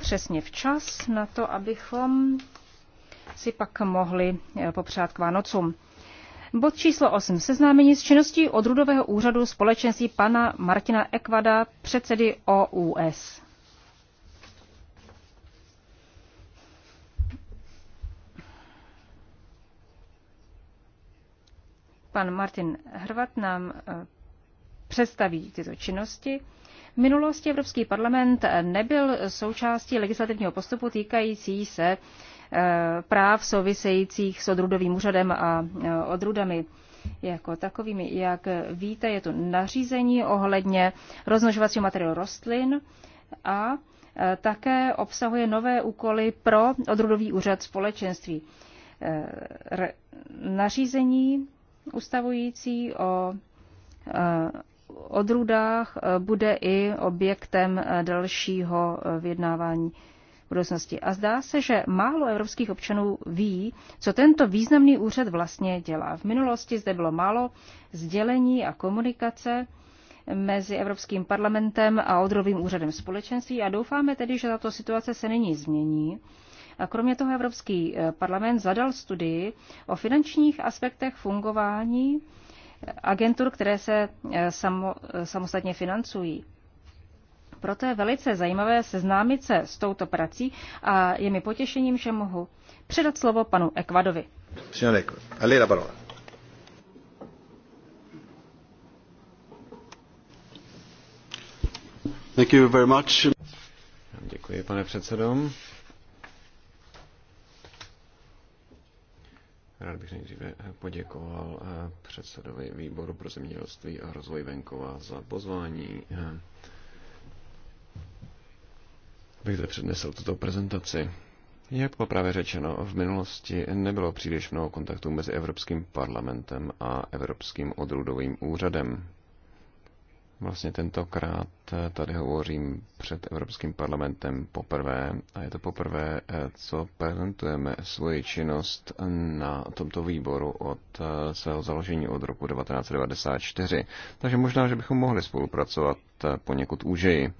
přesně včas na to, abychom si pak mohli eh, popřát k Vánocům. Bod číslo 8. Seznámení s činností odrudového úřadu společenství pana Martina Ekvada, předsedy OUS. Pan Martin Hrvat nám eh, představí tyto činnosti. V minulosti Evropský parlament nebyl součástí legislativního postupu týkající se eh, práv souvisejících s odrudovým úřadem a eh, odrudami jako takovými. Jak víte, je to nařízení ohledně roznožovacího materiálu rostlin a eh, také obsahuje nové úkoly pro odrudový úřad společenství. Nařízení ustavující o odrůdách eh, bude i objektem eh, dalšího eh, vyjednávání budoucnosti. A zdá se, že málo evropských občanů ví, co tento významný úřad vlastně dělá. V minulosti zde bylo málo sdělení a komunikace mezi Evropským parlamentem a odrovým úřadem společenství a doufáme tedy, že tato situace se nyní změní. A kromě toho Evropský parlament zadal studii o finančních aspektech fungování agentur, které se eh, samo, eh, samostatně financují. Proto je velice zajímavé seznámit se s touto prací a je mi potěšením, že mohu předat slovo panu Ekvadovi. Thank you very much. Děkuji, pane předsedo. Rád bych nejdříve poděkoval eh, předsedovi výboru pro zemědělství a rozvoj venkova za pozvání. Eh, bych zde přednesl tuto prezentaci. Jak bylo právě řečeno, v minulosti nebylo příliš mnoho kontaktů mezi Evropským parlamentem a Evropským odrůdovým úřadem. Vlastně tentokrát eh, tady hovořím před Evropským parlamentem poprvé a je to poprvé, eh, co prezentujeme svoji činnost na tomto výboru od eh, svého založení od roku 1994. Takže možná, že bychom mohli spolupracovat poněkud úžeji.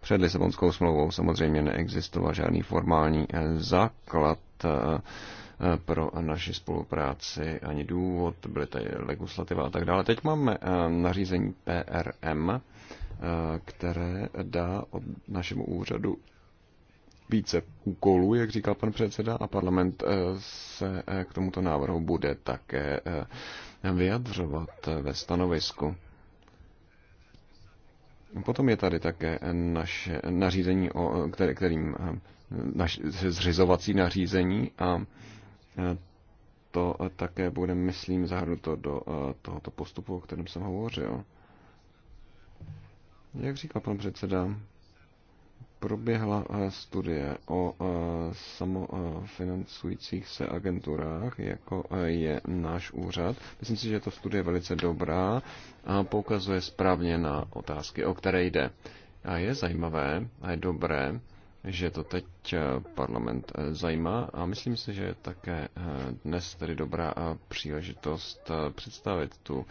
Před Lisabonskou smlouvou samozřejmě neexistoval žádný formální základ pro naši spolupráci, ani důvod, byly tady legislativa a tak dále. Teď máme eh, nařízení PRM, eh, které dá od našemu úřadu více úkolů, jak říkal pan předseda, a parlament eh, se k tomuto návrhu bude také vyjadřovat ve stanovisku. Potom je tady také naše nařízení, o, který, kterým naš, zřizovací nařízení a Eh, to eh, také bude, myslím, zahrnuto do eh, tohoto postupu, o kterém jsem hovořil. Jak říkal pan předseda, proběhla studie o samofinancujících se agenturách, jako je náš úřad. Myslím si, že to studie je velice dobrá a poukazuje správně na otázky, o které jde. A je zajímavé a je dobré, že to teď eh, parlament eh, zajímá a myslím si, že je také eh, dnes tedy dobrá příležitost představit tu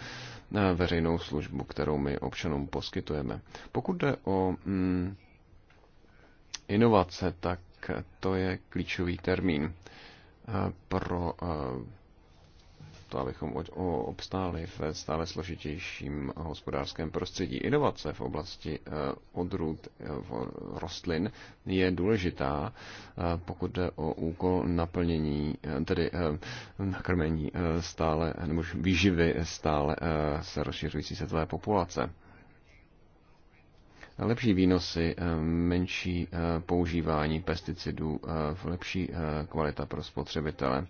veřejnou službu, kterou my občanům poskytujeme. Pokud jde o mm, inovace, tak to je klíčový termín pro to, abychom obstáli v stále složitějším hospodářském prostředí. Inovace v oblasti eh, odrůd eh, rostlin je důležitá, eh, pokud jde o úkol naplnění, tedy nakrmení stále, nebo výživy stále se rozšiřující se populace lepší výnosy, menší používání pesticidů, lepší kvalita pro spotřebitele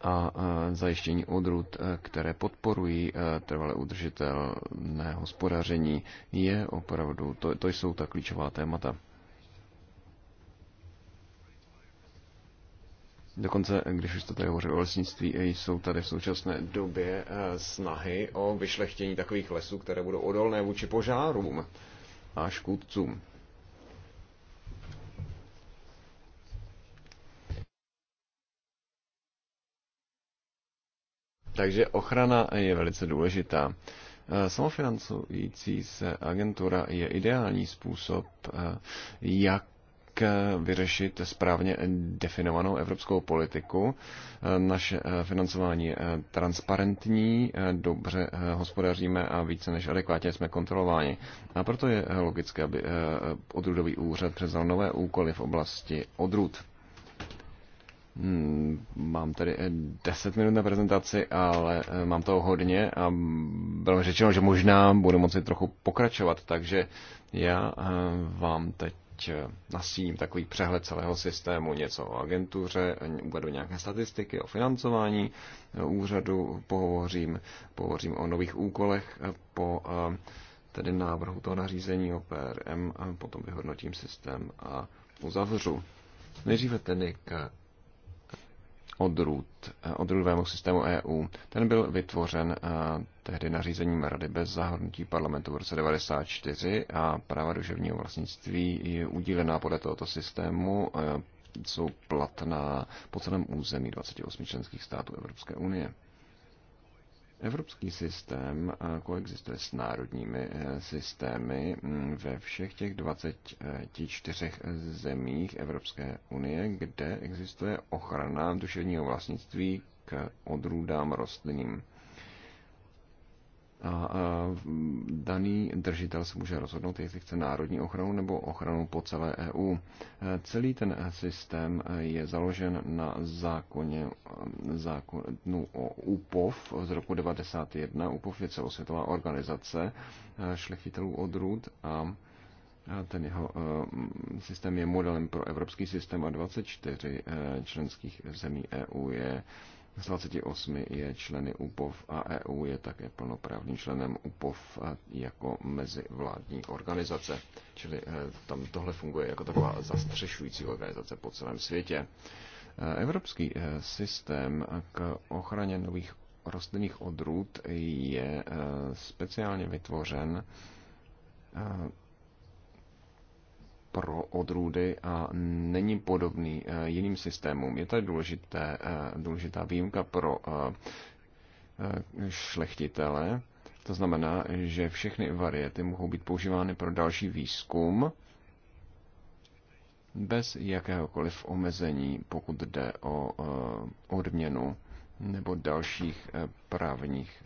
a zajištění odrůd, e, které podporují e, trvale udržitelné hospodaření, je opravdu, to, to jsou ta klíčová témata. Dokonce, když už jste tady hovořil o lesnictví, jsou tady v současné době e, snahy o vyšlechtění takových lesů, které budou odolné vůči požárům a škůdcům. Takže ochrana je velice důležitá. Eh, samofinancující se agentura je ideální způsob, eh, jak eh, vyřešit správně definovanou evropskou politiku. Naše financování je transparentní, dobře hospodaříme a více než adekvátně jsme kontrolováni. A proto je logické, aby odrudový úřad přezal nové úkoly v oblasti odrůd. Hm, mám tady 10 eh, minut na prezentaci, ale eh, mám toho hodně a bylo mi řečeno, že možná budu moci trochu pokračovat, takže já eh, vám teď nasíním takový přehled celého systému, něco o agentuře, uvedu nějaké statistiky o financování úřadu, pohovořím, pohovořím o nových úkolech po tedy návrhu toho nařízení o PRM, potom vyhodnotím systém a uzavřu. Nejdříve tedy k odrůd, eh, odrůdovému systému EU. Ten byl vytvořen eh, tehdy nařízením Rady bez zahrnutí parlamentu v roce 1994 a práva duševního vlastnictví je udílená podle tohoto systému eh, jsou platná po celém území 28 členských států Evropské unie. Evropský systém eh, koexistuje s národními eh, systémy mm, ve všech těch 24 eh, zemích Evropské unie, kde existuje ochrana duševního vlastnictví k odrůdám rostlinným a daný držitel se může rozhodnout, jestli chce národní ochranu nebo ochranu po celé EU. E, celý ten systém e, je založen na zákoně, e, zákonu o UPOV z roku 1991. UPOV je celosvětová organizace šlechtitelů odrůd a ten jeho systém je modelem pro evropský systém a 24 členských zemí EU je z 28 je členy UPOV a EU je také plnoprávným členem UPOV jako mezivládní organizace. Čili eh, tam tohle funguje jako taková zastřešující organizace po celém světě. Eh, evropský eh, systém k ochraně nových rostlinných odrůd je speciálně vytvořen pro odrůdy a není podobný eh, jiným systémům. Je tady důležité, eh, důležitá výjimka pro eh, šlechtitele. To znamená, že všechny variety mohou být používány pro další výzkum bez jakéhokoliv omezení, pokud jde o odměnu nebo dalších právních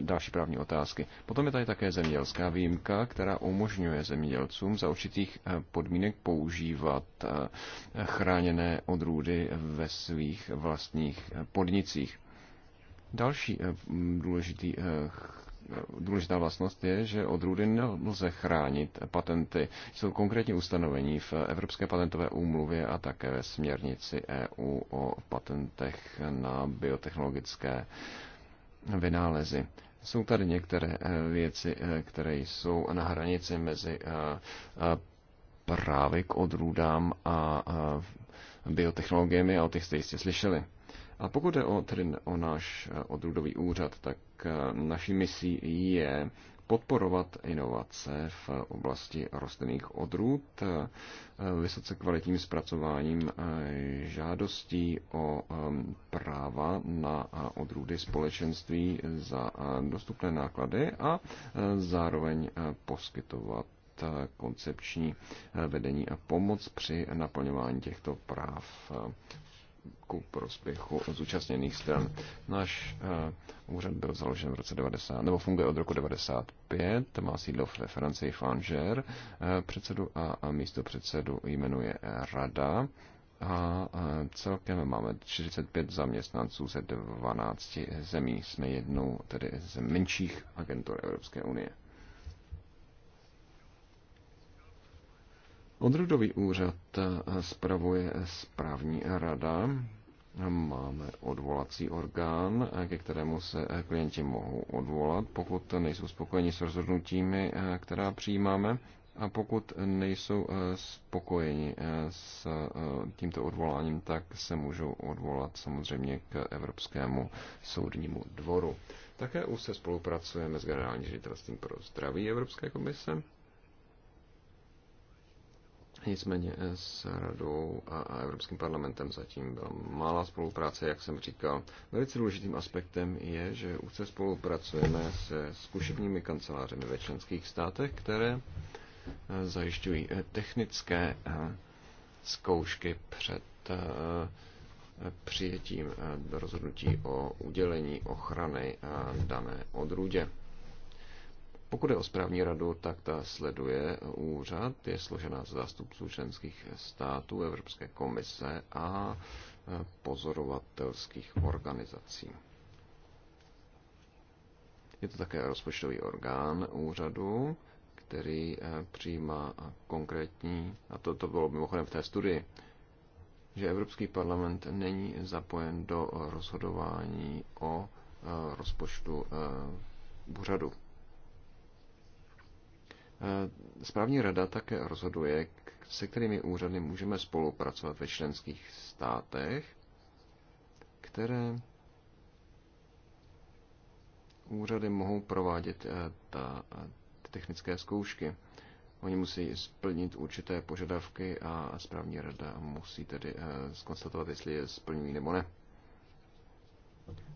další právní otázky. Potom je tady také zemědělská výjimka, která umožňuje zemědělcům za určitých eh, podmínek používat eh, chráněné odrůdy ve svých vlastních eh, podnicích. Další důležitý důležitá vlastnost je, že odrůdy nelze chránit patenty. Jsou konkrétně ustanovení v Evropské patentové úmluvě a také ve směrnici EU o patentech na biotechnologické vynálezy. Jsou tady některé eh, věci, eh, které jsou na hranici mezi eh, právě k odrůdám a biotechnologiemi a o těch jste jistě slyšeli. A pokud jde o, tedy o náš odrůdový úřad, tak naší misí je podporovat inovace v oblasti rostlinných odrůd vysoce kvalitním zpracováním eh, žádostí o eh, práva na eh, odrůdy společenství za dostupné náklady a zároveň poskytovat koncepční vedení a pomoc při naplňování těchto práv ku prospěchu zúčastněných stran. Náš eh, úřad byl založen v roce 90, nebo funguje od roku 95, má sídlo ve Francii v Angers, eh, předsedu a, a místo předsedu jmenuje Rada a celkem máme 45 zaměstnanců ze 12 zemí. Jsme jednou tedy z menších agentur Evropské unie. Odrodový úřad eh, spravuje správní rada. Máme odvolací orgán, eh, ke kterému se eh, klienti mohou odvolat, pokud nejsou spokojeni s rozhodnutími, která přijímáme a pokud nejsou spokojeni s tímto odvoláním, tak se můžou odvolat samozřejmě k Evropskému soudnímu dvoru. Také už se spolupracujeme s generálním ředitelstvím pro zdraví Evropské komise Nicméně s Radou a Evropským parlamentem zatím byla malá spolupráce, jak jsem říkal. Velice důležitým aspektem je, že úzce spolupracujeme se zkušebními kancelářemi ve členských státech, které eh, zajišťují eh, technické eh, zkoušky před přijetím do rozhodnutí o udělení ochrany dané odrůdě. Pokud je o správní radu, tak ta sleduje úřad, je složena z zástupců členských států Evropské komise a e, pozorovatelských organizací. Je to také rozpočtový orgán úřadu, který e, přijímá konkrétní, a to, to bylo mimochodem v té studii, že Evropský parlament není zapojen do rozhodování o e, rozpočtu úřadu. Eh, správní rada také rozhoduje, se kterými úřady můžeme spolupracovat ve členských státech, které úřady mohou provádět eh, ta, eh, ty technické zkoušky. Oni musí splnit určité požadavky a správní rada musí tedy skonstatovat, jestli je splňují nebo ne.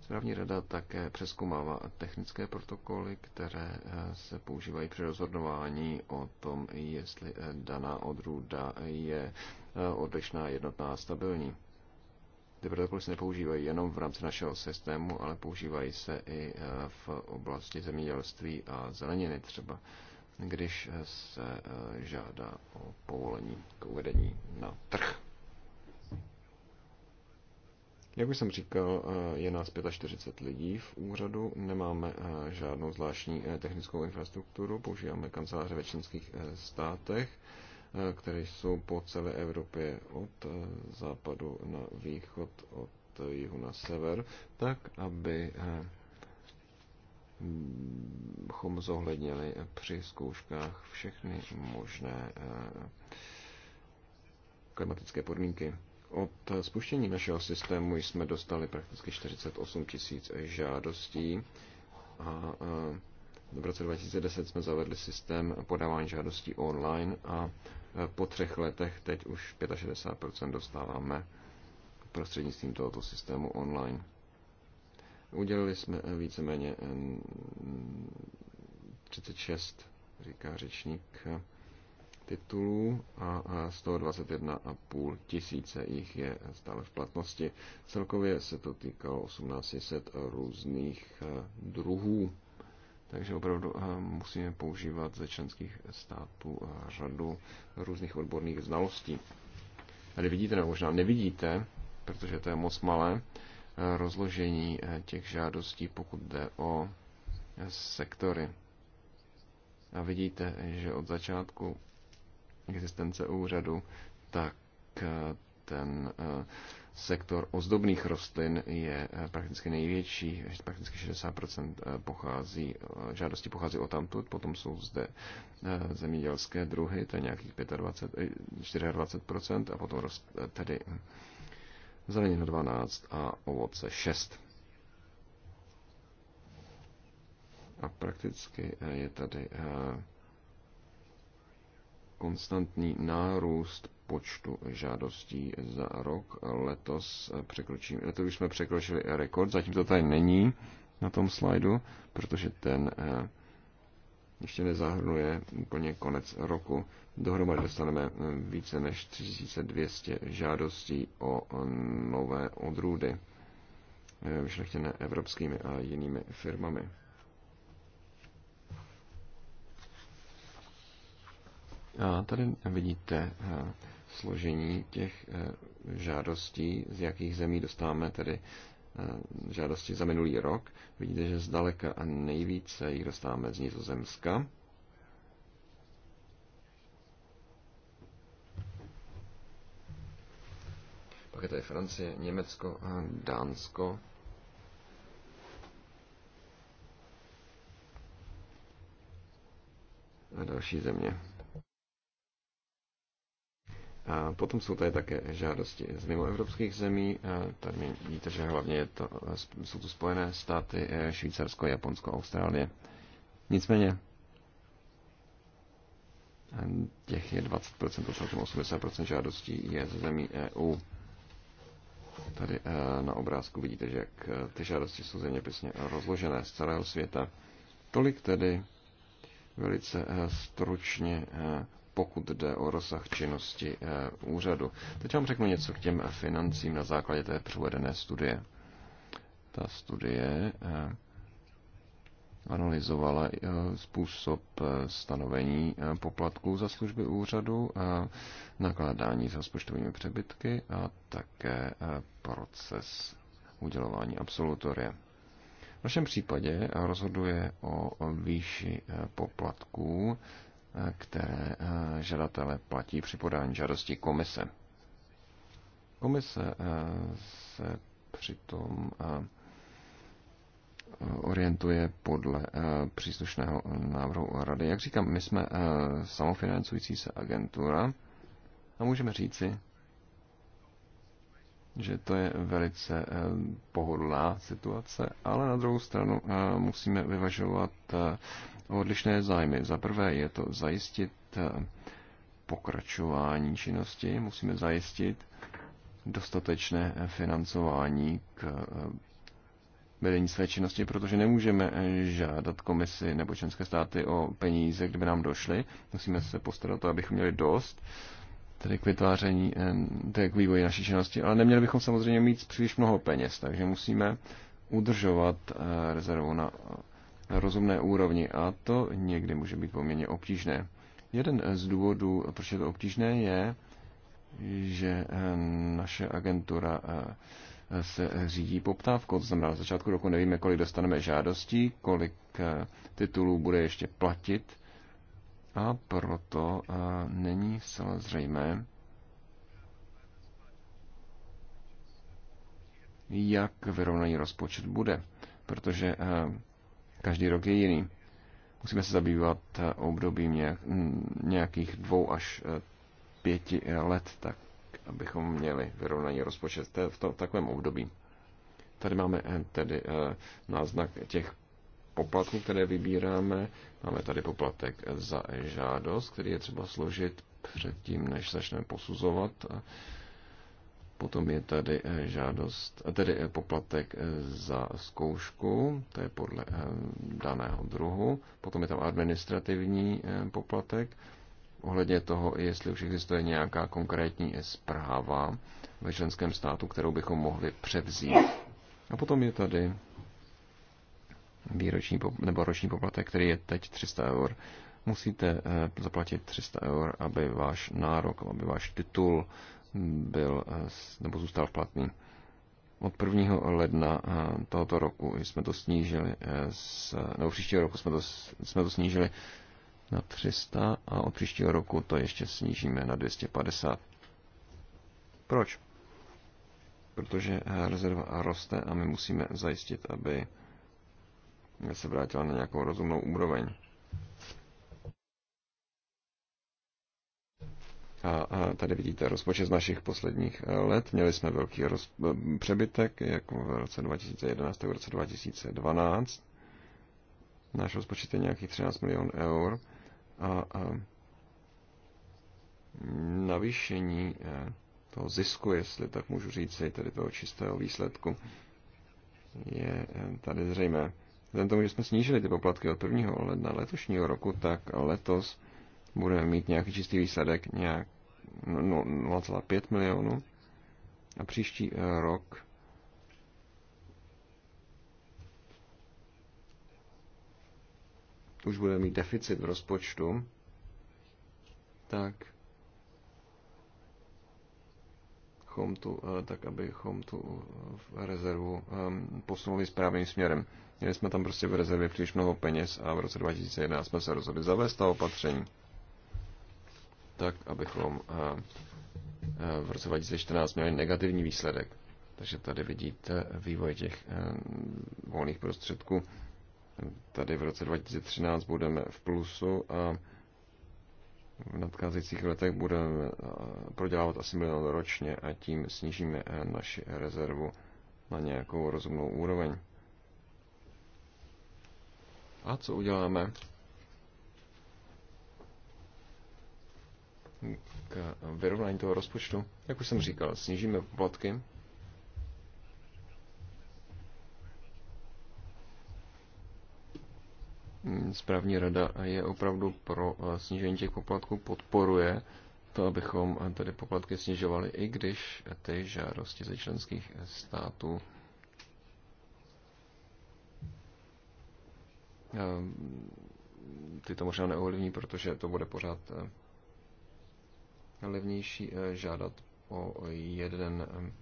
Správní rada také přeskumává technické protokoly, které eh, se používají při rozhodování o tom, jestli eh, daná odrůda je eh, odlišná, jednotná a stabilní. Ty protokoly se nepoužívají jenom v rámci našeho systému, ale používají se i v oblasti zemědělství a zeleniny třeba, když se žádá o povolení k uvedení na trh. Jak už jsem říkal, eh, je nás 45 lidí v úřadu, nemáme eh, žádnou zvláštní eh, technickou infrastrukturu, používáme kanceláře ve členských státech, které jsou po celé Evropě od západu na východ, od jihu na sever, tak aby bychom zohlednili při zkouškách všechny možné klimatické podmínky. Od spuštění našeho systému jsme dostali prakticky 48 tisíc žádostí a v roce 2010 jsme zavedli systém podávání žádostí online a po třech letech teď už 65% dostáváme prostřednictvím tohoto systému online. Udělili jsme eh, víceméně 36, říká řečník, titulů a 121,5 tisíce jich je stále v platnosti. Celkově se to týkalo 1800 různých eh, druhů. Takže opravdu eh, musíme používat ze členských států eh, řadu různých odborných znalostí. Tady vidíte, nebo možná nevidíte, protože to je moc malé, rozložení těch žádostí, pokud jde o sektory. A vidíte, že od začátku existence úřadu, tak eh, ten eh, sektor ozdobných rostlin je eh, prakticky největší, prakticky 60% pochází, žádosti pochází o tamtud, potom jsou zde zemědělské druhy, to je nějakých 25, 24% a potom rost, tedy zelenina 12 a ovoce 6. A prakticky je tady konstantní nárůst počtu žádostí za rok. Letos, letos už jsme překročili rekord, zatím to tady není na tom slajdu, protože ten eh, ještě nezahrnuje úplně konec roku. Dohromady dostaneme eh, více než 3200 žádostí o eh, nové odrůdy vyšlechtěné evropskými a jinými firmami. A tady vidíte eh, složení těch eh, žádostí, z jakých zemí dostáváme tedy eh, žádosti za minulý rok. Vidíte, že zdaleka a nejvíce jich dostáváme z Nizozemska. Pak je tady Francie, Německo a Dánsko. A další země. A potom jsou tady také žádosti z mimoevropských zemí. Tady vidíte, že hlavně je to, jsou to Spojené státy, eh, Švýcarsko, Japonsko, Austrálie. Nicméně těch je 20%, jsou 80% žádostí je ze zemí EU. Tady eh, na obrázku vidíte, že jak eh, ty žádosti jsou zeměpisně rozložené z celého světa. Tolik tedy velice stručně pokud jde o rozsah činnosti eh, úřadu. Teď vám řeknu něco k těm financím na základě té přivedené studie. Ta studie eh, analyzovala eh, způsob stanovení poplatků za služby úřadu, nakládání s rozpočtovými přebytky a také proces udělování absolutoria. V našem případě rozhoduje o výši poplatků které eh, žadatele platí při podání žádosti komise. Komise eh, se přitom eh, orientuje podle příslušného návrhu rady. Jak říkám, my jsme samofinancující se agentura a můžeme říci, že to je velice eh, pohodlná situace, ale na druhou stranu eh, musíme vyvažovat eh, odlišné zájmy. Za prvé je to zajistit pokračování činnosti, musíme zajistit dostatečné financování k vedení své činnosti, protože nemůžeme žádat komisi nebo členské státy o peníze, kdyby nám došly. Musíme se postarat o to, abychom měli dost tedy k vytváření, eh, tedy k vývoji naší činnosti. Ale neměli bychom samozřejmě mít příliš mnoho peněz, takže musíme udržovat eh, rezervu na rozumné úrovni a to někdy může být poměrně obtížné. Jeden eh, z důvodů, proč je to obtížné, je, že naše agentura se řídí poptávkou. To znamená, na začátku roku nevíme, kolik dostaneme žádostí, kolik titulů bude ještě platit a proto eh, není zcela zřejmé, jak vyrovnaný rozpočet bude, protože eh, každý rok je jiný. Musíme se zabývat eh, obdobím nějakých dvou až pěti let, tak abychom měli vyrovnaný rozpočet v, to, v takovém období. Tady máme tedy náznak těch poplatky, které vybíráme. Máme tady poplatek za žádost, který je třeba složit předtím, než začneme posuzovat. Potom je tady eh, žádost, eh, tedy eh, poplatek za zkoušku, to je podle daného druhu. Potom je tam administrativní poplatek, ohledně toho, jestli už existuje nějaká konkrétní zpráva ve členském státu, kterou bychom mohli převzít. A potom je tady výroční nebo roční poplatek, který je teď 300 eur, musíte eh, zaplatit 300 eur, aby váš nárok, aby váš titul byl eh, nebo zůstal platný. Od 1. ledna eh, tohoto roku jsme to snížili, z, nebo příštího roku jsme to, jsme to snížili na 300 a od příštího roku to ještě snížíme na 250. Proč? Protože rezerva roste a my musíme zajistit, aby se vrátila na nějakou rozumnou úroveň. A, tady vidíte rozpočet z našich posledních eh, let. Měli jsme velký roz, eh, přebytek, jak v roce 2011, tak v roce 2012. Náš rozpočet je nějakých 13 milionů eur. A, a navýšení eh, toho zisku, jestli tak můžu říct, tedy toho čistého výsledku, je tady zřejmé. Vzhledem tomu, že jsme snížili ty poplatky od 1. ledna letošního roku, tak letos budeme mít nějaký čistý výsadek nějak 0,5 no, no, milionů a příští eh, rok už budeme mít deficit v rozpočtu, tak tu, eh, tak abychom tu eh, rezervu posunuli správným směrem. Měli jsme tam prostě v rezervě příliš mnoho peněz a v roce 2011 jsme se rozhodli zavést ta opatření, tak abychom eh, eh, v roce 2014 měli negativní výsledek. Takže tady vidíte vývoj těch eh, volných prostředků. Tady v roce 2013 budeme v plusu a v nadcházejících letech budeme prodělávat asi milion ročně a tím snížíme naši rezervu na nějakou rozumnou úroveň. A co uděláme? K vyrovnání toho rozpočtu, jak už jsem říkal, snížíme poplatky. Správní rada je opravdu pro eh, snížení těch poplatků, podporuje to, abychom eh, tady poplatky snižovali, i když ty žádosti ze členských států Ehm, ty to možná neovlivní, protože to bude pořád eh, levnější eh, žádat o jeden ehm,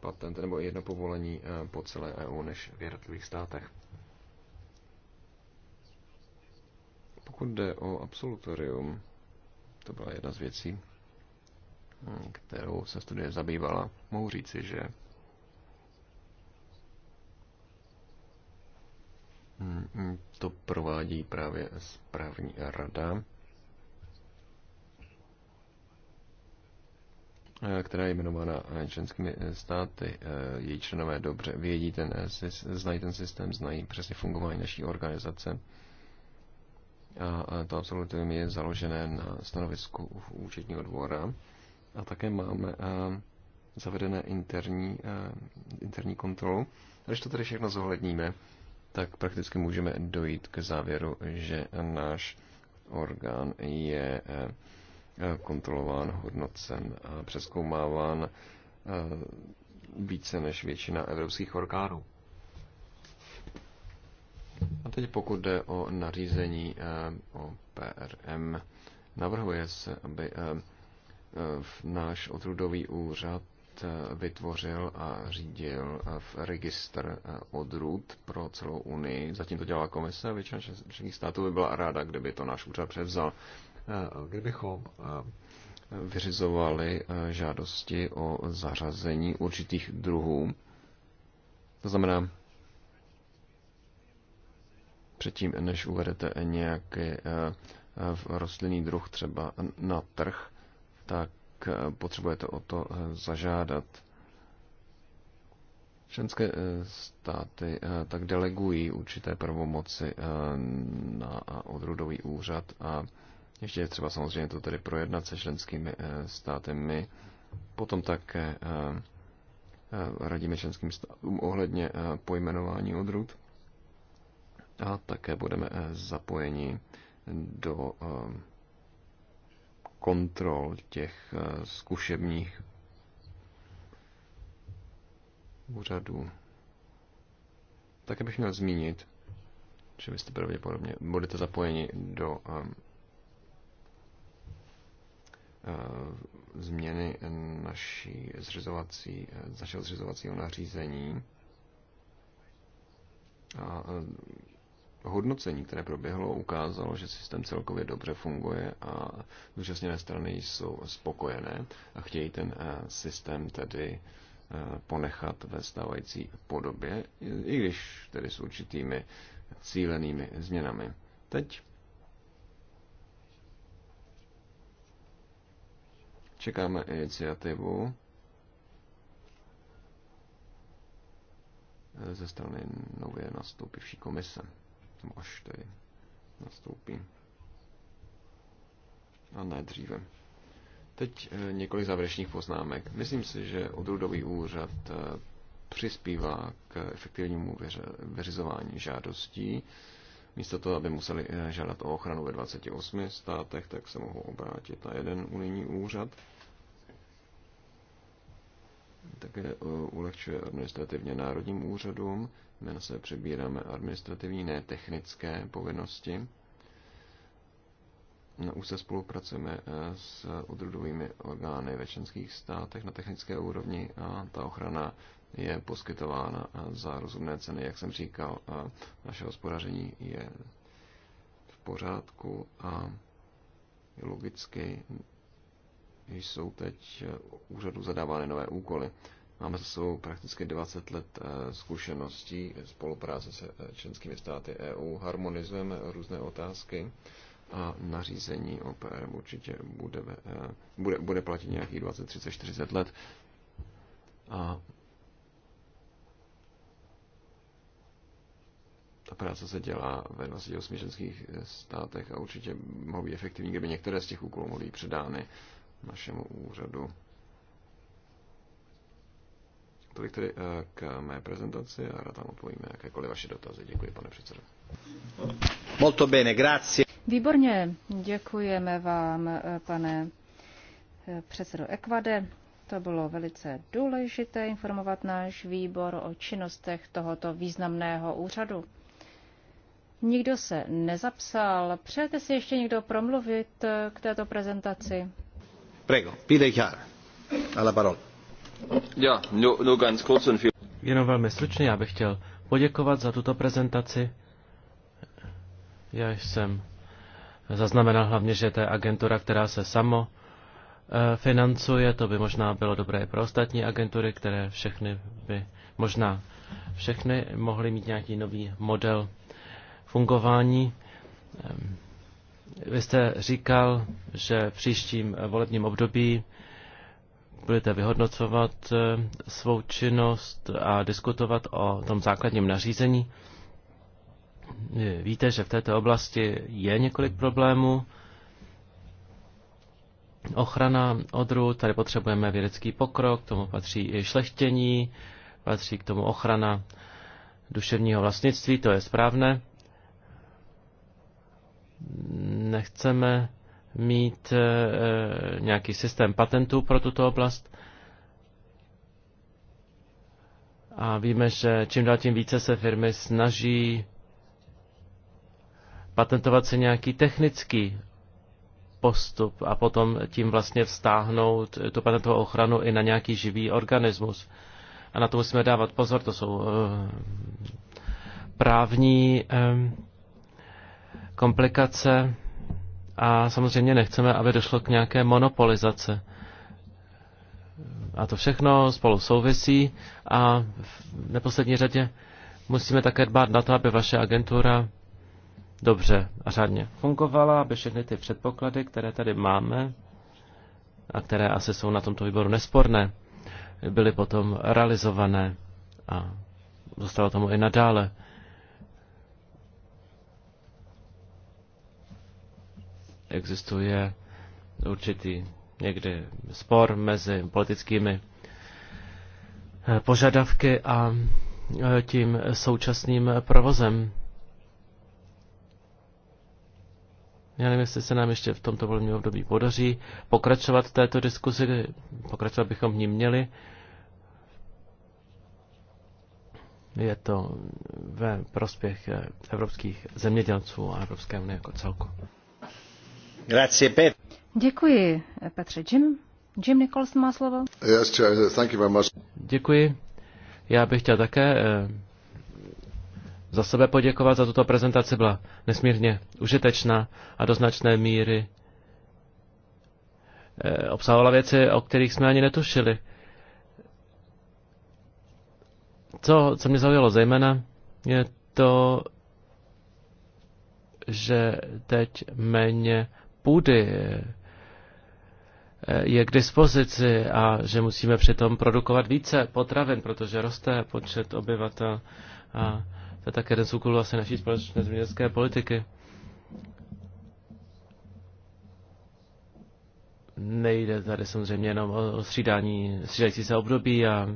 patent nebo jedno povolení eh, po celé EU než v jednotlivých státech. Pokud jde o absolutorium, to byla jedna z věcí, kterou se studie zabývala, mohu říci, že To provádí právě správní rada, která je jmenována členskými státy. Její členové dobře vědí ten, znají ten systém, znají přesně fungování naší organizace. A to absolutně je založené na stanovisku účetního dvora. A také máme zavedené interní, interní kontrolu. Když to tady všechno zohledníme, tak prakticky můžeme dojít k závěru, že náš orgán je eh, kontrolován, hodnocen a přeskoumáván eh, více než většina evropských orgánů. A teď pokud jde o nařízení eh, o PRM, navrhuje se, aby v náš otrudový úřad vytvořil a řídil v registr eh, odrůd pro celou Unii. Zatím to dělala komise a většina členských států by byla ráda, kdyby to náš úřad převzal. Eh, kdybychom eh, vyřizovali žádosti o zařazení určitých druhů, to znamená, předtím, než uvedete nějaký rostlinný druh třeba na trh, tak Eh, potřebujete o to eh, zažádat. Členské eh, státy tak delegují určité pravomoci na odrudový úřad a ještě je třeba samozřejmě to tedy projednat se členskými státy. My potom také radíme členským státům ohledně pojmenování odrůd a také budeme zapojeni do kontrol těch eh, zkušebních úřadů. Také bych měl zmínit, že vy jste pravděpodobně budete zapojeni do um, uh, změny naší zřizovací, našeho zřizovacího nařízení. A, uh, hodnocení, které proběhlo, ukázalo, že systém celkově dobře funguje a zúčastněné strany jsou spokojené a chtějí ten eh, systém tedy eh, ponechat ve stávající podobě, i když tedy s určitými cílenými změnami. Teď čekáme iniciativu eh, ze strany nově nastoupivší komise nebo až tady nastoupí. A ne dříve. Teď eh, několik závěrečných poznámek. Myslím si, že odrůdový úřad eh, přispívá k efektivnímu vyřizování žádostí. Místo toho, aby museli eh, žádat o ochranu ve 28 státech, tak se mohou obrátit na jeden unijní úřad také eh, ulehčuje administrativně národním úřadům. My se přebíráme administrativní, ne technické povinnosti. No, už se spolupracujeme eh, s odrudovými orgány ve členských státech na technické úrovni a ta ochrana je poskytována za rozumné ceny. Jak jsem říkal, eh, naše hospodaření je v pořádku a logicky jsou teď eh, úřadu zadávány nové úkoly. Máme za sebou prakticky 20 let eh, zkušeností spolupráce se eh, členskými státy EU, harmonizujeme různé otázky a nařízení o PRM určitě bude, bude, bude platit nějakých 20, 30, 40 let. A ta práce se dělá ve 28 členských státech a určitě mohou být efektivní, kdyby některé z těch úkolů mohly předány našemu úřadu. Tolik tedy eh, k mé prezentaci a rád vám odpovíme jakékoliv vaše dotazy. Děkuji, pane předsedo. Molto bene, grazie. Výborně, děkujeme vám, eh, pane eh, předsedo Ekvade. To bylo velice důležité informovat náš výbor o činnostech tohoto významného úřadu. Nikdo se nezapsal. Přejete si ještě někdo promluvit k této prezentaci? No, no Jenom velmi stručně, já bych chtěl poděkovat za tuto prezentaci. Já jsem zaznamenal hlavně, že to je agentura, která se samo eh, financuje, to by možná bylo dobré i pro ostatní agentury, které všechny by možná všechny mohly mít nějaký nový model fungování. Ehm, vy jste říkal, že v příštím volebním období budete vyhodnocovat eh, svou činnost a diskutovat o tom základním nařízení. Eh, víte, že v této oblasti je několik problémů. Ochrana odru, tady potřebujeme vědecký pokrok, k tomu patří i šlechtění, patří k tomu ochrana duševního vlastnictví, to je správné. Nechceme mít eh, eh, nějaký systém patentů pro tuto oblast. A víme, že čím dál tím více se firmy snaží patentovat se nějaký technický postup a potom tím vlastně vztáhnout tu patentovou ochranu i na nějaký živý organismus. A na to musíme dávat pozor, to jsou eh, právní komplikace a samozřejmě nechceme, aby došlo k nějaké monopolizaci. A to všechno spolu souvisí a v neposlední řadě musíme také dbát na to, aby vaše agentura dobře a řádně fungovala, aby všechny ty předpoklady, které tady máme a které asi jsou na tomto výboru nesporné, byly potom realizované a zůstalo tomu i nadále. existuje určitý někdy spor mezi politickými eh, požadavky a eh, tím současným provozem. Já nevím, jestli se nám ještě v tomto volebním období podaří pokračovat v této diskuzi, pokračovat bychom v ní měli. Je to ve prospěch eh, evropských zemědělců a Evropské unie jako celku. Děkuji, Petře. Jim, Jim Nicholson má slovo. Yes, thank you very much. Děkuji. Já bych chtěl také eh, za sebe poděkovat za tuto prezentaci. Byla nesmírně užitečná a do značné míry eh, obsahovala věci, o kterých jsme ani netušili. Co, co mě zaujalo zejména, je to, že teď méně půdy eh, je k dispozici a že musíme přitom produkovat více potravin, protože roste počet obyvatel a to je také jeden z úkolů asi naší společné zemědělské politiky. Nejde tady samozřejmě jenom o střídání, střídající se období a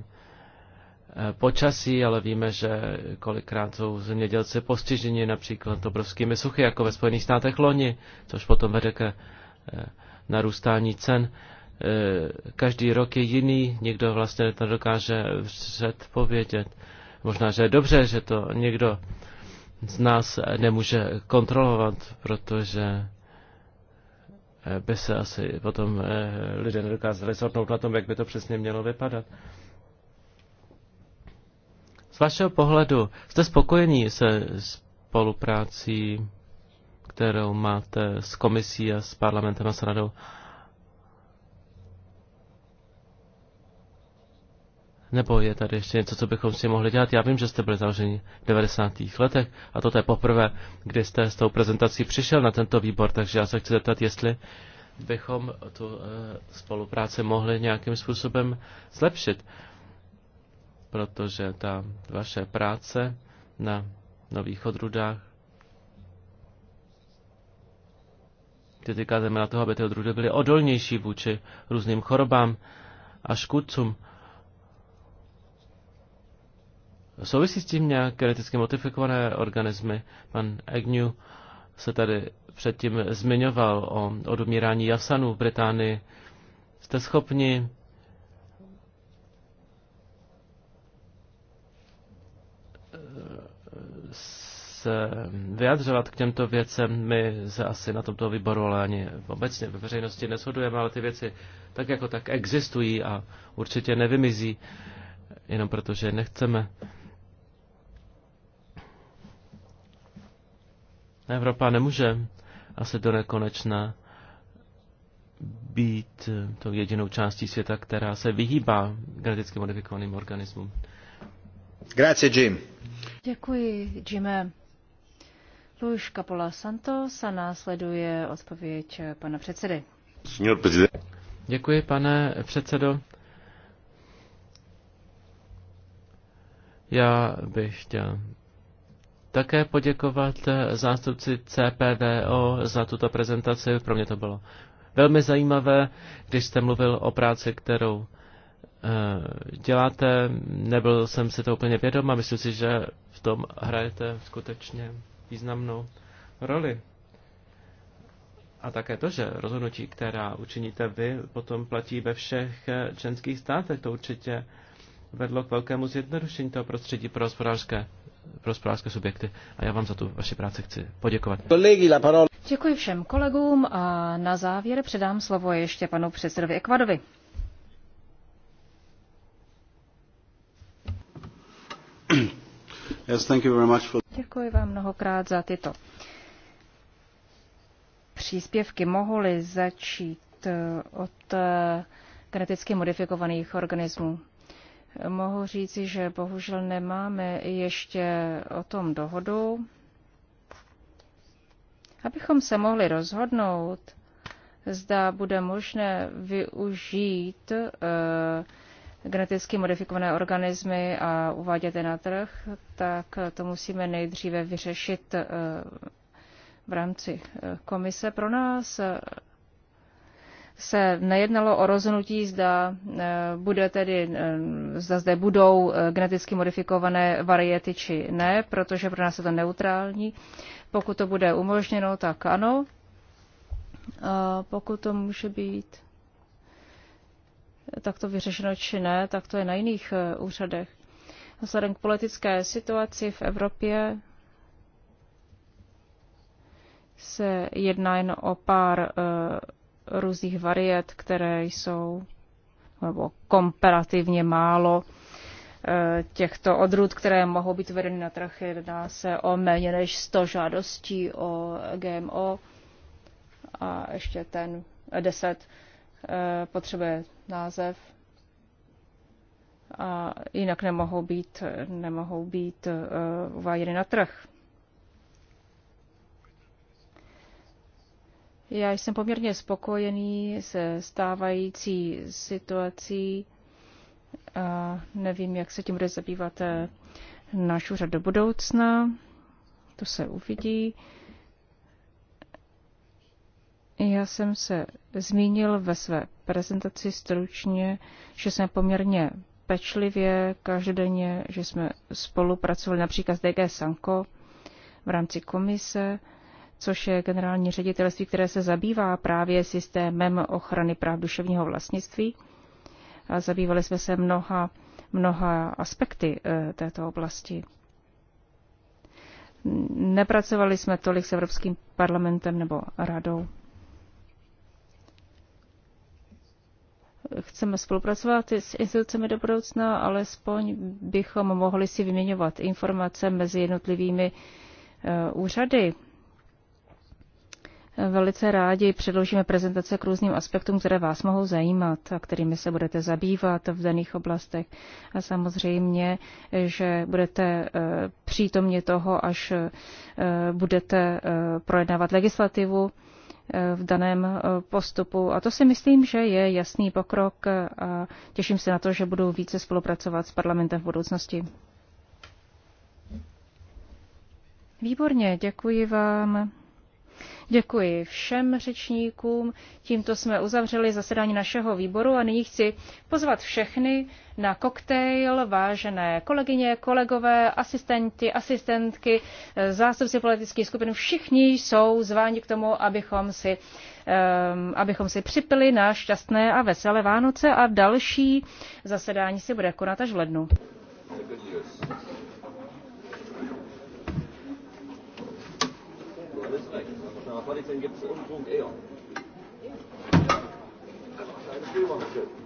počasí, ale víme, že kolikrát jsou zemědělci postiženi například obrovskými suchy, jako ve Spojených státech loni, což potom vede ke eh, narůstání cen. Eh, každý rok je jiný, někdo vlastně to dokáže předpovědět. Možná, že je dobře, že to někdo z nás nemůže kontrolovat, protože eh, by se asi potom lidé nedokázali shodnout na tom, jak by to přesně mělo vypadat. Z vašeho pohledu jste spokojení se spoluprácí, kterou máte s komisí a s parlamentem a s radou? Nebo je tady ještě něco, co bychom si mohli dělat? Já vím, že jste byli založeni v 90. letech a to je poprvé, kdy jste s tou prezentací přišel na tento výbor, takže já se chci zeptat, jestli bychom tu eh, spolupráci mohli nějakým způsobem zlepšit protože ta vaše práce na nových odrůdách se kázeme na toho, aby ty odrůdy byly odolnější vůči různým chorobám a škůdcům. Souvisí s tím nějak geneticky modifikované organismy. Pan Agnew se tady předtím zmiňoval o odumírání jasanů v Británii. Jste schopni se vyjadřovat k těmto věcem. My se asi na tomto výboru, ale ani obecně ve veřejnosti neshodujeme, ale ty věci tak jako tak existují a určitě nevymizí, jenom protože nechceme. Evropa nemůže asi do nekonečna být tou jedinou částí světa, která se vyhýbá geneticky modifikovaným organismům. Grazie, Jim. Děkuji, Jim. Luis Capola Santos a následuje odpověď pana předsedy. Děkuji, pane předsedo. Já bych chtěl také poděkovat zástupci CPVO za tuto prezentaci. Pro mě to bylo velmi zajímavé, když jste mluvil o práci, kterou eh, děláte. Nebyl jsem si to úplně vědom a myslím si, že v tom hrajete skutečně významnou roli. A také to, že rozhodnutí, která učiníte vy, potom platí ve všech eh, členských státech, to určitě vedlo k velkému zjednodušení toho prostředí pro hospodářské, pro hospodářské subjekty. A já vám za tu vaši práci chci poděkovat. Děkuji všem kolegům a na závěr předám slovo ještě panu předsedovi Ekvadovi. Děkuji vám mnohokrát za tyto příspěvky. Mohu-li začít eh, od eh, geneticky modifikovaných organismů? Mohu říci, že bohužel nemáme ještě o tom dohodu. Abychom se mohli rozhodnout, zda bude možné využít uh, geneticky modifikované organismy a uvádět je na trh, tak to musíme nejdříve vyřešit eh, v rámci eh, komise. Pro nás eh, se nejednalo o rozhodnutí, zda, bude tedy, zda zde budou geneticky modifikované variety či ne, protože pro nás je to neutrální. Pokud to bude umožněno, tak ano. A pokud to může být takto vyřešeno či ne, tak to je na jiných eh, úřadech. Vzhledem k politické situaci v Evropě se jedná jen o pár eh, různých variet, které jsou nebo komparativně málo eh, těchto odrůd, které mohou být vedeny na trh. Jedná se o méně než 100 žádostí o GMO a ještě ten 10 Eh, potřebuje název a jinak nemohou být, nemohou být eh, uváděny na trh. Já jsem poměrně spokojený se stávající situací. A nevím, jak se tím bude zabývat eh, náš úřad do budoucna. To se uvidí. Já jsem se zmínil ve své prezentaci stručně, že jsme poměrně pečlivě každodenně, že jsme spolupracovali například s DG Sanko v rámci komise, což je generální ředitelství, které se zabývá právě systémem ochrany práv duševního vlastnictví. A zabývali jsme se mnoha, mnoha aspekty e, této oblasti. Nepracovali jsme tolik s Evropským parlamentem nebo radou. chceme spolupracovat s institucemi do budoucna, alespoň bychom mohli si vyměňovat informace mezi jednotlivými eh, úřady. Velice rádi předložíme prezentace k různým aspektům, které vás mohou zajímat a kterými se budete zabývat v daných oblastech. A samozřejmě, že budete eh, přítomně toho, až eh, budete projednávat legislativu v daném eh, postupu. A to si myslím, že je jasný pokrok a těším se na to, že budu více spolupracovat s parlamentem v budoucnosti. Výborně, děkuji vám. Děkuji všem řečníkům. Tímto jsme uzavřeli zasedání našeho výboru a nyní chci pozvat všechny na koktejl, vážené kolegyně, kolegové, asistenti, asistentky, zástupci politických skupin. Všichni jsou zváni k tomu, abychom si, um, abychom si připili na šťastné a veselé Vánoce a další zasedání se bude konat až v lednu. Nachbarn, gibt es Unfug eher. Kleine